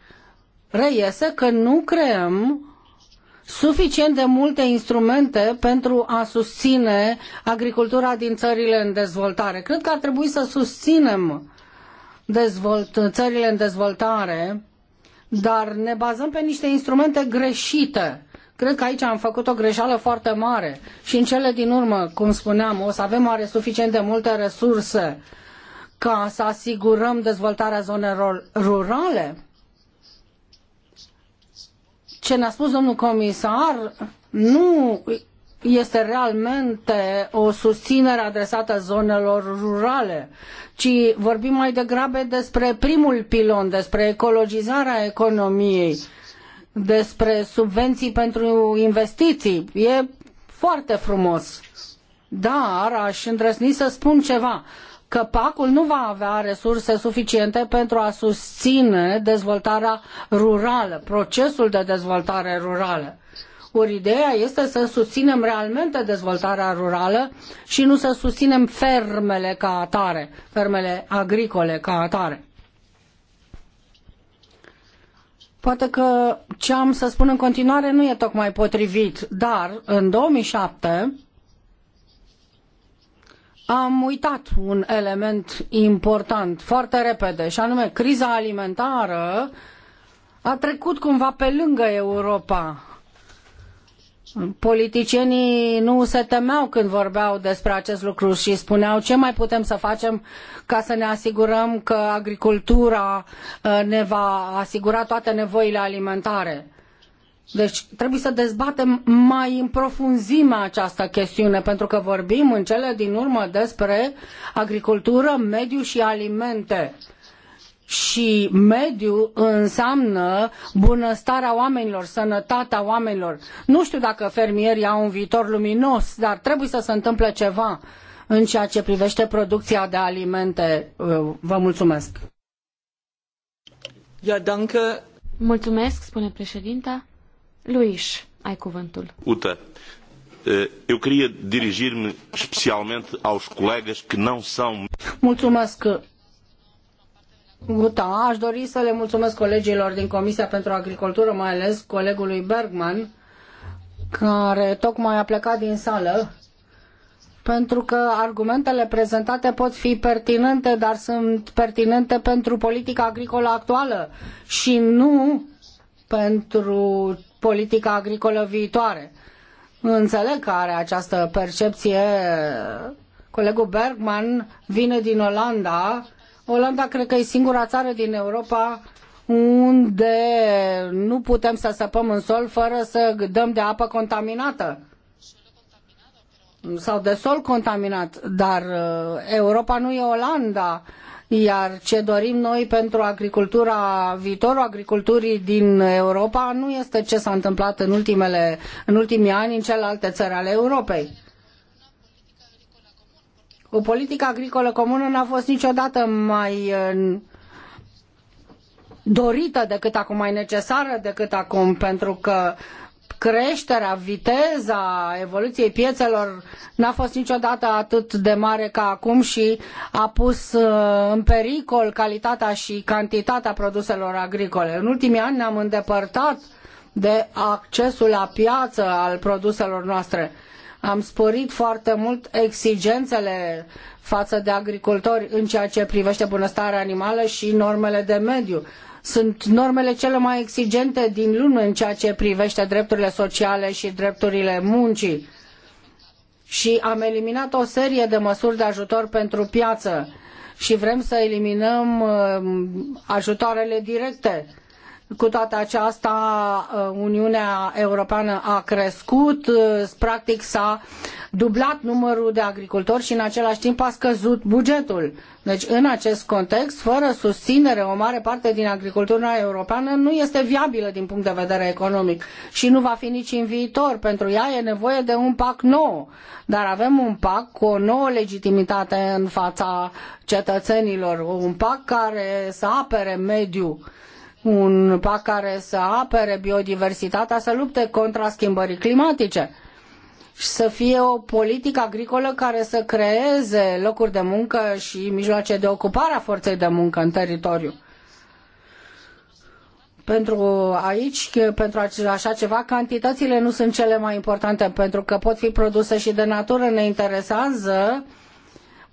reiese că nu creăm suficient de multe instrumente pentru a susține agricultura din țările în dezvoltare. Cred că ar trebui să susținem dezvolt, țările în dezvoltare, dar ne bazăm pe niște instrumente greșite Cred că aici am făcut o greșeală foarte mare și în cele din urmă, cum spuneam, o să avem oare suficient de multe resurse ca să asigurăm dezvoltarea zonelor rurale? Ce ne-a spus domnul comisar nu este realmente o susținere adresată zonelor rurale, ci vorbim mai degrabă despre primul pilon, despre ecologizarea economiei despre subvenții pentru investiții. E foarte frumos. Dar aș îndrăzni să spun ceva că PAC-ul nu va avea resurse suficiente pentru a susține dezvoltarea rurală, procesul de dezvoltare rurală. Ori ideea este să susținem realmente dezvoltarea rurală și nu să susținem fermele ca atare, fermele agricole ca atare. Poate că ce am să spun în continuare nu e tocmai potrivit, dar în 2007 am uitat un element important foarte repede, și anume criza alimentară a trecut cumva pe lângă Europa politicienii nu se temeau când vorbeau despre acest lucru și spuneau ce mai putem să facem ca să ne asigurăm că agricultura uh, ne va asigura toate nevoile alimentare. Deci trebuie să dezbatem mai în profunzime această chestiune, pentru că vorbim în cele din urmă despre agricultură, mediu și alimente. Uh, și mediu înseamnă bunăstarea oamenilor, sănătatea oamenilor. Nu știu dacă fermierii au un viitor luminos, dar trebuie să se întâmple ceva în ceea ce privește producția de alimente. Uh, vă mulțumesc. Ja, danke. Mulțumesc, spune președinta. Luis, ai cuvântul. Uta, eh, eu queria dirigir-me especialmente aos colegas que não são. Mulțumesc, da, aș dori să le mulțumesc colegilor din Comisia pentru Agricultură, mai ales colegului Bergman, care tocmai a plecat din sală, pentru că argumentele prezentate pot fi pertinente, dar sunt pertinente pentru politica agricolă actuală și nu pentru politica agricolă viitoare. Înțeleg că are această percepție. Colegul Bergman vine din Olanda, Olanda cred că e singura țară din Europa unde nu putem să săpăm în sol fără să dăm de apă contaminată sau de sol contaminat, dar uh, Europa nu e Olanda, iar ce dorim noi pentru agricultura, viitorul agriculturii din Europa nu este ce s-a întâmplat în, ultimele, în ultimii ani în celelalte țări ale Europei o politică agricolă comună n-a fost niciodată mai uh, dorită decât acum, mai necesară decât acum, pentru că creșterea, viteza evoluției piețelor n-a fost niciodată atât de mare ca acum și a pus uh, în pericol calitatea și cantitatea produselor agricole. În ultimii ani ne-am îndepărtat de accesul la piață al produselor noastre. Am sporit foarte mult exigențele față de agricultori în ceea ce privește bunăstarea animală și normele de mediu. Sunt normele cele mai exigente din lume în ceea ce privește drepturile sociale și drepturile muncii. Și am eliminat o serie de măsuri de ajutor pentru piață și vrem să eliminăm uh, ajutoarele directe cu toate aceasta, uh, Uniunea Europeană a crescut, uh, practic s-a dublat numărul de agricultori și în același timp a scăzut bugetul. Deci, în acest context, fără susținere, o mare parte din agricultura europeană nu este viabilă din punct de vedere economic și nu va fi nici în viitor. Pentru ea e nevoie de un pac nou, dar avem un pac cu o nouă legitimitate în fața cetățenilor, un pac care să apere mediul un pac care să apere biodiversitatea, să lupte contra schimbării climatice și să fie o politică agricolă care să creeze locuri de muncă și mijloace de ocupare a forței de muncă în teritoriu. Pentru aici, pentru așa ceva, cantitățile nu sunt cele mai importante, pentru că pot fi produse și de natură. Ne interesează uh,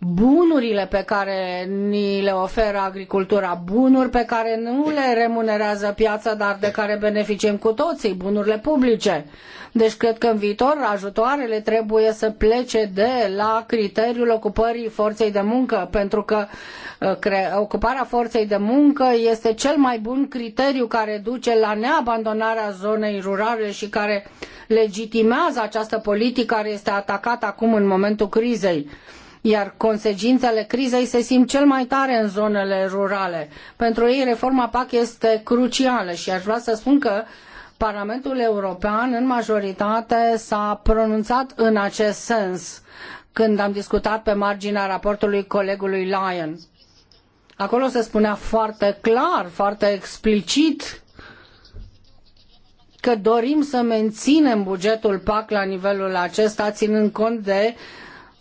bunurile pe care ni le oferă agricultura, bunuri pe care nu le remunerează piața, dar de care beneficiem cu toții, bunurile publice. Deci cred că în viitor ajutoarele trebuie să plece de la criteriul ocupării forței de muncă, pentru că uh, ocuparea forței de muncă este cel mai bun criteriu care duce la neabandonarea zonei rurale și care legitimează această politică care este atacată acum în momentul crizei iar consecințele crizei se simt cel mai tare în zonele rurale. Pentru ei reforma PAC este crucială și aș vrea să spun că Parlamentul European în majoritate s-a pronunțat în acest sens când am discutat pe marginea raportului colegului Lyon. Acolo se spunea foarte clar, foarte explicit că dorim să menținem bugetul PAC la nivelul acesta, ținând cont de uh,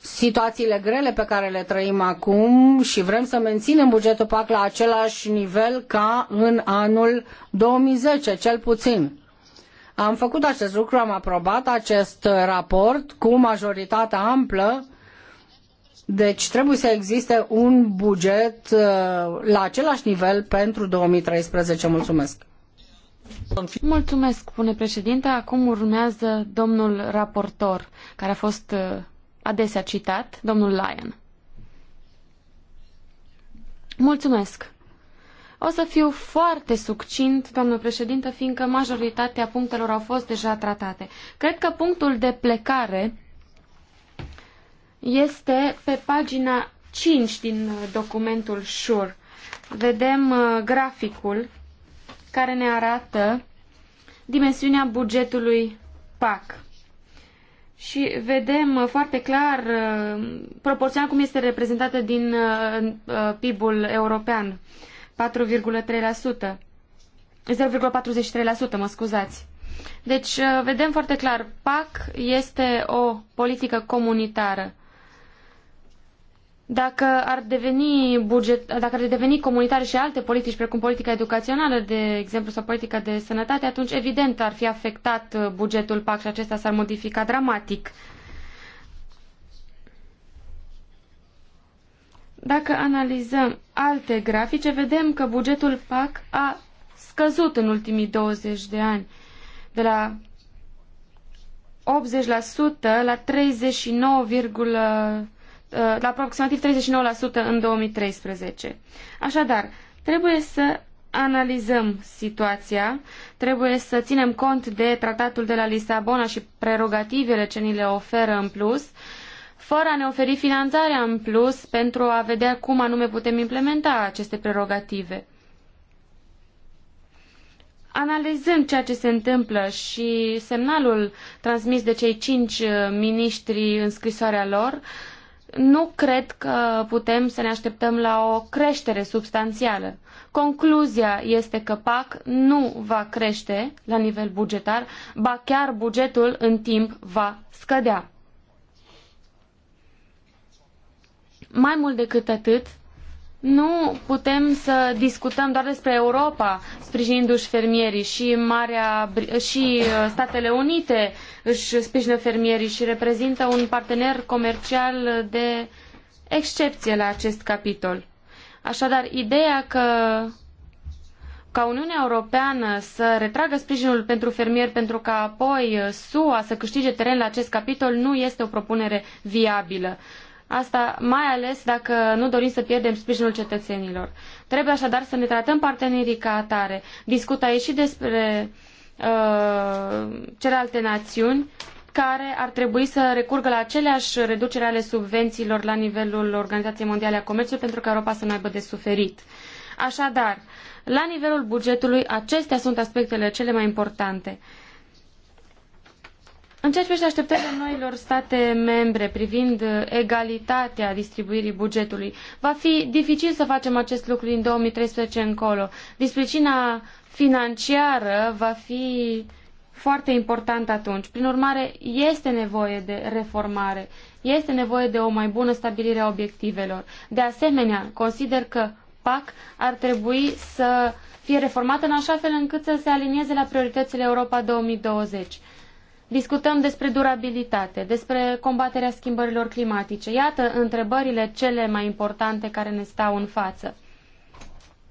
situațiile grele pe care le trăim acum și vrem să menținem bugetul PAC la același nivel ca în anul 2010, cel puțin. Am făcut acest lucru, am aprobat acest raport cu majoritate amplă, deci trebuie să existe un buget uh, la același nivel pentru 2013. Mulțumesc! Mulțumesc, pune președinte. Acum urmează domnul raportor, care a fost uh, adesea citat, domnul Lyon. Mulțumesc! O să fiu foarte succint, doamnă președintă, fiindcă majoritatea punctelor au fost deja tratate. Cred că punctul de plecare este pe pagina 5 din uh, documentul SURE. Vedem uh, graficul care ne arată dimensiunea bugetului PAC și vedem uh, foarte clar uh, proporțional cum este reprezentată din uh, PIB-ul european, 4,3%. 0,43%, mă scuzați. Deci vedem foarte clar, PAC este o politică comunitară. Dacă ar deveni, buget, dacă ar deveni comunitare și alte politici, precum politica educațională, de exemplu, sau politica de sănătate, atunci evident ar fi afectat uh, bugetul PAC și acesta s-ar modifica dramatic. Dacă analizăm alte grafice, vedem că bugetul PAC a scăzut în ultimii 20 de ani, de la 80% la 39, Uh, la aproximativ 39% în 2013. Așadar, trebuie să analizăm situația, trebuie să ținem cont de tratatul de la Lisabona și prerogativele ce ni le oferă în plus, fără a ne oferi finanțarea în plus pentru a vedea cum anume putem implementa aceste prerogative. Analizând ceea ce se întâmplă și semnalul transmis de cei cinci uh, miniștri în scrisoarea lor, uh, nu cred că putem să ne așteptăm la o creștere substanțială. Concluzia este că PAC nu va crește la nivel bugetar, ba chiar bugetul în timp va scădea. Mai mult decât atât, nu putem să discutăm doar despre Europa sprijinindu-și fermierii și, Marea, și uh, Statele Unite își sprijină fermierii și reprezintă un partener comercial de excepție la acest capitol. Așadar, ideea că ca Uniunea Europeană să retragă sprijinul pentru fermieri pentru ca apoi uh, SUA să câștige teren la acest capitol nu este o propunere viabilă. Asta mai ales dacă nu dorim să pierdem sprijinul cetățenilor. Trebuie așadar să ne tratăm partenerii ca atare. Discut aici și despre uh, celelalte națiuni care ar trebui să recurgă la aceleași reducere ale subvențiilor la nivelul Organizației Mondiale a Comerțului pentru ca Europa să nu aibă de suferit. Așadar, la nivelul bugetului, acestea sunt aspectele cele mai importante. Uh, în ceea ce privește așteptările noilor state membre privind uh, egalitatea distribuirii bugetului, va fi dificil să facem acest lucru din 2013 încolo. Displicina financiară va fi foarte importantă atunci. Prin urmare, este nevoie de reformare, este nevoie de o mai bună stabilire a obiectivelor. De asemenea, consider că PAC ar trebui să fie reformată în așa fel încât să se alinieze la prioritățile Europa 2020. Discutăm despre durabilitate, despre combaterea schimbărilor climatice. Iată întrebările cele mai importante care ne stau în față.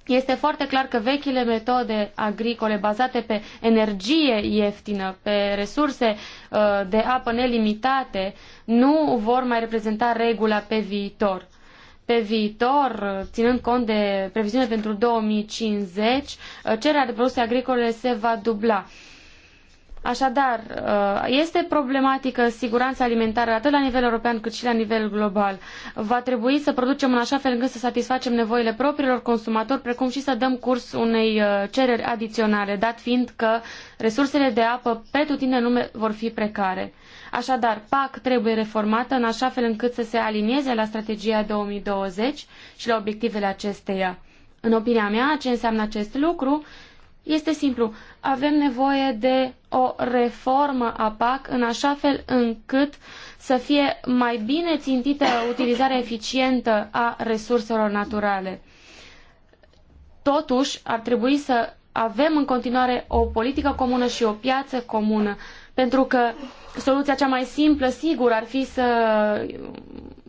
Este foarte clar că vechile metode agricole bazate pe energie ieftină, pe resurse uh, de apă nelimitate, nu vor mai reprezenta regula pe viitor. Pe viitor, uh, ținând cont de previziune pentru 2050, uh, cererea de produse agricole se va dubla. Așadar, uh, este problematică siguranța alimentară atât la nivel european cât și la nivel global. Va trebui să producem în așa fel încât să satisfacem nevoile propriilor consumatori, precum și să dăm curs unei uh, cereri adiționale, dat fiind că resursele de apă pe tutine lume vor fi precare. Așadar, PAC trebuie reformată în așa fel încât să se alinieze la strategia 2020 și la obiectivele acesteia. În opinia mea, ce înseamnă acest lucru este simplu. Avem nevoie de o reformă a PAC în așa fel încât să fie mai bine țintită utilizarea eficientă a resurselor naturale. Totuși, ar trebui să avem în continuare o politică comună și o piață comună, pentru că soluția cea mai simplă, sigur, ar fi să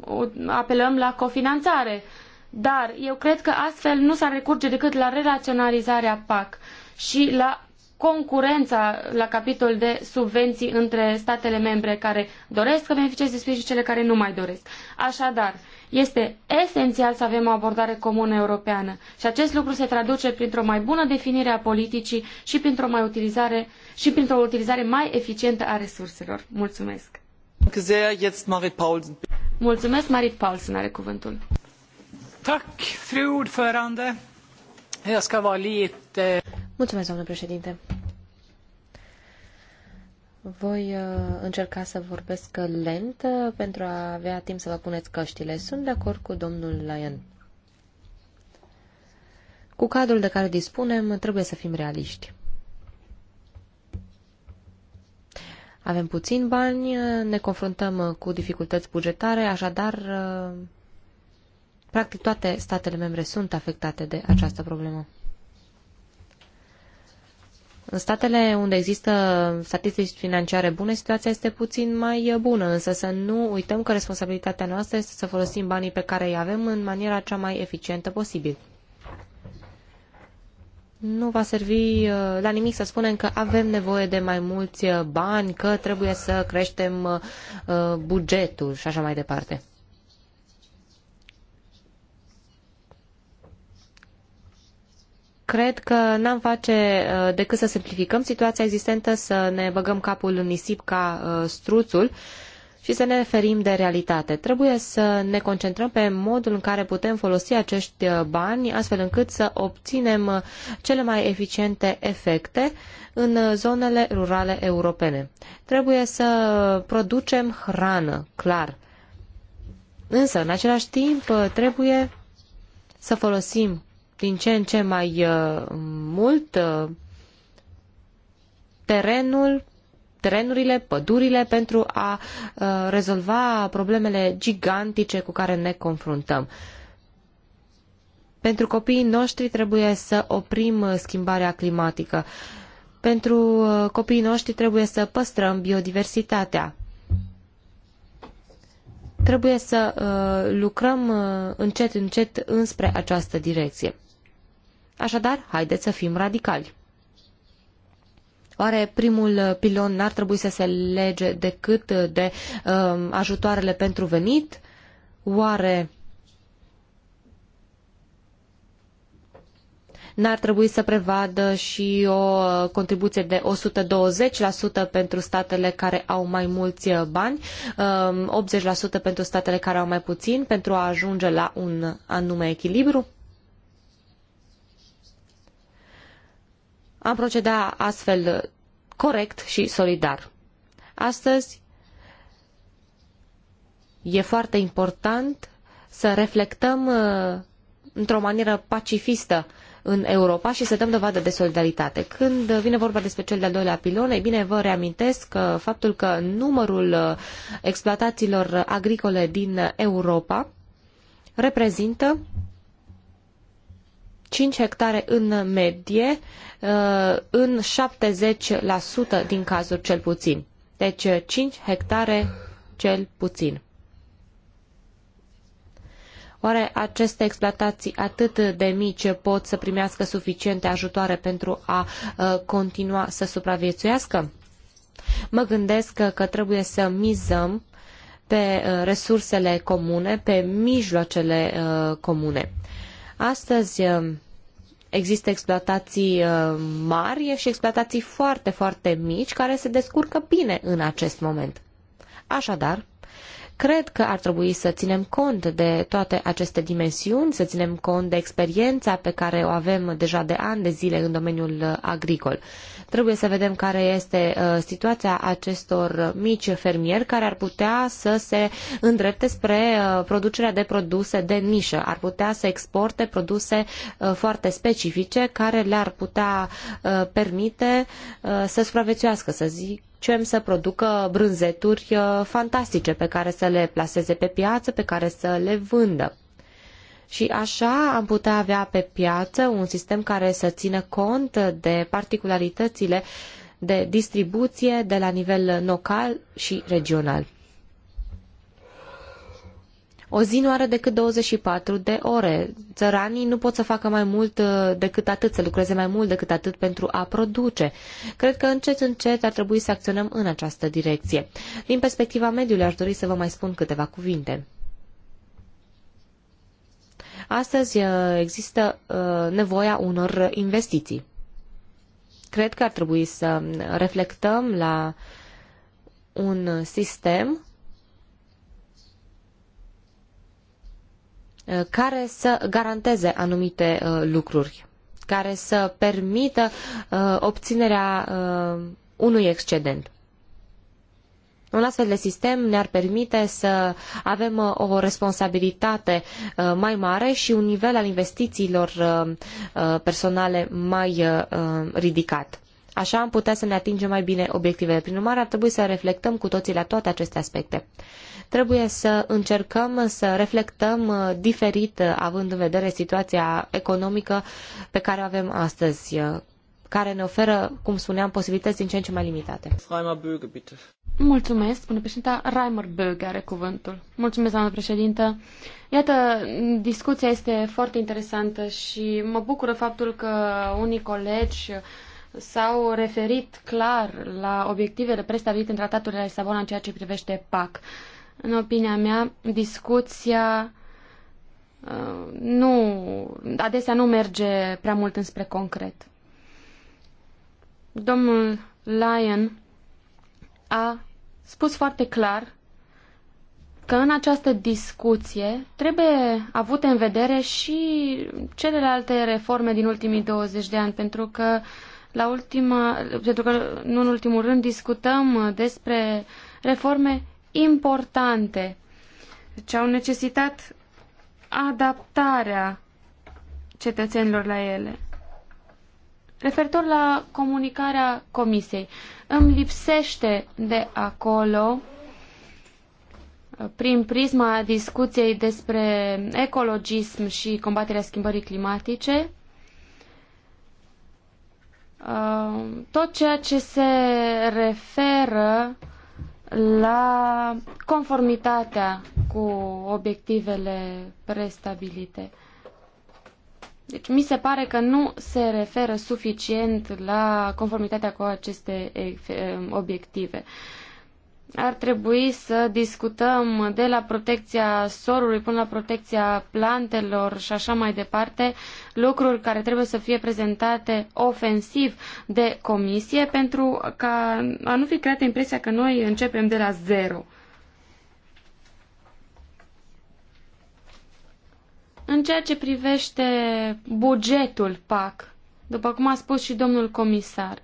uh, apelăm la cofinanțare. Dar eu cred că astfel nu s-ar recurge decât la relaționalizarea PAC și la concurența la capitol de subvenții între statele membre care doresc să beneficieze de sprijin și cele care nu mai doresc. Așadar, este esențial să avem o abordare comună europeană și acest lucru se traduce printr-o mai bună definire a politicii și printr-o mai utilizare și printr-o utilizare mai eficientă a resurselor. Mulțumesc. Mulțumesc, Marit Paulsen are cuvântul. Tak, fru ordförande. Voi uh, încerca să vorbesc lent uh, pentru a avea timp să vă puneți căștile. Sunt de acord cu domnul Lyon. Cu cadrul de care dispunem, trebuie să fim realiști. Avem puțin bani, ne confruntăm cu dificultăți bugetare, așadar uh, Practic toate statele membre sunt afectate de această problemă. În statele unde există statistici financiare bune, situația este puțin mai bună, însă să nu uităm că responsabilitatea noastră este să folosim banii pe care îi avem în maniera cea mai eficientă posibil. Nu va servi uh, la nimic să spunem că avem nevoie de mai mulți uh, bani, că trebuie să creștem uh, bugetul și așa mai departe. cred că n-am face uh, decât să simplificăm situația existentă, să ne băgăm capul în nisip ca uh, struțul și să ne ferim de realitate. Trebuie să ne concentrăm pe modul în care putem folosi acești uh, bani astfel încât să obținem cele mai eficiente efecte în zonele rurale europene. Trebuie să producem hrană, clar. Însă, în același timp, trebuie să folosim din ce în ce mai uh, mult uh, terenul, terenurile, pădurile pentru a uh, rezolva problemele gigantice cu care ne confruntăm. Pentru copiii noștri trebuie să oprim schimbarea climatică. Pentru copiii noștri trebuie să păstrăm biodiversitatea. Trebuie să lucrăm încet, încet înspre această direcție. Așadar, haideți să fim radicali. Oare primul pilon n-ar trebui să se lege decât de um, ajutoarele pentru venit? Oare n-ar trebui să prevadă și o contribuție de 120% pentru statele care au mai mulți bani, 80% um, pentru statele care au mai puțin, pentru a ajunge la un anume echilibru? am proceda astfel corect și solidar. Astăzi e foarte important să reflectăm uh, într-o manieră pacifistă în Europa și să dăm dovadă de solidaritate. Când vine vorba despre cel de-al doilea pilon, ei bine, vă reamintesc că faptul că numărul uh, exploatațiilor agricole din Europa reprezintă 5 hectare în medie, uh, în 70% din cazuri cel puțin. Deci 5 uh, hectare cel puțin. Oare aceste exploatații atât de mici pot să primească suficiente ajutoare pentru a uh, continua să supraviețuiască? Mă gândesc că trebuie să mizăm pe resursele comune, pe mijloacele comune. Astăzi uh, există exploatații uh, mari și exploatații foarte, foarte mici care se descurcă bine în acest moment. Așadar, Cred că ar trebui să ținem cont de toate aceste dimensiuni, să ținem cont de experiența pe care o avem deja de ani de zile în domeniul uh, agricol. Trebuie să vedem care este uh, situația acestor mici fermieri care ar putea să se îndrepte spre uh, producerea de produse de nișă, ar putea să exporte produse foarte specifice care le-ar putea permite să supraviețuiască, să zic facem să producă brânzeturi uh, fantastice pe care să le plaseze pe piață, pe care să le vândă. Și așa am putea avea pe piață un sistem care să țină cont de particularitățile de distribuție de la nivel local și regional. O zi nu are decât 24 de ore. Țăranii nu pot să facă mai mult uh, decât atât, să lucreze mai mult decât atât pentru a produce. Cred că încet, încet ar trebui să acționăm în această direcție. Din perspectiva mediului aș dori să vă mai spun câteva cuvinte. Astăzi uh, există uh, nevoia unor investiții. Cred că ar trebui să reflectăm la un sistem care să garanteze anumite uh, lucruri, care să permită uh, obținerea uh, unui excedent. Un astfel de sistem ne-ar permite să avem o responsabilitate mai mare și un nivel al investițiilor personale mai ridicat. Așa am putea să ne atingem mai bine obiectivele. Prin urmare, ar trebui să reflectăm cu toții la toate aceste aspecte. Trebuie să încercăm să reflectăm uh, diferit, uh, având în vedere situația economică pe care o avem astăzi uh, care ne oferă, cum spuneam, posibilități din ce în ce mai limitate. Mulțumesc, spune președinta. Reimer Böge are cuvântul. Mulțumesc, doamnă președintă. Iată, discuția este foarte interesantă și mă bucură faptul că unii colegi s-au referit clar la obiectivele prestabilite în tratatul de la Lisabona în ceea ce privește PAC. În opinia mea, discuția uh, nu, adesea nu merge prea mult înspre concret. Domnul Lyon a spus foarte clar că în această discuție trebuie avute în vedere și celelalte reforme din ultimii 20 de ani, pentru că, la ultima, pentru că nu în ultimul rând discutăm despre reforme importante ce au necesitat adaptarea cetățenilor la ele. Referitor la comunicarea comisiei, îmi lipsește de acolo, prin prisma discuției despre ecologism și combaterea schimbării climatice, uh, tot ceea ce se referă la conformitatea cu obiectivele prestabilite. Deci mi se pare că nu se referă suficient la conformitatea cu aceste obiective ar trebui să discutăm de la protecția sorului până la protecția plantelor și așa mai departe, lucruri care trebuie să fie prezentate ofensiv de comisie pentru ca a nu fi creată impresia că noi începem de la zero. În ceea ce privește bugetul PAC, după cum a spus și domnul comisar,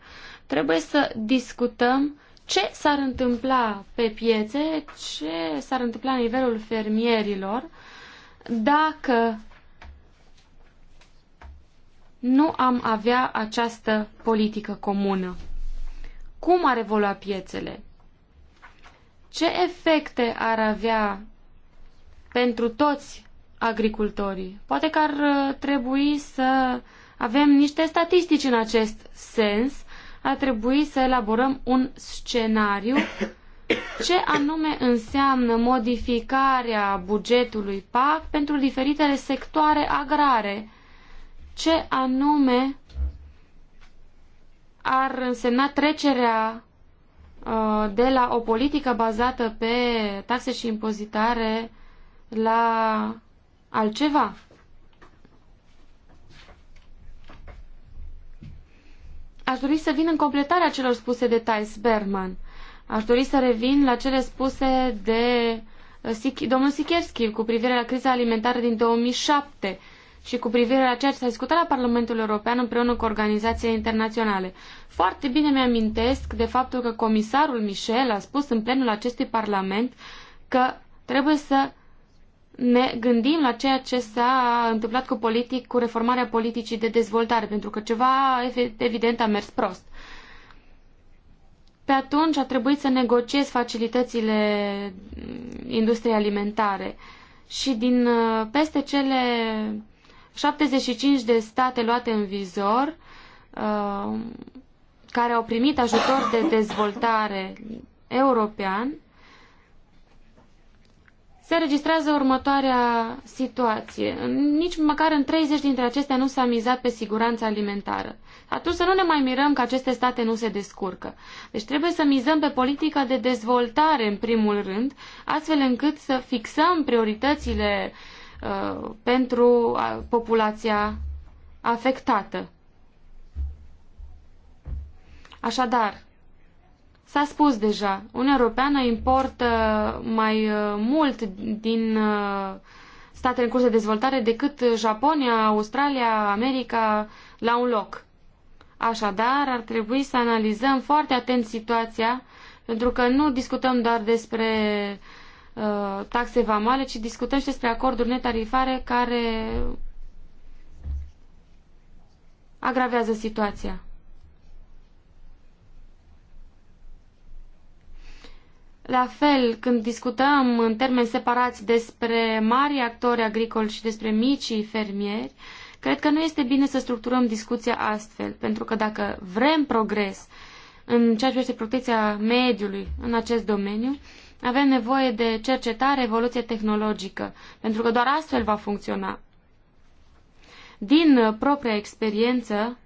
trebuie să discutăm ce s-ar întâmpla pe piețe, ce s-ar întâmpla la nivelul fermierilor dacă nu am avea această politică comună. Cum ar evolua piețele? Ce efecte ar avea pentru toți agricultorii? Poate că ar uh, trebui să avem niște statistici în acest sens a trebui să elaborăm un scenariu ce anume înseamnă modificarea bugetului PAC pentru diferitele sectoare agrare, ce anume ar însemna trecerea uh, de la o politică bazată pe taxe și impozitare la altceva. Aș dori să vin în completarea celor spuse de Thais Berman. Aș dori să revin la cele spuse de uh, domnul Sikierski cu privire la criza alimentară din 2007 și cu privire la ceea ce s-a discutat la Parlamentul European împreună cu organizațiile internaționale. Foarte bine mi-amintesc de faptul că comisarul Michel a spus în plenul acestui Parlament că trebuie să ne gândim la ceea ce s-a întâmplat cu politic, cu reformarea politicii de dezvoltare, pentru că ceva evident a mers prost. Pe atunci a trebuit să negociez facilitățile industriei alimentare și din uh, peste cele 75 de state luate în vizor, uh, care au primit ajutor de dezvoltare european, se registrează următoarea situație. Nici măcar în 30 dintre acestea nu s-a mizat pe siguranța alimentară. Atunci să nu ne mai mirăm că aceste state nu se descurcă. Deci trebuie să mizăm pe politica de dezvoltare în primul rând, astfel încât să fixăm prioritățile uh, pentru populația afectată. Așadar, S-a spus deja, Uniunea Europeană importă mai uh, mult din uh, statele în curs de dezvoltare decât Japonia, Australia, America la un loc. Așadar, ar trebui să analizăm foarte atent situația, pentru că nu discutăm doar despre uh, taxe vamale, ci discutăm și despre acorduri netarifare care agravează situația. La fel, când discutăm în termeni separați despre mari actori agricoli și despre micii fermieri, cred că nu este bine să structurăm discuția astfel, pentru că dacă vrem progres în ceea ce privește protecția mediului în acest domeniu, avem nevoie de cercetare, evoluție tehnologică, pentru că doar astfel va funcționa. Din propria experiență,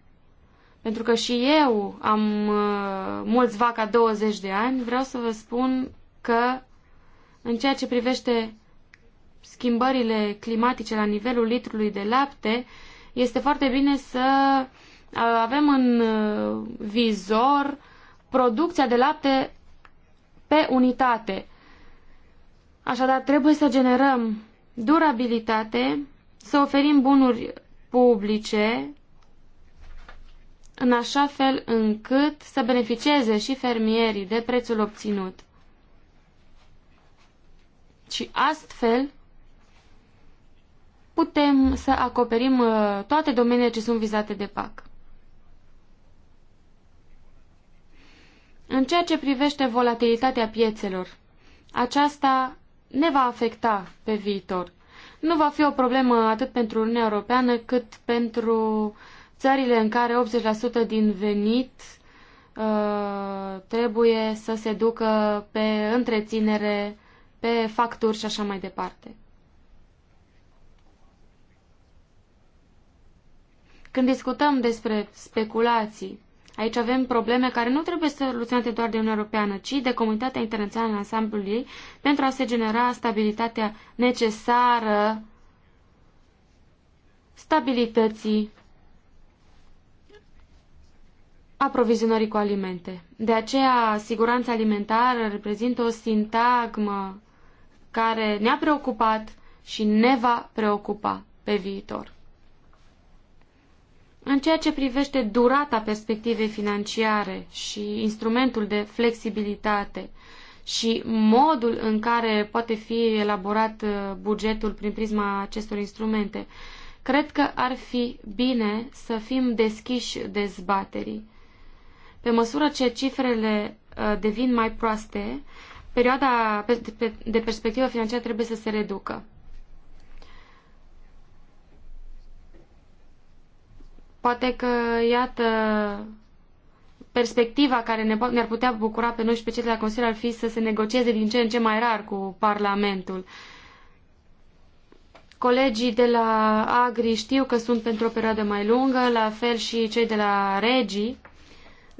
pentru că și eu am uh, mulți vaca 20 de ani, vreau să vă spun că în ceea ce privește schimbările climatice la nivelul litrului de lapte, este foarte bine să uh, avem în uh, vizor producția de lapte pe unitate. Așadar, trebuie să generăm durabilitate, să oferim bunuri publice în așa fel încât să beneficieze și fermierii de prețul obținut. Și astfel putem să acoperim uh, toate domeniile ce sunt vizate de PAC. În ceea ce privește volatilitatea piețelor, aceasta ne va afecta pe viitor. Nu va fi o problemă atât pentru Uniunea Europeană cât pentru uh, țările în care 80% din venit uh, trebuie să se ducă pe întreținere, pe facturi și așa mai departe. Când discutăm despre speculații, aici avem probleme care nu trebuie soluționate doar de Uniunea Europeană, ci de comunitatea internațională în ansamblul ei, pentru a se genera stabilitatea necesară stabilității aprovizionării cu alimente. De aceea, siguranța alimentară reprezintă o sintagmă care ne-a preocupat și ne va preocupa pe viitor. În ceea ce privește durata perspectivei financiare și instrumentul de flexibilitate și modul în care poate fi elaborat uh, bugetul prin prisma acestor instrumente, cred că ar fi bine să fim deschiși dezbaterii. Pe măsură ce cifrele uh, devin mai proaste, perioada de perspectivă financiară trebuie să se reducă. Poate că, iată, perspectiva care ne ne-ar putea bucura pe noi și pe cei de la Consiliu ar fi să se negocieze din ce în ce mai rar cu Parlamentul. Colegii de la Agri știu că sunt pentru o perioadă mai lungă, la fel și cei de la Regii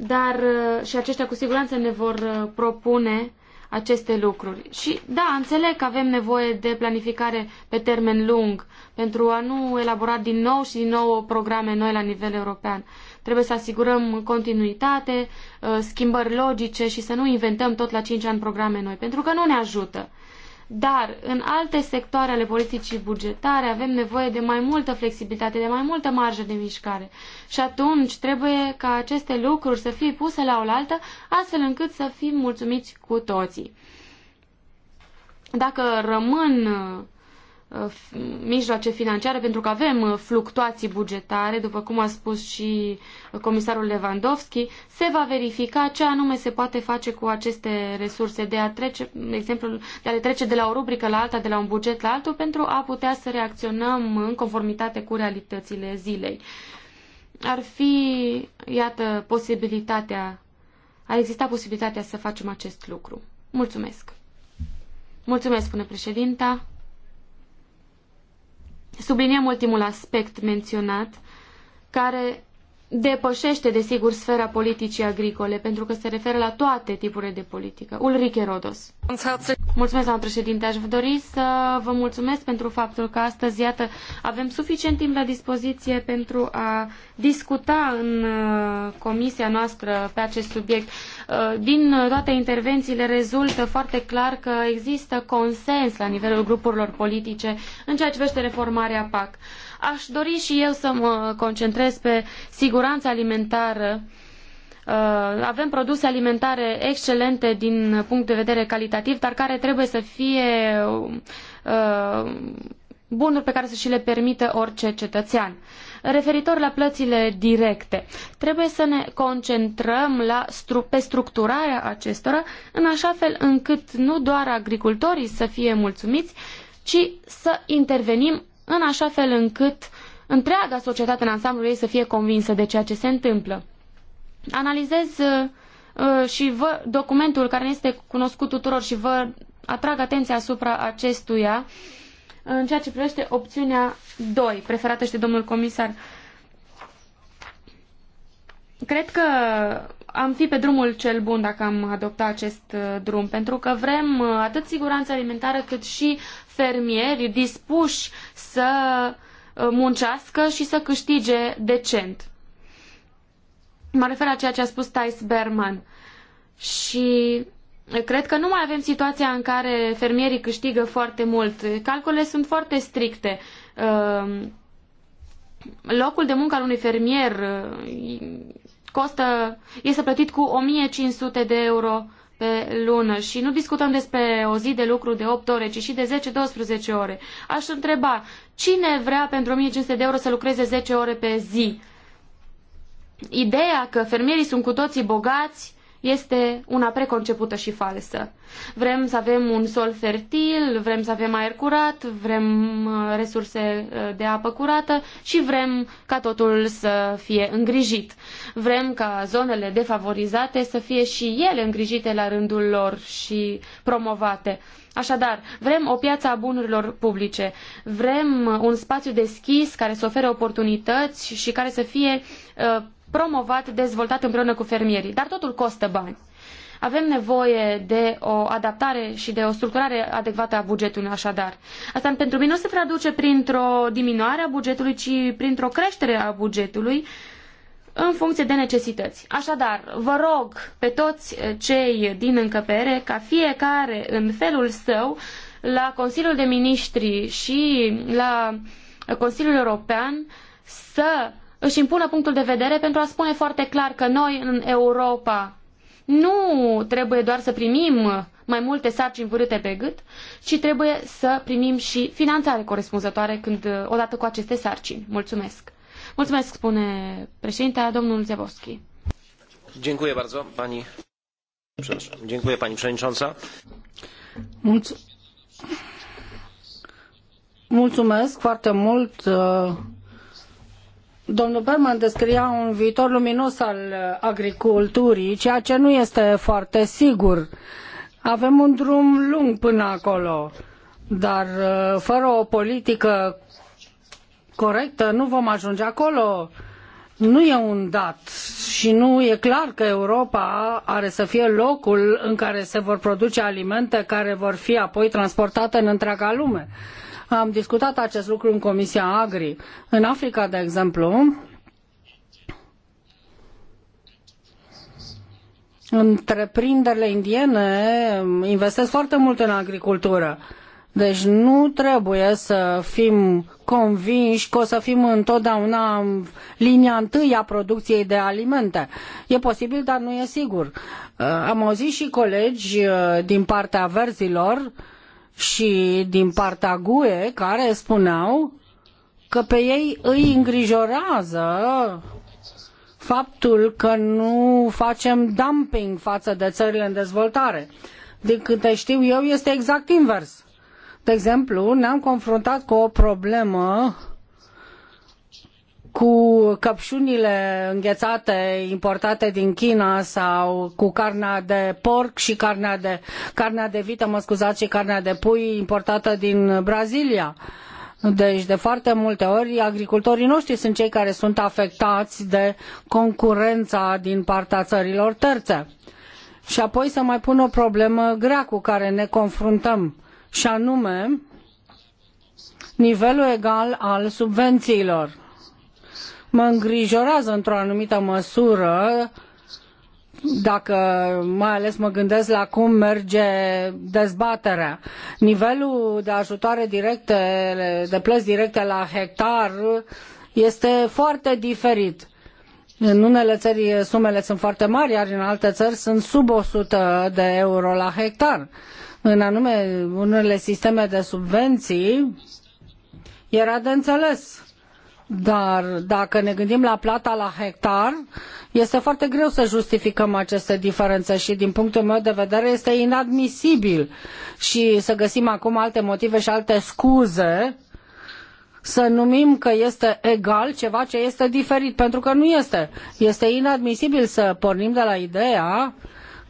dar uh, și aceștia cu siguranță ne vor uh, propune aceste lucruri. Și da, înțeleg că avem nevoie de planificare pe termen lung pentru a nu elabora din nou și din nou programe noi la nivel european. Trebuie să asigurăm continuitate, uh, schimbări logice și să nu inventăm tot la 5 ani programe noi, pentru că nu ne ajută. Dar în alte sectoare ale politicii bugetare avem nevoie de mai multă flexibilitate, de mai multă marjă de mișcare. Și atunci trebuie ca aceste lucruri să fie puse la oaltă, astfel încât să fim mulțumiți cu toții. Dacă rămân Uh, mijloace financiare, pentru că avem uh, fluctuații bugetare, după cum a spus și uh, comisarul Lewandowski, se va verifica ce anume se poate face cu aceste resurse, de a trece, de exemplu, de a le trece de la o rubrică la alta, de la un buget la altul, pentru a putea să reacționăm în conformitate cu realitățile zilei. Ar fi, iată, posibilitatea, ar exista posibilitatea să facem acest lucru. Mulțumesc! Mulțumesc, spune președinta subliniem ultimul aspect menționat, care depășește, desigur, sfera politicii agricole, pentru că se referă la toate tipurile de politică. Ulrike Rodos. Mulțumesc, doamnă președinte. Aș dori să vă mulțumesc pentru faptul că astăzi, iată, avem suficient timp la dispoziție pentru a discuta în uh, comisia noastră pe acest subiect. Uh, din toate intervențiile rezultă foarte clar că există consens la nivelul grupurilor politice în ceea ce privește reformarea PAC. Aș dori și eu să mă concentrez pe siguranța alimentară uh, avem produse alimentare excelente din punct de vedere calitativ, dar care trebuie să fie uh, bunuri pe care să și le permită orice cetățean. Referitor la plățile directe, trebuie să ne concentrăm la, pe structurarea acestora în așa fel încât nu doar agricultorii să fie mulțumiți, ci să intervenim în așa fel încât întreaga societate în ansamblul ei să fie convinsă de ceea ce se întâmplă. Analizez uh, uh, și vă documentul care ne este cunoscut tuturor și vă atrag atenția asupra acestuia uh, în ceea ce privește opțiunea 2, preferată și de domnul comisar. Cred că am fi pe drumul cel bun dacă am adopta acest uh, drum, pentru că vrem uh, atât siguranța alimentară cât și fermieri dispuși să uh, muncească și să câștige decent. Mă refer la ceea ce a spus Thais Berman. Și Cred că nu mai avem situația în care fermierii câștigă foarte mult. Calculele sunt foarte stricte. Ehm, locul de muncă al unui fermier eh, costă, este plătit cu 1500 de euro pe lună și nu discutăm despre o zi de lucru de 8 ore, ci și de 10-12 ore. Aș întreba, cine vrea pentru 1500 de euro să lucreze 10 ore pe zi? Ideea că fermierii sunt cu toții bogați este una preconcepută și falsă. Vrem să avem un sol fertil, vrem să avem aer curat, vrem uh, resurse uh, de apă curată și vrem ca totul să fie îngrijit. Vrem ca zonele defavorizate să fie și ele îngrijite la rândul lor și promovate. Așadar, vrem o piață a bunurilor publice, vrem un spațiu deschis care să ofere oportunități și care să fie uh, promovat, dezvoltat împreună cu fermierii. Dar totul costă bani. Avem nevoie de o adaptare și de o structurare adecvată a bugetului, așadar. Asta pentru mine nu se traduce printr-o diminuare a bugetului, ci printr-o creștere a bugetului în funcție de necesități. Așadar, vă rog pe toți cei din încăpere ca fiecare în felul său la Consiliul de Ministri și la Consiliul European să își impună punctul de vedere pentru a spune foarte clar că noi în Europa nu trebuie doar să primim mai multe sarcini vârâte pe gât, ci trebuie să primim și finanțare corespunzătoare când, odată cu aceste sarcini. Mulțumesc! Mulțumesc, spune președintea, domnul Zebovski. Dziękuję bardzo, pani... Dziękuję, pani przewodnicząca. Mulțumesc foarte mult, uh, Domnul Berman descria un viitor luminos al agriculturii, ceea ce nu este foarte sigur. Avem un drum lung până acolo, dar uh, fără o politică corectă nu vom ajunge acolo. Nu e un dat și nu e clar că Europa are să fie locul în care se vor produce alimente care vor fi apoi transportate în întreaga lume. Am discutat acest lucru în Comisia Agri. În Africa, de exemplu, întreprinderile indiene investesc foarte mult în agricultură. Deci nu trebuie să fim convinși că o să fim întotdeauna în linia întâi a producției de alimente. E posibil, dar nu e sigur. Am auzit și colegi uh, din partea verzilor uh, și din partea GUE care spuneau că pe ei îi îngrijorează faptul că nu facem dumping față de țările în dezvoltare. Din câte știu eu, este exact invers. De exemplu, ne-am confruntat cu o problemă cu căpșunile înghețate importate din China sau cu carnea de porc și carnea de, carnea de vită, mă scuzați, și carnea de pui importată din Brazilia. Deci, de foarte multe ori, agricultorii noștri sunt cei care sunt afectați de concurența din partea țărilor terțe. Și apoi să mai pun o problemă grea cu care ne confruntăm, și anume nivelul egal al subvențiilor mă îngrijorează într-o anumită măsură dacă mai ales mă gândesc la cum merge dezbaterea. Nivelul de ajutoare directe, de plăți directe la hectar este foarte diferit. În unele țări sumele sunt foarte mari, iar în alte țări sunt sub 100 de euro la hectar. În anume unele sisteme de subvenții era de înțeles dar dacă ne gândim la plata la hectar, este foarte greu să justificăm aceste diferențe și din punctul meu de vedere este inadmisibil și să găsim acum alte motive și alte scuze să numim că este egal ceva ce este diferit, pentru că nu este. Este inadmisibil să pornim de la ideea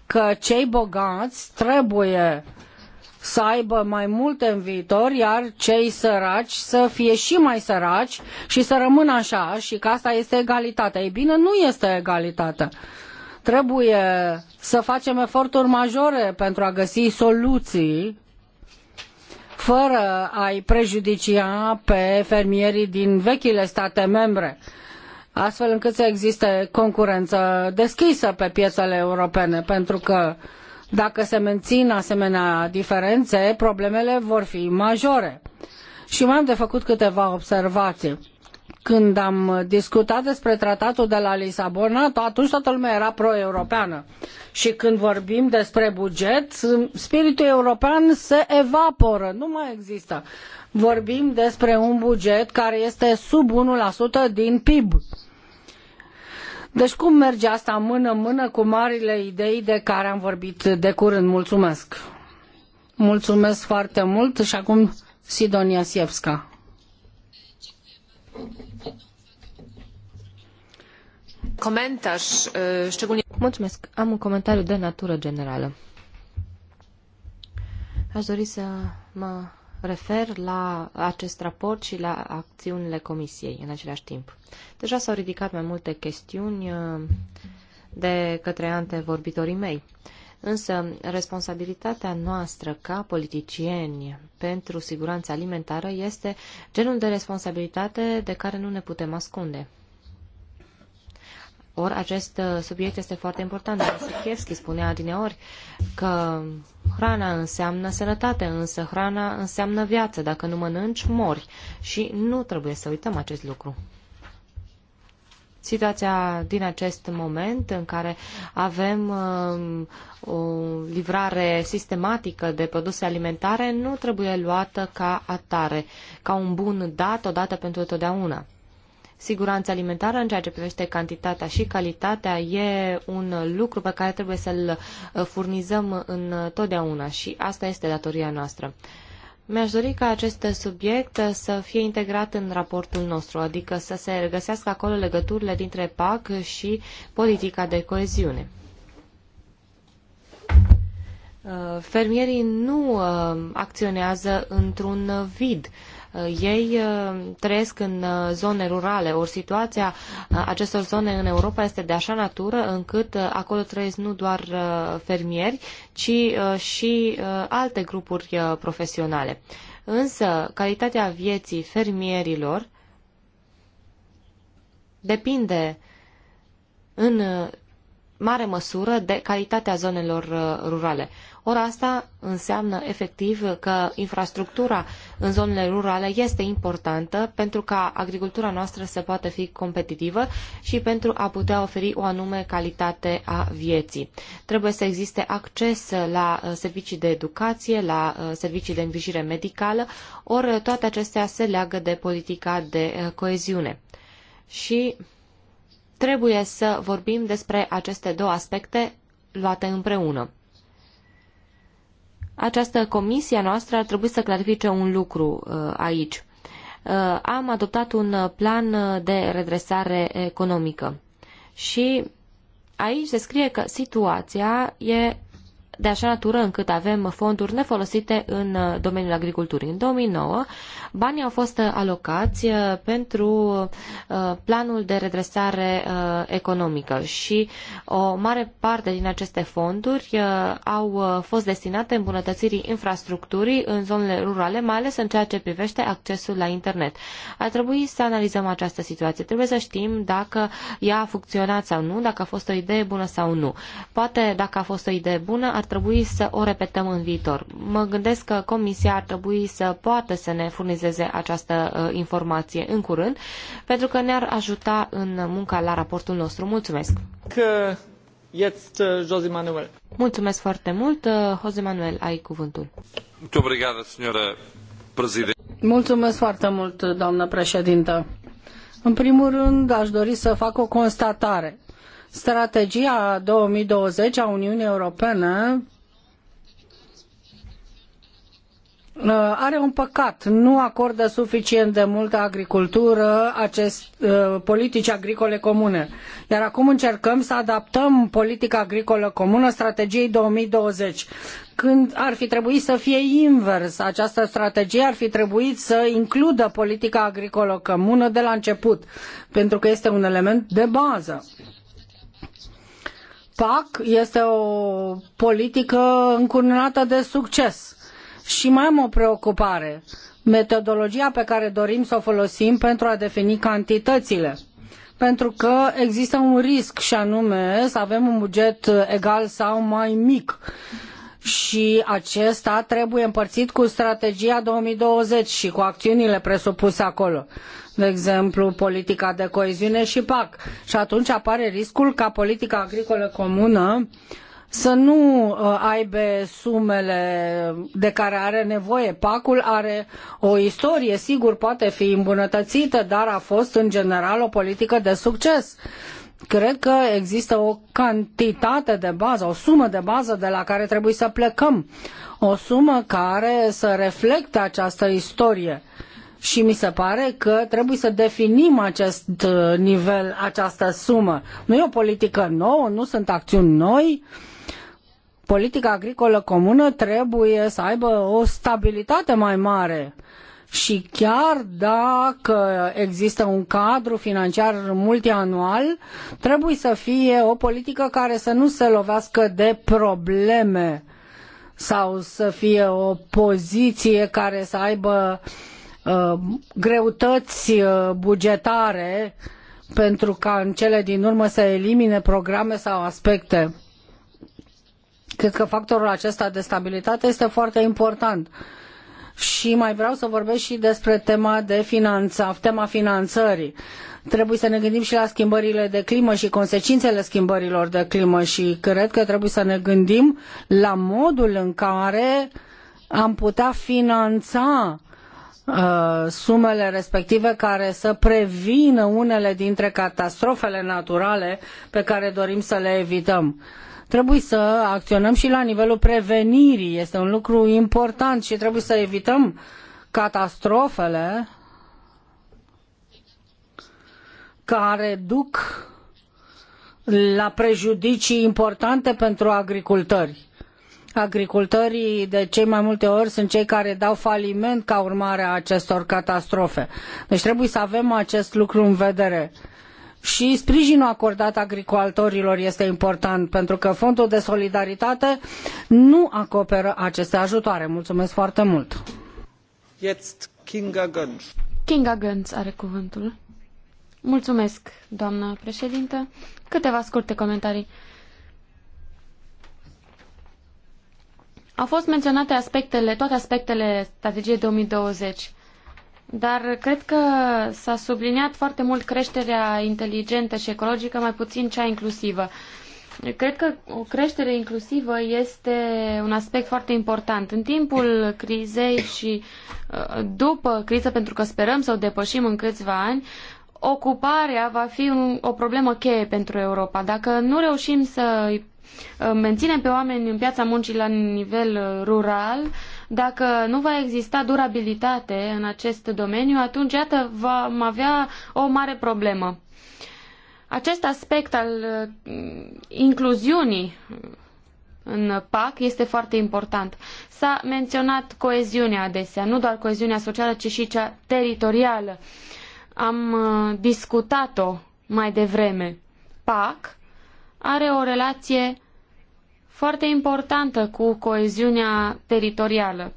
că cei bogați trebuie să aibă mai multe în viitor, iar cei săraci să fie și mai săraci și să rămână așa și că asta este egalitatea. Ei bine, nu este egalitatea. Trebuie să facem eforturi majore pentru a găsi soluții fără a-i prejudicia pe fermierii din vechile state membre astfel încât să existe concurență deschisă pe piețele europene, pentru că dacă se mențin asemenea diferențe, problemele vor fi majore. Și mai am de făcut câteva observații. Când am discutat despre tratatul de la Lisabona, atunci toată lumea era pro-europeană. Și când vorbim despre buget, spiritul european se evaporă, nu mai există. Vorbim despre un buget care este sub 1% din PIB. Uh, deci cum merge asta mână-mână cu marile idei de care am vorbit de curând? Mulțumesc! Mulțumesc foarte mult și acum Sidonia Sievska. Comentarz, szczególnie... Mulțumesc. Am un comentariu de natură generală. Aș dori să mă refer la acest raport și la acțiunile Comisiei în același timp. Deja s-au ridicat mai multe chestiuni uh, de către antevorbitorii mei. Însă, responsabilitatea noastră ca politicieni pentru siguranța alimentară este genul de responsabilitate de care nu ne putem ascunde. Or, acest uh, subiect este foarte important. Sikierski spunea adineori că hrana înseamnă sănătate, însă hrana înseamnă viață. Dacă nu mănânci, mori. Și nu trebuie să uităm acest lucru situația din acest moment în care avem uh, o livrare sistematică de produse alimentare nu trebuie luată ca atare, ca un bun dat odată pentru totdeauna. Siguranța alimentară în ceea ce privește cantitatea și calitatea e un lucru pe care trebuie să-l uh, furnizăm în uh, totdeauna și asta este datoria noastră. Mi-aș dori ca acest subiect uh, să fie integrat în raportul nostru, adică să se regăsească acolo legăturile dintre PAC și politica de coeziune. Fermierii nu acționează într-un vid. Uh, ei uh, trăiesc în uh, zone rurale, ori situația acestor zone în Europa este de așa natură încât acolo trăiesc nu doar fermieri, ci și alte grupuri profesionale. Însă, calitatea vieții fermierilor depinde în mare măsură de calitatea zonelor rurale. Ori asta înseamnă efectiv că infrastructura în zonele rurale este importantă pentru ca agricultura noastră să poată fi competitivă și pentru a putea oferi o anume calitate a vieții. Trebuie să existe acces la uh, servicii de educație, la uh, servicii de îngrijire medicală, ori toate acestea se leagă de politica de uh, coeziune. Și trebuie să vorbim despre aceste două aspecte luate împreună. Această comisie a noastră ar trebui să clarifice un lucru uh, aici. Uh, am adoptat un plan de redresare economică și aici se scrie că situația e de așa natură încât avem fonduri nefolosite în uh, domeniul agriculturii. În 2009, banii au fost uh, alocați uh, pentru planul de redresare economică și o mare parte din aceste fonduri au fost destinate îmbunătățirii infrastructurii în zonele rurale, mai ales în ceea ce privește accesul la internet. Ar trebui să analizăm această situație. Trebuie să știm dacă ea a funcționat sau nu, dacă a fost o idee bună sau nu. Poate dacă a fost o idee bună, ar trebui să o repetăm în viitor. Mă gândesc că Comisia ar trebui să poată să ne furnizeze această uh, informație în curând, pentru că ne-ar ajuta în munca la raportul nostru. Mulțumesc! Că... Jetzt, uh, José Manuel. Mulțumesc foarte mult. Uh, José Manuel, ai cuvântul. Mulțumesc foarte mult, doamnă președintă. În primul rând, aș dori să fac o constatare. Strategia 2020 a Uniunii Europene uh, are un păcat, nu acordă suficient de multă agricultură acest, uh, politici agricole comune. Iar acum încercăm să adaptăm politica agricolă comună strategiei 2020, când ar fi trebuit să fie invers. Această strategie ar fi trebuit să includă politica agricolă comună de la început, pentru că este un element de bază. PAC este o politică încununată de succes. Și mai am o preocupare, metodologia pe care dorim să o folosim pentru a defini cantitățile. Pentru că există un risc și anume să avem un buget egal sau mai mic și acesta trebuie împărțit cu strategia 2020 și cu acțiunile presupuse acolo de exemplu, politica de coeziune și PAC. Și atunci apare riscul ca politica agricolă comună să nu uh, aibă sumele de care are nevoie. PAC-ul are o istorie, sigur, poate fi îmbunătățită, dar a fost, în general, o politică de succes cred că există o cantitate de bază, o sumă de bază de la care trebuie să plecăm. O sumă care să reflecte această istorie. Uh, și mi se pare că trebuie să definim acest uh, nivel, această sumă. Nu e o politică nouă, nu sunt acțiuni noi. Politica agricolă comună trebuie să aibă o stabilitate mai mare și chiar dacă există un cadru financiar multianual, trebuie să fie o politică care să nu se lovească de probleme sau să fie o poziție care să aibă uh, Uh, greutăți uh, bugetare pentru ca în cele din urmă să elimine programe sau aspecte. Cred că factorul acesta de stabilitate este foarte important. Și mai vreau să vorbesc și despre tema de finanța, tema finanțării. Trebuie să ne gândim și la schimbările de climă și consecințele schimbărilor de climă și cred că trebuie să ne gândim la modul în care am putea finanța Uh, sumele respective care să prevină unele dintre catastrofele naturale pe care dorim să le evităm. Trebuie să acționăm și la nivelul prevenirii. Este un lucru important și trebuie să evităm catastrofele care duc la prejudicii importante pentru agricultori agricultorii de cei mai multe ori sunt cei care dau faliment ca urmare a acestor catastrofe. Deci trebuie să avem acest lucru în vedere. Și sprijinul acordat agricultorilor este important, pentru că Fondul de Solidaritate nu acoperă aceste ajutoare. Mulțumesc foarte mult! Jetzt Kinga Gönz. Kinga Gönz are cuvântul. Mulțumesc, doamnă președintă. Câteva scurte comentarii. Au fost menționate aspectele, toate aspectele strategiei 2020, dar cred că s-a subliniat foarte mult creșterea inteligentă și ecologică, mai puțin cea inclusivă. Cred că o creștere inclusivă este un aspect foarte important. În timpul crizei și uh, după criză, pentru că sperăm să o depășim în câțiva ani, ocuparea va fi un, o problemă cheie pentru Europa. Dacă nu reușim să îi menținem pe oameni în piața muncii la nivel uh, rural, dacă nu va exista durabilitate în acest domeniu, atunci, iată, vom avea o mare problemă. Acest aspect al uh, incluziunii uh, în PAC este foarte important. S-a menționat coeziunea adesea, nu doar coeziunea socială, ci și cea teritorială. Am discutat-o mai devreme. PAC are o relație foarte importantă cu coeziunea teritorială.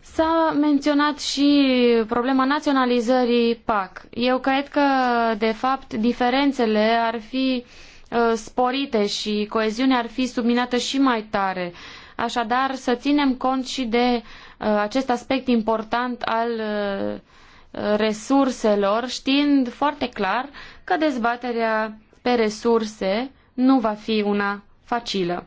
S-a menționat și problema naționalizării PAC. Eu cred că, de fapt, diferențele ar fi uh, sporite și coeziunea ar fi subminată și mai tare. Așadar, să ținem cont și de uh, acest aspect important al uh, resurselor, știind foarte clar că dezbaterea pe resurse nu va fi una facilă.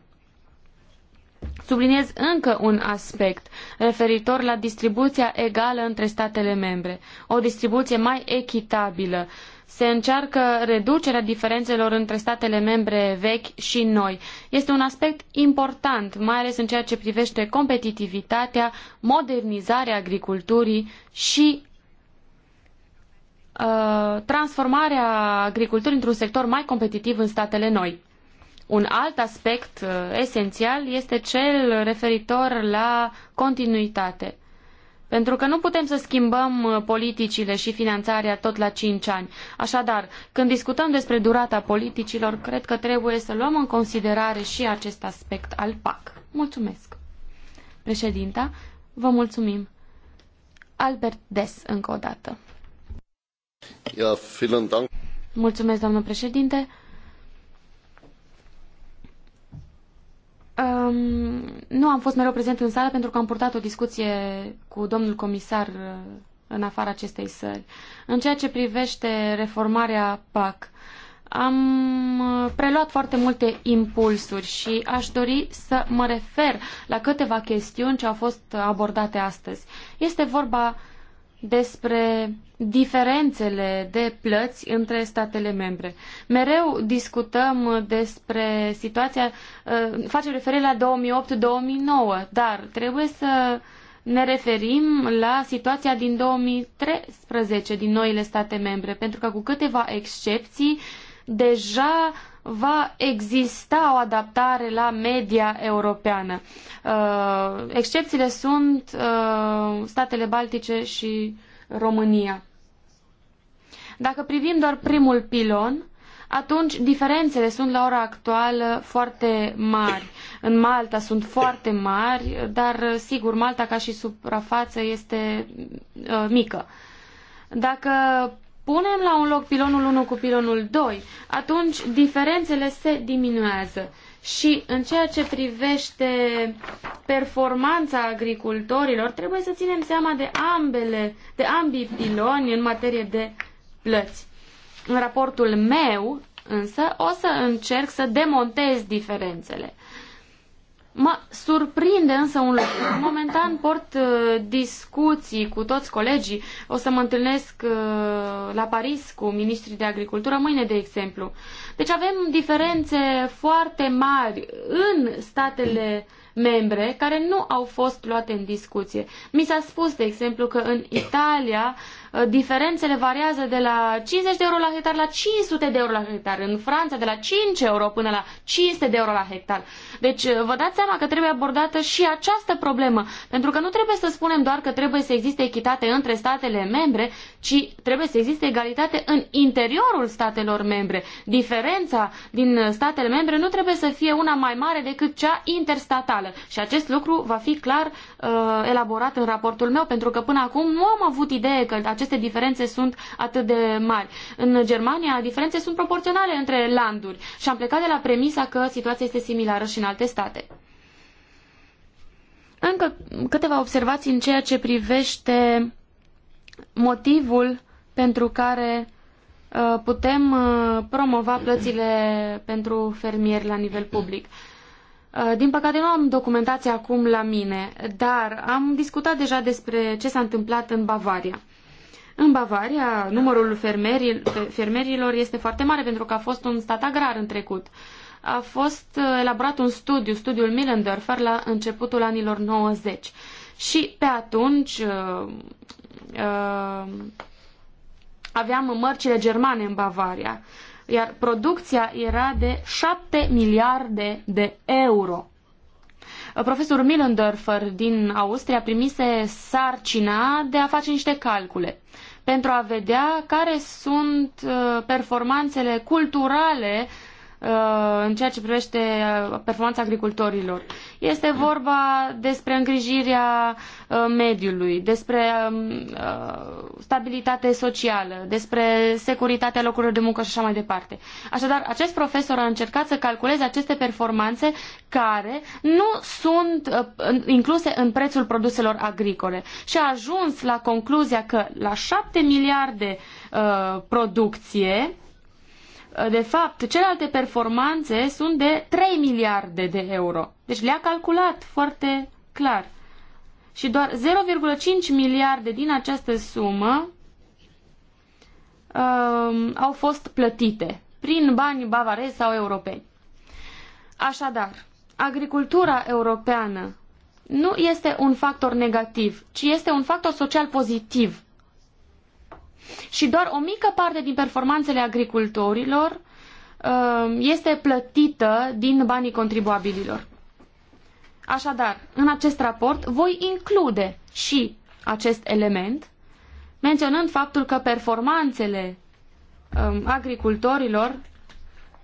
Subliniez încă un aspect referitor la distribuția egală între statele membre, o distribuție mai echitabilă. Se încearcă reducerea diferențelor între statele membre vechi și noi. Este un aspect important, mai ales în ceea ce privește competitivitatea, modernizarea agriculturii și Uh, transformarea agriculturii într-un sector mai competitiv în statele noi. Un alt aspect uh, esențial este cel referitor la continuitate. Pentru că nu putem să schimbăm uh, politicile și finanțarea tot la cinci ani. Așadar, când discutăm despre durata politicilor, cred că trebuie să luăm în considerare și acest aspect al PAC. Mulțumesc. Președinta, vă mulțumim. Albert Des, încă o dată. Mulțumesc, președinte. nu am fost mereu prezent în sală pentru că am purtat o discuție cu domnul comisar uh, în afara acestei sări. În ceea ce privește reformarea PAC, am uh, preluat foarte multe impulsuri și aș dori să mă refer la câteva chestiuni ce au fost abordate astăzi. Este vorba despre diferențele de plăți între statele membre. Mereu discutăm despre situația, uh, facem referire la 2008-2009, dar trebuie să ne referim la situația din 2013 din noile state membre, pentru că cu câteva excepții deja va exista o adaptare la media europeană. Uh, excepțiile sunt uh, statele baltice și România. Dacă privim doar primul pilon, atunci diferențele sunt la ora actuală foarte mari. În Malta sunt foarte mari, dar sigur Malta ca și suprafață este uh, mică. Dacă punem la un loc pilonul 1 cu pilonul 2, atunci diferențele se diminuează. Și în ceea ce privește performanța agricultorilor, trebuie să ținem seama de ambele, de ambii piloni în materie de plăți. În raportul meu, însă, o să încerc să demontez diferențele. Mă surprinde însă un lucru. Momentan port uh, discuții cu toți colegii. O să mă întâlnesc uh, la Paris cu ministrii de agricultură mâine, de exemplu. Deci avem diferențe foarte mari în statele membre care nu au fost luate în discuție. Mi s-a spus, de exemplu, că în Italia Uh, diferențele variază de la 50 de euro la hectar la 500 de euro la hectar. În Franța de la 5 euro până la 500 de euro la hectar. Deci uh, vă dați seama că trebuie abordată și această problemă, pentru că nu trebuie să spunem doar că trebuie să existe echitate între statele membre, ci trebuie să existe egalitate în interiorul statelor membre. Diferența din statele membre nu trebuie să fie una mai mare decât cea interstatală și acest lucru va fi clar uh, elaborat în raportul meu, pentru că până acum nu am avut idee că acest aceste diferențe sunt atât de mari. În Germania, diferențe sunt proporționale între landuri și am plecat de la premisa că situația este similară și în alte state. Încă câteva observații în ceea ce privește motivul pentru care uh, putem uh, promova plățile pentru fermieri la nivel public. Uh, din păcate nu am documentația acum la mine, dar am discutat deja despre ce s-a întâmplat în Bavaria. În Bavaria, numărul fermerilor este foarte mare pentru că a fost un stat agrar în trecut. A fost uh, elaborat un studiu, studiul Millendorfer, la începutul anilor 90. Și pe atunci uh, uh, aveam mărcile germane în Bavaria, iar producția era de 7 miliarde de euro. Profesor Millendorfer din Austria primise sarcina de a face niște calcule pentru a vedea care sunt uh, performanțele culturale Uh, în ceea ce privește uh, performanța agricultorilor. Este vorba despre îngrijirea uh, mediului, despre um, stabilitate socială, despre securitatea locurilor de muncă și așa mai departe. Așadar, acest profesor a încercat să calculeze aceste performanțe care nu sunt incluse în prețul produselor agricole și a ajuns la concluzia că la 7 miliarde producție, de fapt, celelalte performanțe sunt de 3 miliarde de euro. Deci le-a calculat foarte clar. Și doar 0,5 miliarde din această sumă um, au fost plătite prin bani bavarezi sau europeni. Așadar, agricultura europeană nu este un factor negativ, ci este un factor social pozitiv și doar o mică parte din performanțele agricultorilor uh, este plătită din banii contribuabililor. Așadar, în acest raport voi include și acest element, menționând faptul că performanțele um, agricultorilor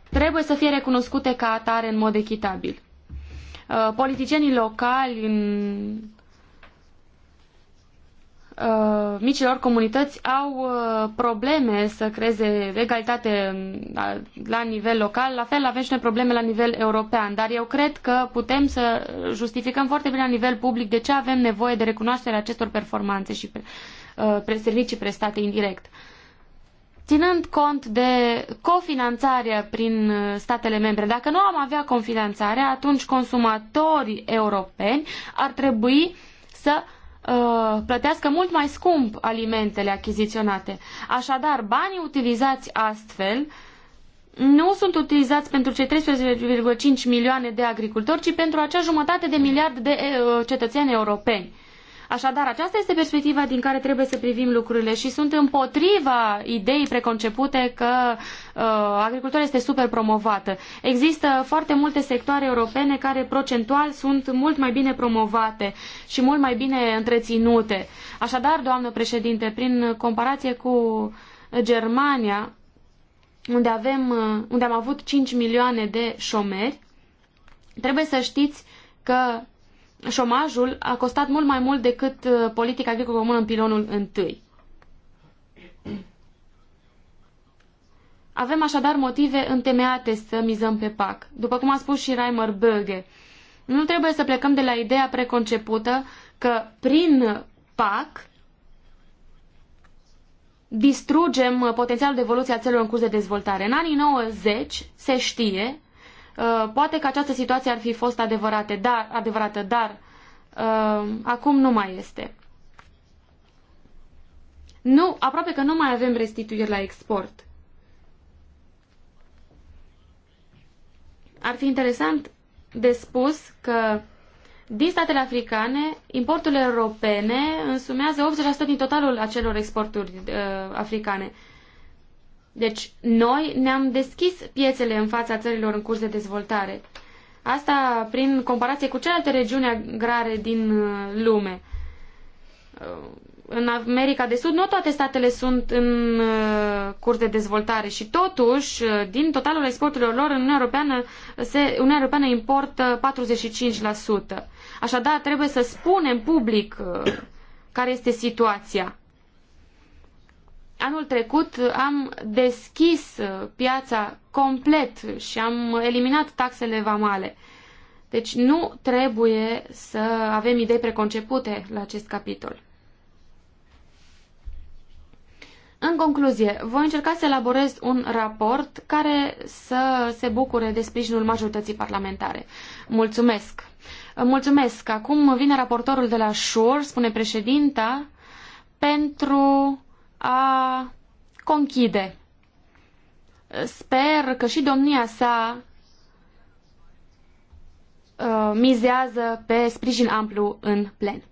trebuie să fie recunoscute ca atare în mod echitabil uh, politicienii locali în Uh, micilor comunități au uh, probleme să creeze egalitate uh, la, nivel local, la fel avem și noi probleme la nivel european, dar eu cred că putem să justificăm foarte bine la nivel public de ce avem nevoie de recunoașterea acestor performanțe și uh, servicii prestate indirect. Ținând cont de cofinanțarea prin statele membre, dacă nu am avea cofinanțare, atunci consumatorii europeni ar trebui să Uh, plătească mult mai scump alimentele achiziționate. Așadar, banii utilizați astfel nu sunt utilizați pentru cei 13,5 milioane de agricultori, ci pentru acea jumătate de miliard de uh, cetățeni europeni. Așadar, aceasta este perspectiva din care trebuie să privim lucrurile și sunt împotriva ideii preconcepute că uh, agricultura este super promovată. Există foarte multe sectoare europene care procentual sunt mult mai bine promovate și mult mai bine întreținute. Așadar, doamnă președinte, prin comparație cu Germania, unde, avem, unde am avut 5 milioane de șomeri, trebuie să știți că șomajul a costat mult mai mult decât uh, politica agricolă comună în pilonul întâi. Avem așadar motive întemeiate să mizăm pe PAC. După cum a spus și Reimer Böge, nu trebuie să plecăm de la ideea preconcepută că prin PAC distrugem uh, potențialul de evoluție a țărilor în curs de dezvoltare. În anii 90 se știe Uh, poate că această situație ar fi fost adevărată, dar, adevărată, dar uh, acum nu mai este. Nu, aproape că nu mai avem restituiri la export. Ar fi interesant de spus că din statele africane, importurile europene însumează 80% din totalul acelor exporturi uh, africane. Deci, noi ne-am deschis piețele în fața țărilor în curs de dezvoltare. Asta prin comparație cu celelalte regiuni agrare din uh, lume. Uh, în America de Sud nu toate statele sunt în uh, curs de dezvoltare și totuși, din totalul exporturilor lor, în Uniunea Europeană, se, Uniunea Europeană importă 45%. Așadar, trebuie să spunem public care este situația anul trecut am deschis uh, piața complet și am eliminat taxele vamale. Deci nu trebuie să avem idei preconcepute la acest capitol. În concluzie, voi încerca să elaborez un raport care să se bucure de sprijinul majorității parlamentare. Mulțumesc! Mulțumesc! Acum vine raportorul de la Shore, spune președinta, pentru a conchide. Sper că și domnia sa uh, mizează pe sprijin amplu în plen.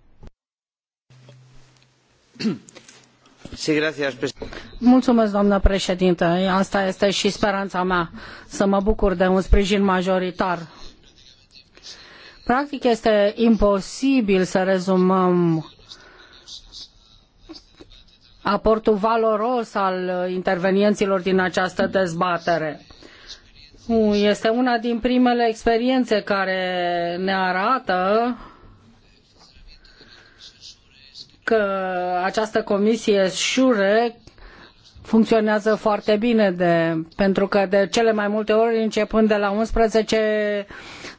Mulțumesc, doamnă președinte. Asta este și speranța mea, să mă bucur de un sprijin majoritar. Practic este imposibil să rezumăm aportul valoros al intervenienților din această dezbatere. Este una din primele experiențe care ne arată că această comisie Șure funcționează foarte bine de, pentru că de cele mai multe ori începând de la 11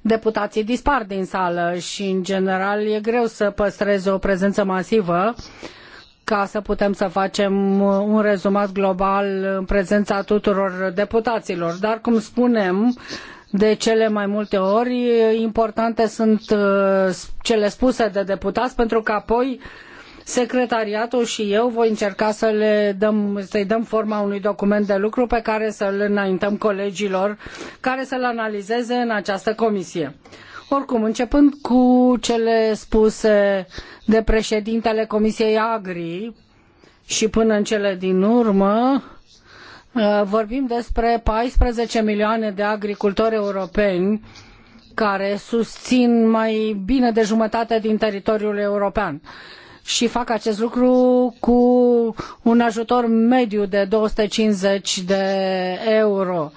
deputații dispar din sală și în general e greu să păstreze o prezență masivă uh, ca să putem să facem uh, un rezumat global în prezența tuturor deputaților. Dar, cum spunem, de cele mai multe ori importante sunt uh, cele spuse de deputați pentru că apoi secretariatul și eu voi încerca să le dăm, să-i dăm forma unui document de lucru pe care să-l înaintăm colegilor care să-l analizeze în această comisie. Oricum, începând cu cele spuse de președintele Comisiei Agri și până în cele din urmă, uh, vorbim despre 14 milioane de agricultori europeni care susțin mai bine de jumătate din teritoriul european și fac acest lucru cu un ajutor mediu de 250 de euro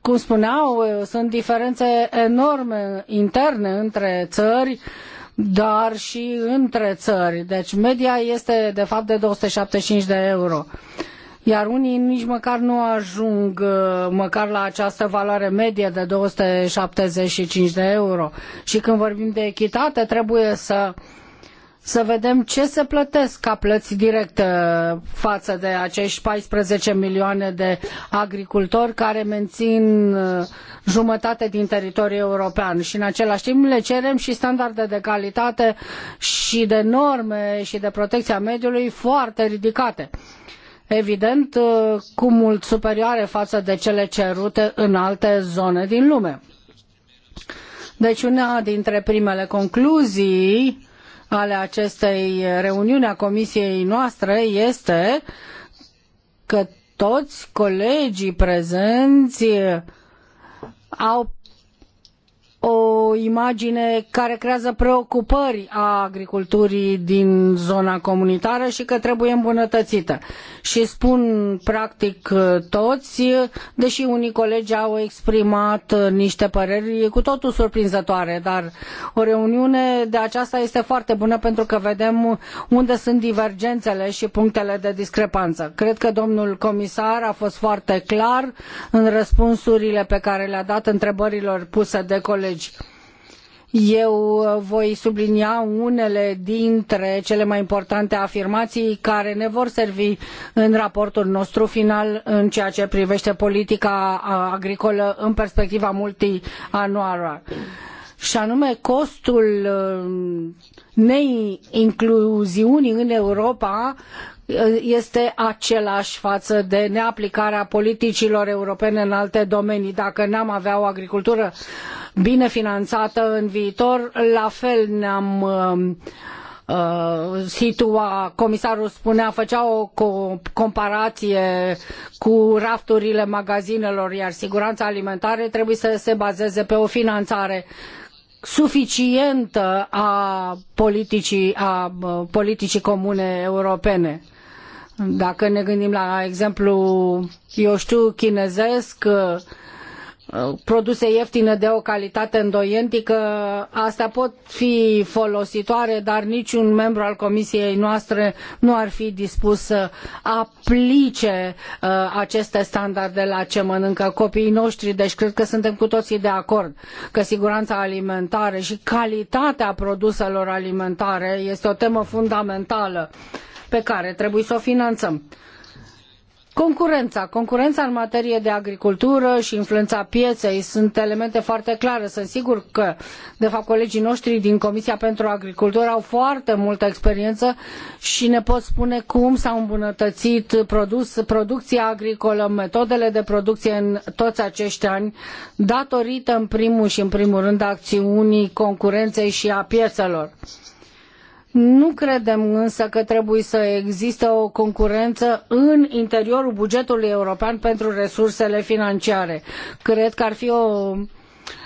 cum spuneau, sunt diferențe enorme interne între țări, dar și între țări. Deci media este de fapt de 275 de euro. Iar unii nici măcar nu ajung măcar la această valoare medie de 275 de euro. Și când vorbim de echitate, trebuie să să vedem ce se plătesc ca plăți directe față de acești 14 milioane de agricultori care mențin uh, jumătate din teritoriul european și în același timp le cerem și standarde de calitate și de norme și de protecția mediului foarte ridicate evident uh, cu mult superioare față de cele cerute în alte zone din lume. Deci una dintre primele concluzii ale acestei reuniuni a comisiei noastre este că toți colegii prezenți au o imagine care creează preocupări a agriculturii din zona comunitară și că trebuie îmbunătățită. Și spun practic toți, deși unii colegi au exprimat niște păreri cu totul surprinzătoare, dar o reuniune de aceasta este foarte bună pentru că vedem unde sunt divergențele și punctele de discrepanță. Cred că domnul comisar a fost foarte clar în răspunsurile pe care le-a dat întrebărilor puse de colegi colegi. Eu voi sublinia unele dintre cele mai importante afirmații care ne vor servi în raportul nostru final în ceea ce privește politica agricolă în perspectiva multianuală. Și anume costul uh, neincluziunii în Europa este același față de neaplicarea politicilor europene în alte domenii. Dacă n-am avea o agricultură bine finanțată în viitor, la fel ne-am um, uh, situa, comisarul spunea, făcea o co- comparație cu rafturile magazinelor, iar siguranța alimentară trebuie să se bazeze pe o finanțare suficientă a politicii, a uh, politicii comune europene. Dacă ne gândim la exemplu, eu știu, chinezesc, uh, produse ieftine de o calitate îndoientică, astea pot fi folositoare, dar niciun membru al comisiei noastre nu ar fi dispus să aplice uh, aceste standarde la ce mănâncă copiii noștri, deci cred că suntem cu toții de acord că siguranța alimentară și calitatea produselor alimentare este o temă fundamentală pe care trebuie să o finanțăm. Concurența. Concurența în materie de agricultură și influența pieței sunt elemente foarte clare. Sunt sigur că, de fapt, colegii noștri din Comisia pentru Agricultură au foarte multă experiență și ne pot spune cum s-au îmbunătățit produs, producția agricolă, metodele de producție în toți acești ani, datorită, în primul și în primul rând, acțiunii concurenței și a piețelor. Nu credem însă că trebuie să existe o concurență în interiorul bugetului european pentru resursele financiare. Cred că ar fi o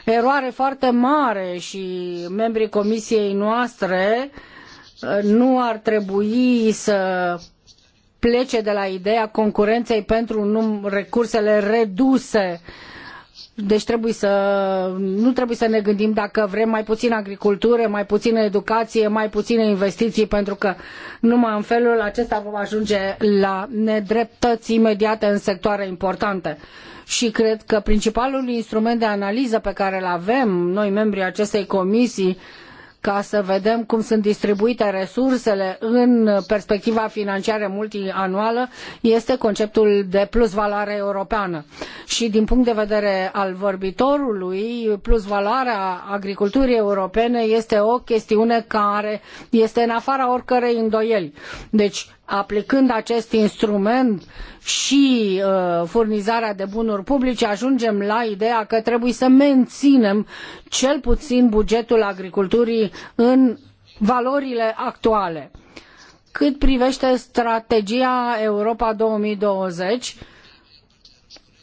eroare foarte mare și membrii comisiei noastre uh, nu ar trebui să plece de la ideea concurenței pentru recursele reduse uh, deci trebuie să, nu trebuie să ne gândim dacă vrem mai puțină agricultură, mai puțină educație, mai puține investiții, pentru că numai în felul acesta vom ajunge la nedreptăți imediate în sectoare importante. Și cred că principalul instrument de analiză pe care îl avem, noi membrii acestei comisii, ca să vedem cum sunt distribuite resursele în perspectiva financiară multianuală este conceptul de plusvaloare europeană. Și din punct de vedere al vorbitorului, plusvaloarea agriculturii europene este o chestiune care este în afara oricărei îndoieli. Deci aplicând acest instrument și uh, furnizarea de bunuri publice, ajungem la ideea că trebuie să menținem cel puțin bugetul agriculturii în valorile actuale. Cât privește strategia Europa 2020,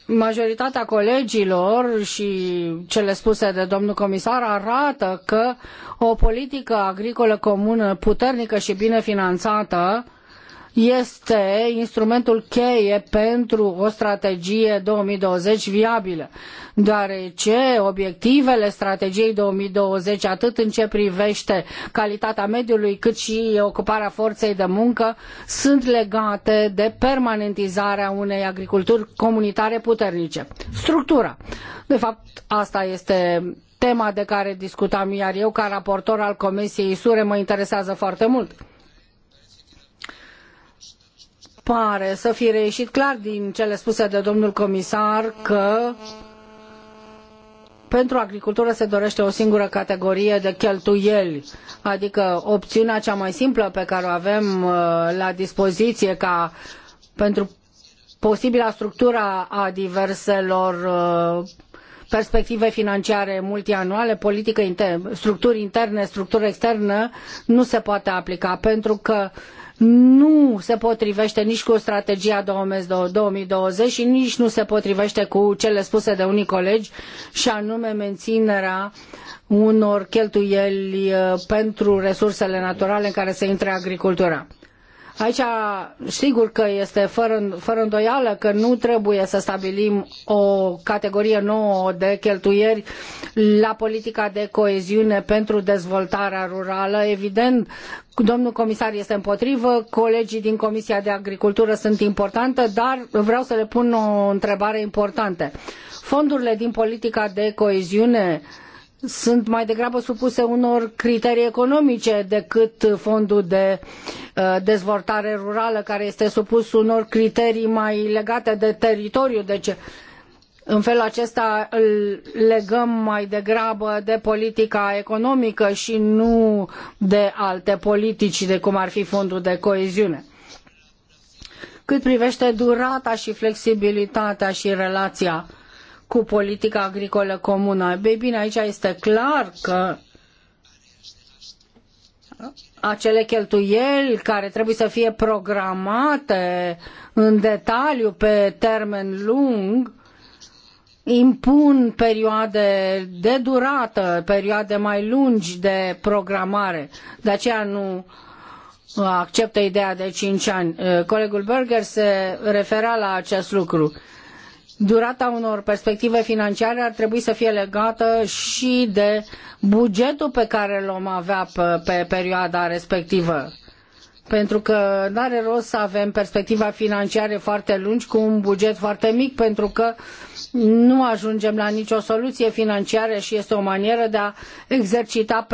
majoritatea colegilor și cele spuse de domnul comisar arată că o politică agricolă comună puternică și bine finanțată uh, este instrumentul cheie pentru o strategie 2020 viabilă, deoarece obiectivele strategiei 2020, atât în ce privește calitatea mediului, cât și ocuparea forței de muncă, sunt legate de permanentizarea unei agriculturi comunitare puternice. Structura. De fapt, asta este tema de care discutam iar eu ca raportor al Comisiei Sure mă interesează foarte mult pare să fi reieșit clar din cele spuse de domnul comisar că pentru agricultură se dorește o singură categorie de cheltuieli, adică opțiunea cea mai simplă pe care o avem uh, la dispoziție ca pentru posibila structura a diverselor uh, perspective financiare multianuale, politică inter- structuri interne, structură externă, nu se poate aplica pentru că nu se potrivește nici cu strategia 2020 și nici nu se potrivește cu cele spuse de unii colegi și anume menținerea unor cheltuieli uh, pentru resursele naturale în care se intre agricultura. Aici, sigur că este fără, fără îndoială că nu trebuie să stabilim o categorie nouă de cheltuieri la politica de coeziune pentru dezvoltarea rurală. Evident, domnul comisar este împotrivă, colegii din Comisia de Agricultură sunt importante, dar vreau să le pun o întrebare importantă. Fondurile din politica de coeziune sunt mai degrabă supuse unor criterii economice decât fondul de uh, dezvoltare rurală care este supus unor criterii mai legate de teritoriu. Deci în felul acesta îl legăm mai degrabă de politica economică și nu de alte politici, de cum ar fi fondul de coeziune. Cât privește durata și flexibilitatea și relația cu politica agricolă comună. Ei bine, aici este clar că acele cheltuieli care trebuie să fie programate în detaliu pe termen lung impun perioade de durată, perioade mai lungi de programare. De aceea nu acceptă ideea de cinci ani. Colegul Berger se refera la acest lucru durata unor perspective financiare ar trebui să fie legată și de bugetul pe care îl vom avea pe, pe perioada respectivă pentru că nu are rost să avem perspectiva financiare foarte lungi cu un buget foarte mic, pentru că nu ajungem la nicio soluție financiară și este o manieră de a exercita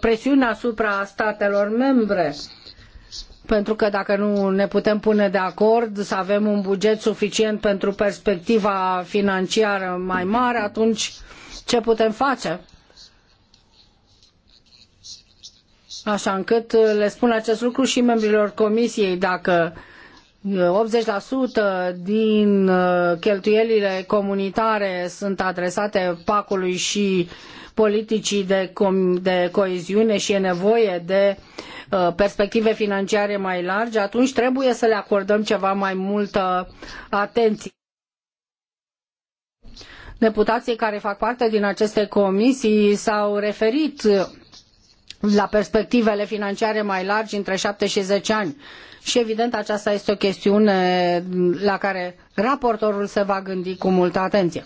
presiunea asupra statelor membre pentru că dacă nu ne putem pune de acord să avem un buget suficient pentru perspectiva financiară mai mare, atunci ce putem face? Așa încât le spun acest lucru și membrilor comisiei, dacă 80% uh, din uh, cheltuielile comunitare sunt adresate pacului și uh, politicii de, de coeziune și e nevoie de uh, perspective financiare mai largi, atunci trebuie să le acordăm ceva mai multă atenție. Deputații care fac parte din aceste comisii s-au referit la perspectivele financiare mai largi între 7 și 10 ani. Și evident aceasta este o chestiune la care raportorul se va gândi cu multă atenție.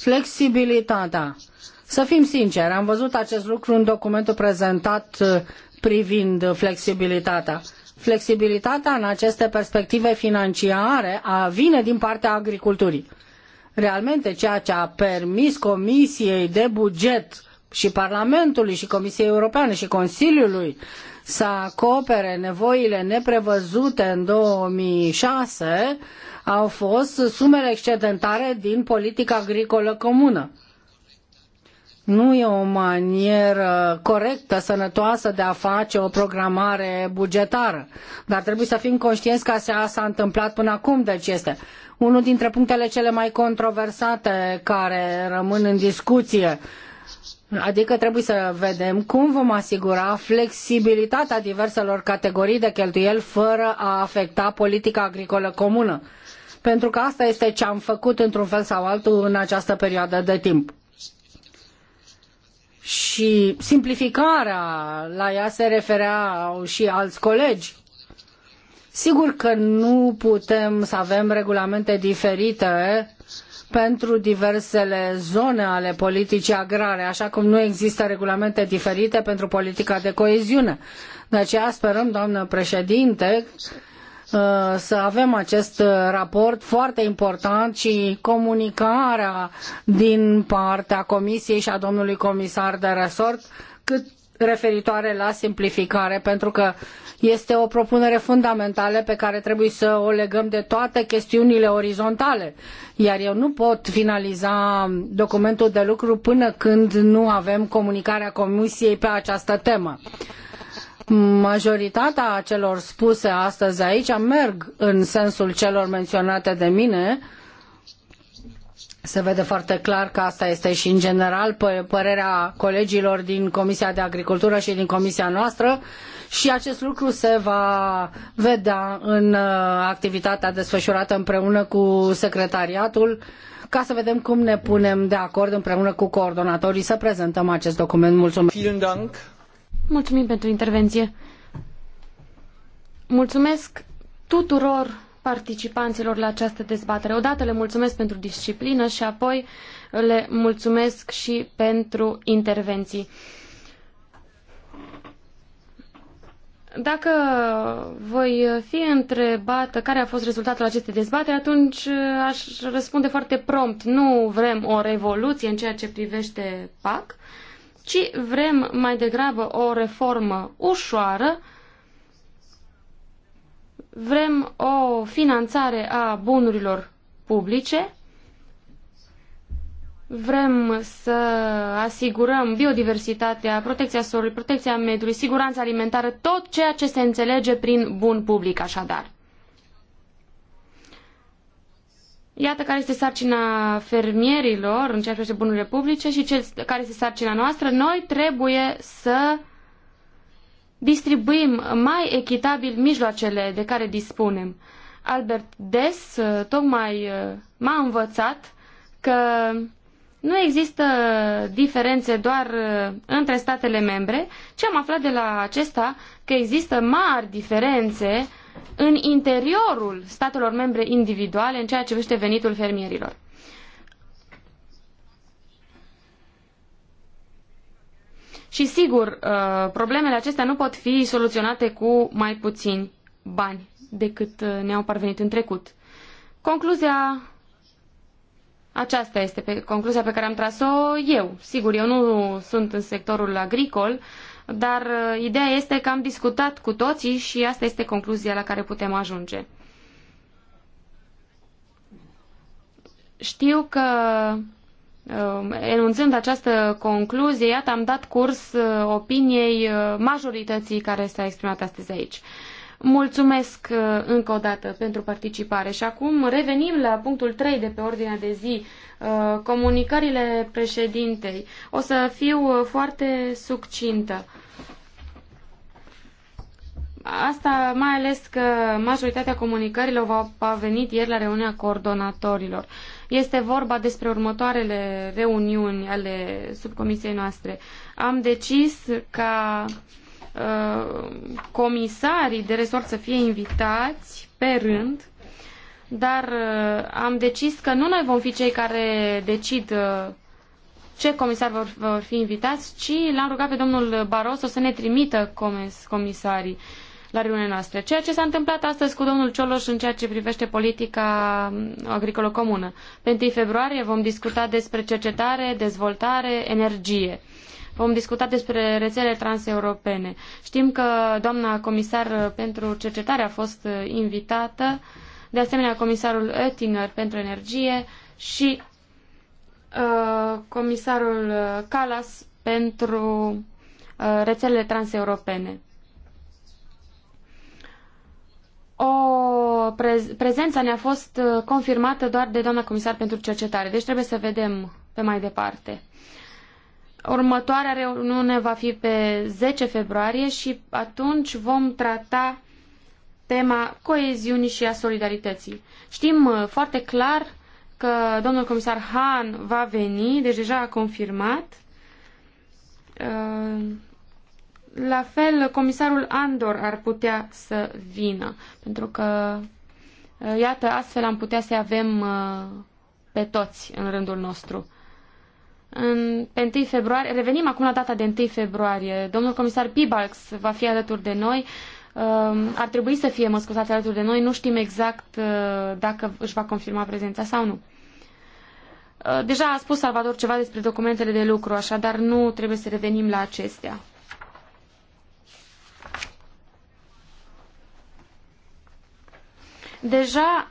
Flexibilitatea. Să fim sinceri, am văzut acest lucru în documentul prezentat uh, privind flexibilitatea. Flexibilitatea în aceste perspective financiare vine din partea agriculturii. Realmente ceea ce a permis Comisiei de Buget și Parlamentului și Comisiei Europene și Consiliului să acopere nevoile neprevăzute în 2006 au fost sumele excedentare din politica agricolă comună. Nu e o manieră corectă, sănătoasă de a face o programare bugetară, dar trebuie să fim conștienți că asta s-a întâmplat până acum, deci este unul dintre punctele cele mai controversate care rămân în discuție Adică trebuie să vedem cum vom asigura flexibilitatea diverselor categorii de cheltuieli fără a afecta politica agricolă comună. Pentru că asta este ce am făcut într-un fel sau altul în această perioadă de timp. Și simplificarea, la ea se refereau și alți colegi. Sigur că nu putem să avem regulamente diferite pentru diversele zone ale politicii agrare, așa cum nu există regulamente diferite pentru politica de coeziune. De aceea sperăm, doamnă președinte, uh, să avem acest raport foarte important și comunicarea din partea Comisiei și a domnului comisar de resort cât referitoare la simplificare, pentru că este o propunere fundamentală pe care trebuie să o legăm de toate chestiunile orizontale. Iar eu nu pot finaliza documentul de lucru până când nu avem comunicarea Comisiei pe această temă. Majoritatea celor spuse astăzi aici merg în sensul celor menționate de mine, uh, se vede foarte clar că asta este și în general părerea colegilor din Comisia de Agricultură și din Comisia noastră și acest lucru se va vedea în uh, activitatea desfășurată împreună cu secretariatul ca să vedem cum ne punem de acord împreună cu coordonatorii să prezentăm acest document. Mulțumesc! Mulțumim pentru intervenție! Mulțumesc tuturor participanților la această dezbatere. Odată le mulțumesc pentru disciplină și apoi le mulțumesc și pentru intervenții. Dacă voi fi întrebată care a fost rezultatul acestei dezbateri, atunci aș răspunde foarte prompt. Nu vrem o revoluție în ceea ce privește PAC, ci vrem mai degrabă o reformă ușoară, Vrem o finanțare a bunurilor publice, vrem să asigurăm biodiversitatea, protecția solului, protecția mediului, siguranța alimentară, tot ceea ce se înțelege prin bun public, așadar. Iată care este sarcina fermierilor în ceea ce privește bunurile publice și ce care este sarcina noastră. Noi trebuie să distribuim mai echitabil mijloacele de care dispunem. Albert Des uh, tocmai uh, m-a învățat că nu există diferențe doar uh, între statele membre, ci am aflat de la acesta că există mari diferențe în interiorul statelor membre individuale în ceea ce privește venitul fermierilor. Și sigur, uh, problemele acestea nu pot fi soluționate cu mai puțini bani decât uh, ne-au parvenit în trecut. Concluzia aceasta este pe, concluzia pe care am tras-o eu. Sigur, eu nu sunt în sectorul agricol, dar uh, ideea este că am discutat cu toții și asta este concluzia la care putem ajunge. Știu că Um, enunțând această concluzie, iată, am dat curs uh, opiniei uh, majorității care s-a exprimat astăzi aici. Mulțumesc uh, încă o dată pentru participare și acum revenim la punctul 3 de pe ordinea de zi, comunicările președintei. O să fiu foarte succintă. Asta mai ales că majoritatea comunicărilor au venit ieri la reuniunea coordonatorilor. Este vorba despre următoarele reuniuni ale subcomisiei noastre. Am decis ca uh, comisarii de resort să fie invitați pe rând, dar uh, am decis că nu noi vom fi cei care decid uh, ce comisari vor, vor fi invitați, ci l-am rugat pe domnul Barroso să ne trimită comis, comisarii. Uh, la reuniunea noastră. Ceea ce s-a întâmplat astăzi cu domnul Cioloș în ceea ce privește politica mm, agricolă comună. Pe 1 februarie vom discuta despre cercetare, dezvoltare, energie. Vom discuta despre rețele transeuropene. Știm că doamna comisar pentru cercetare a fost invitată, de asemenea comisarul Oettinger pentru energie și uh, comisarul Calas pentru uh, rețelele transeuropene. o prez- prezența ne-a fost uh, confirmată doar de doamna comisar pentru cercetare, deci trebuie să vedem pe mai departe. Următoarea reuniune va fi pe 10 februarie și atunci vom trata tema coeziunii și a solidarității. Știm uh, foarte clar că domnul comisar Han va veni, deci deja a confirmat. Uh, la fel, comisarul Andor ar putea să vină, pentru că, uh, iată, astfel am putea să avem uh, pe toți în rândul nostru. În, pe 1 februarie, revenim acum la data de 1 februarie. Domnul comisar Pibalx va fi alături de noi. Um, ar trebui să fie, mă scuzați, alături de noi. Nu știm exact uh, dacă își va confirma prezența sau nu. Deja a spus Salvador ceva despre documentele de lucru, așadar nu trebuie să revenim la acestea. Deja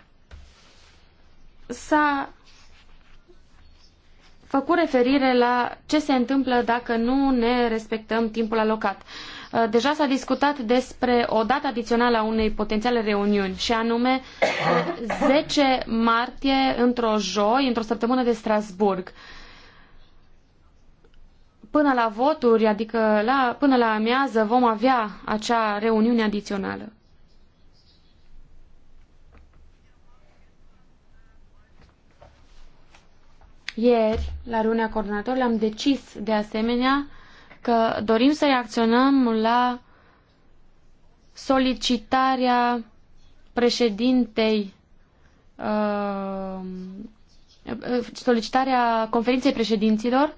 s-a făcut referire la ce se întâmplă dacă nu ne respectăm timpul alocat. Uh, deja s-a discutat despre o dată adițională a unei potențiale reuniuni, și anume 10 uh, martie, într-o joi, într-o săptămână de Strasburg. Până la voturi, adică la, până la amiază, vom avea acea reuniune adițională. Ieri, la reuniunea coordonatorilor, am decis de asemenea că dorim să reacționăm la solicitarea președintei uh, solicitarea conferinței președinților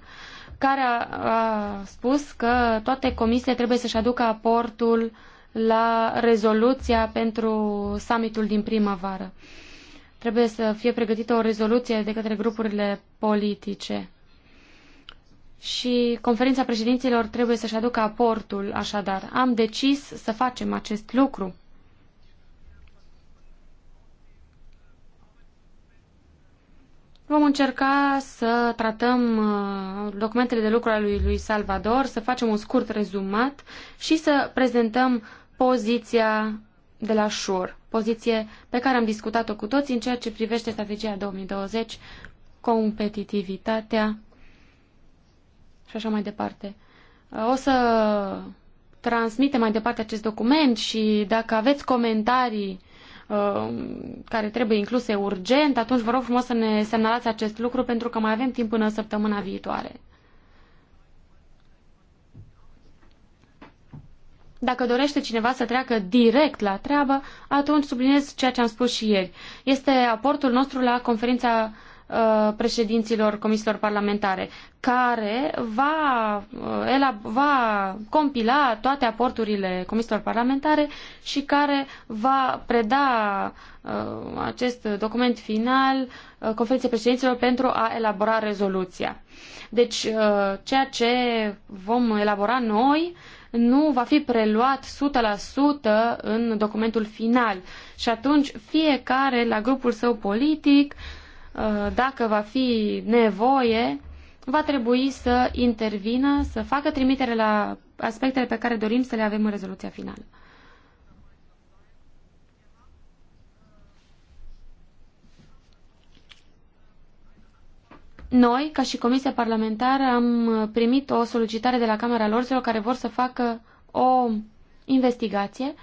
care a, a spus că toate comisiile trebuie să-și aducă aportul la rezoluția pentru summitul din primăvară. Uh, trebuie să fie pregătită o rezoluție de către grupurile politice. Și conferința președinților trebuie să-și aducă aportul, așadar. Am decis să facem acest lucru. Vom încerca să tratăm uh, documentele de lucru ale lui, lui Salvador, să facem un scurt rezumat și să prezentăm poziția de la Shure poziție pe care am discutat-o cu toți în ceea ce privește strategia 2020, competitivitatea și așa mai departe. O să transmite mai departe acest document și dacă aveți comentarii uh, care trebuie incluse urgent, atunci vă rog frumos să ne semnalați acest lucru pentru că mai avem timp până săptămâna viitoare. Dacă dorește cineva să treacă direct la treabă, atunci subliniez ceea ce am spus și ieri. Este aportul nostru la conferința uh, președinților comisiilor parlamentare, care va, uh, el va compila toate aporturile comisiilor parlamentare și care va preda uh, acest document final uh, conferinței președinților pentru a elabora rezoluția. Deci, uh, ceea ce vom elabora noi uh, nu va fi preluat 100% în documentul final. Și atunci fiecare la grupul său politic, uh, dacă va fi nevoie, va trebui să intervină, să facă trimitere la aspectele pe care dorim să le avem în rezoluția finală. Noi, ca și Comisia Parlamentară, am primit o solicitare de la Camera Lorzilor care vor să facă o investigație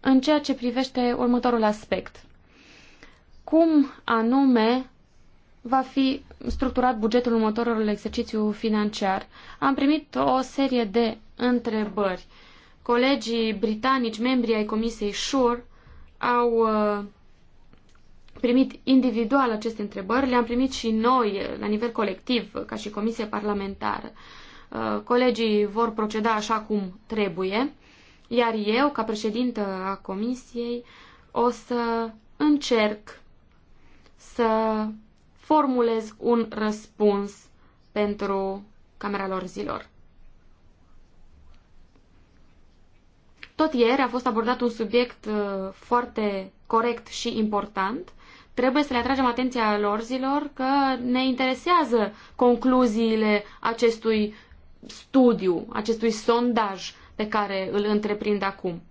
în ceea ce privește următorul aspect. Cum anume va fi structurat bugetul următorului exercițiu financiar? Am primit o serie de întrebări. Colegii britanici, membri ai Comisiei SURE, au uh, primit individual aceste întrebări, le-am primit și noi la nivel colectiv, ca și comisie parlamentară. Uh, colegii vor proceda așa cum trebuie, iar eu, ca președintă a comisiei, o să încerc să formulez un răspuns pentru camera lor zilor. Tot ieri a fost abordat un subiect uh, foarte corect și important Trebuie să le atragem atenția lor zilor că ne interesează concluziile acestui studiu, acestui sondaj pe care îl întreprind acum.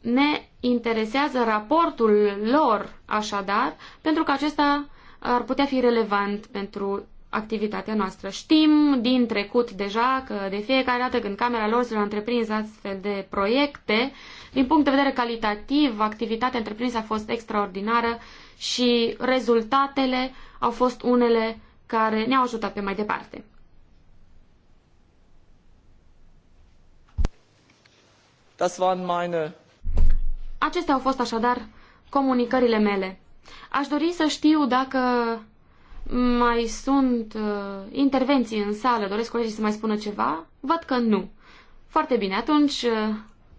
Ne interesează raportul lor, așadar, pentru că acesta ar putea fi relevant pentru activitatea noastră. Știm din trecut deja că de fiecare dată când Camera lor s-a întreprins astfel de proiecte, uh, din punct de vedere calitativ, activitatea întreprinsă a fost extraordinară și rezultatele au fost unele care ne-au ajutat pe mai departe. Das waren meine. Acestea au fost așadar comunicările mele. Aș dori să știu dacă mai sunt uh, intervenții în sală. Doresc colegii să mai spună ceva? Văd că nu. Foarte bine, atunci uh,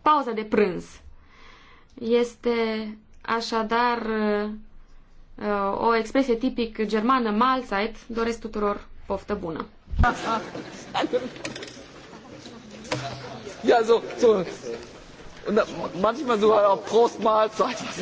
pauza de prânz. Este așadar uh, o expresie tipic germană, Mahlzeit, doresc tuturor poftă bună. Ja, so, so. Und manchmal sogar auch Prost Mahlzeit.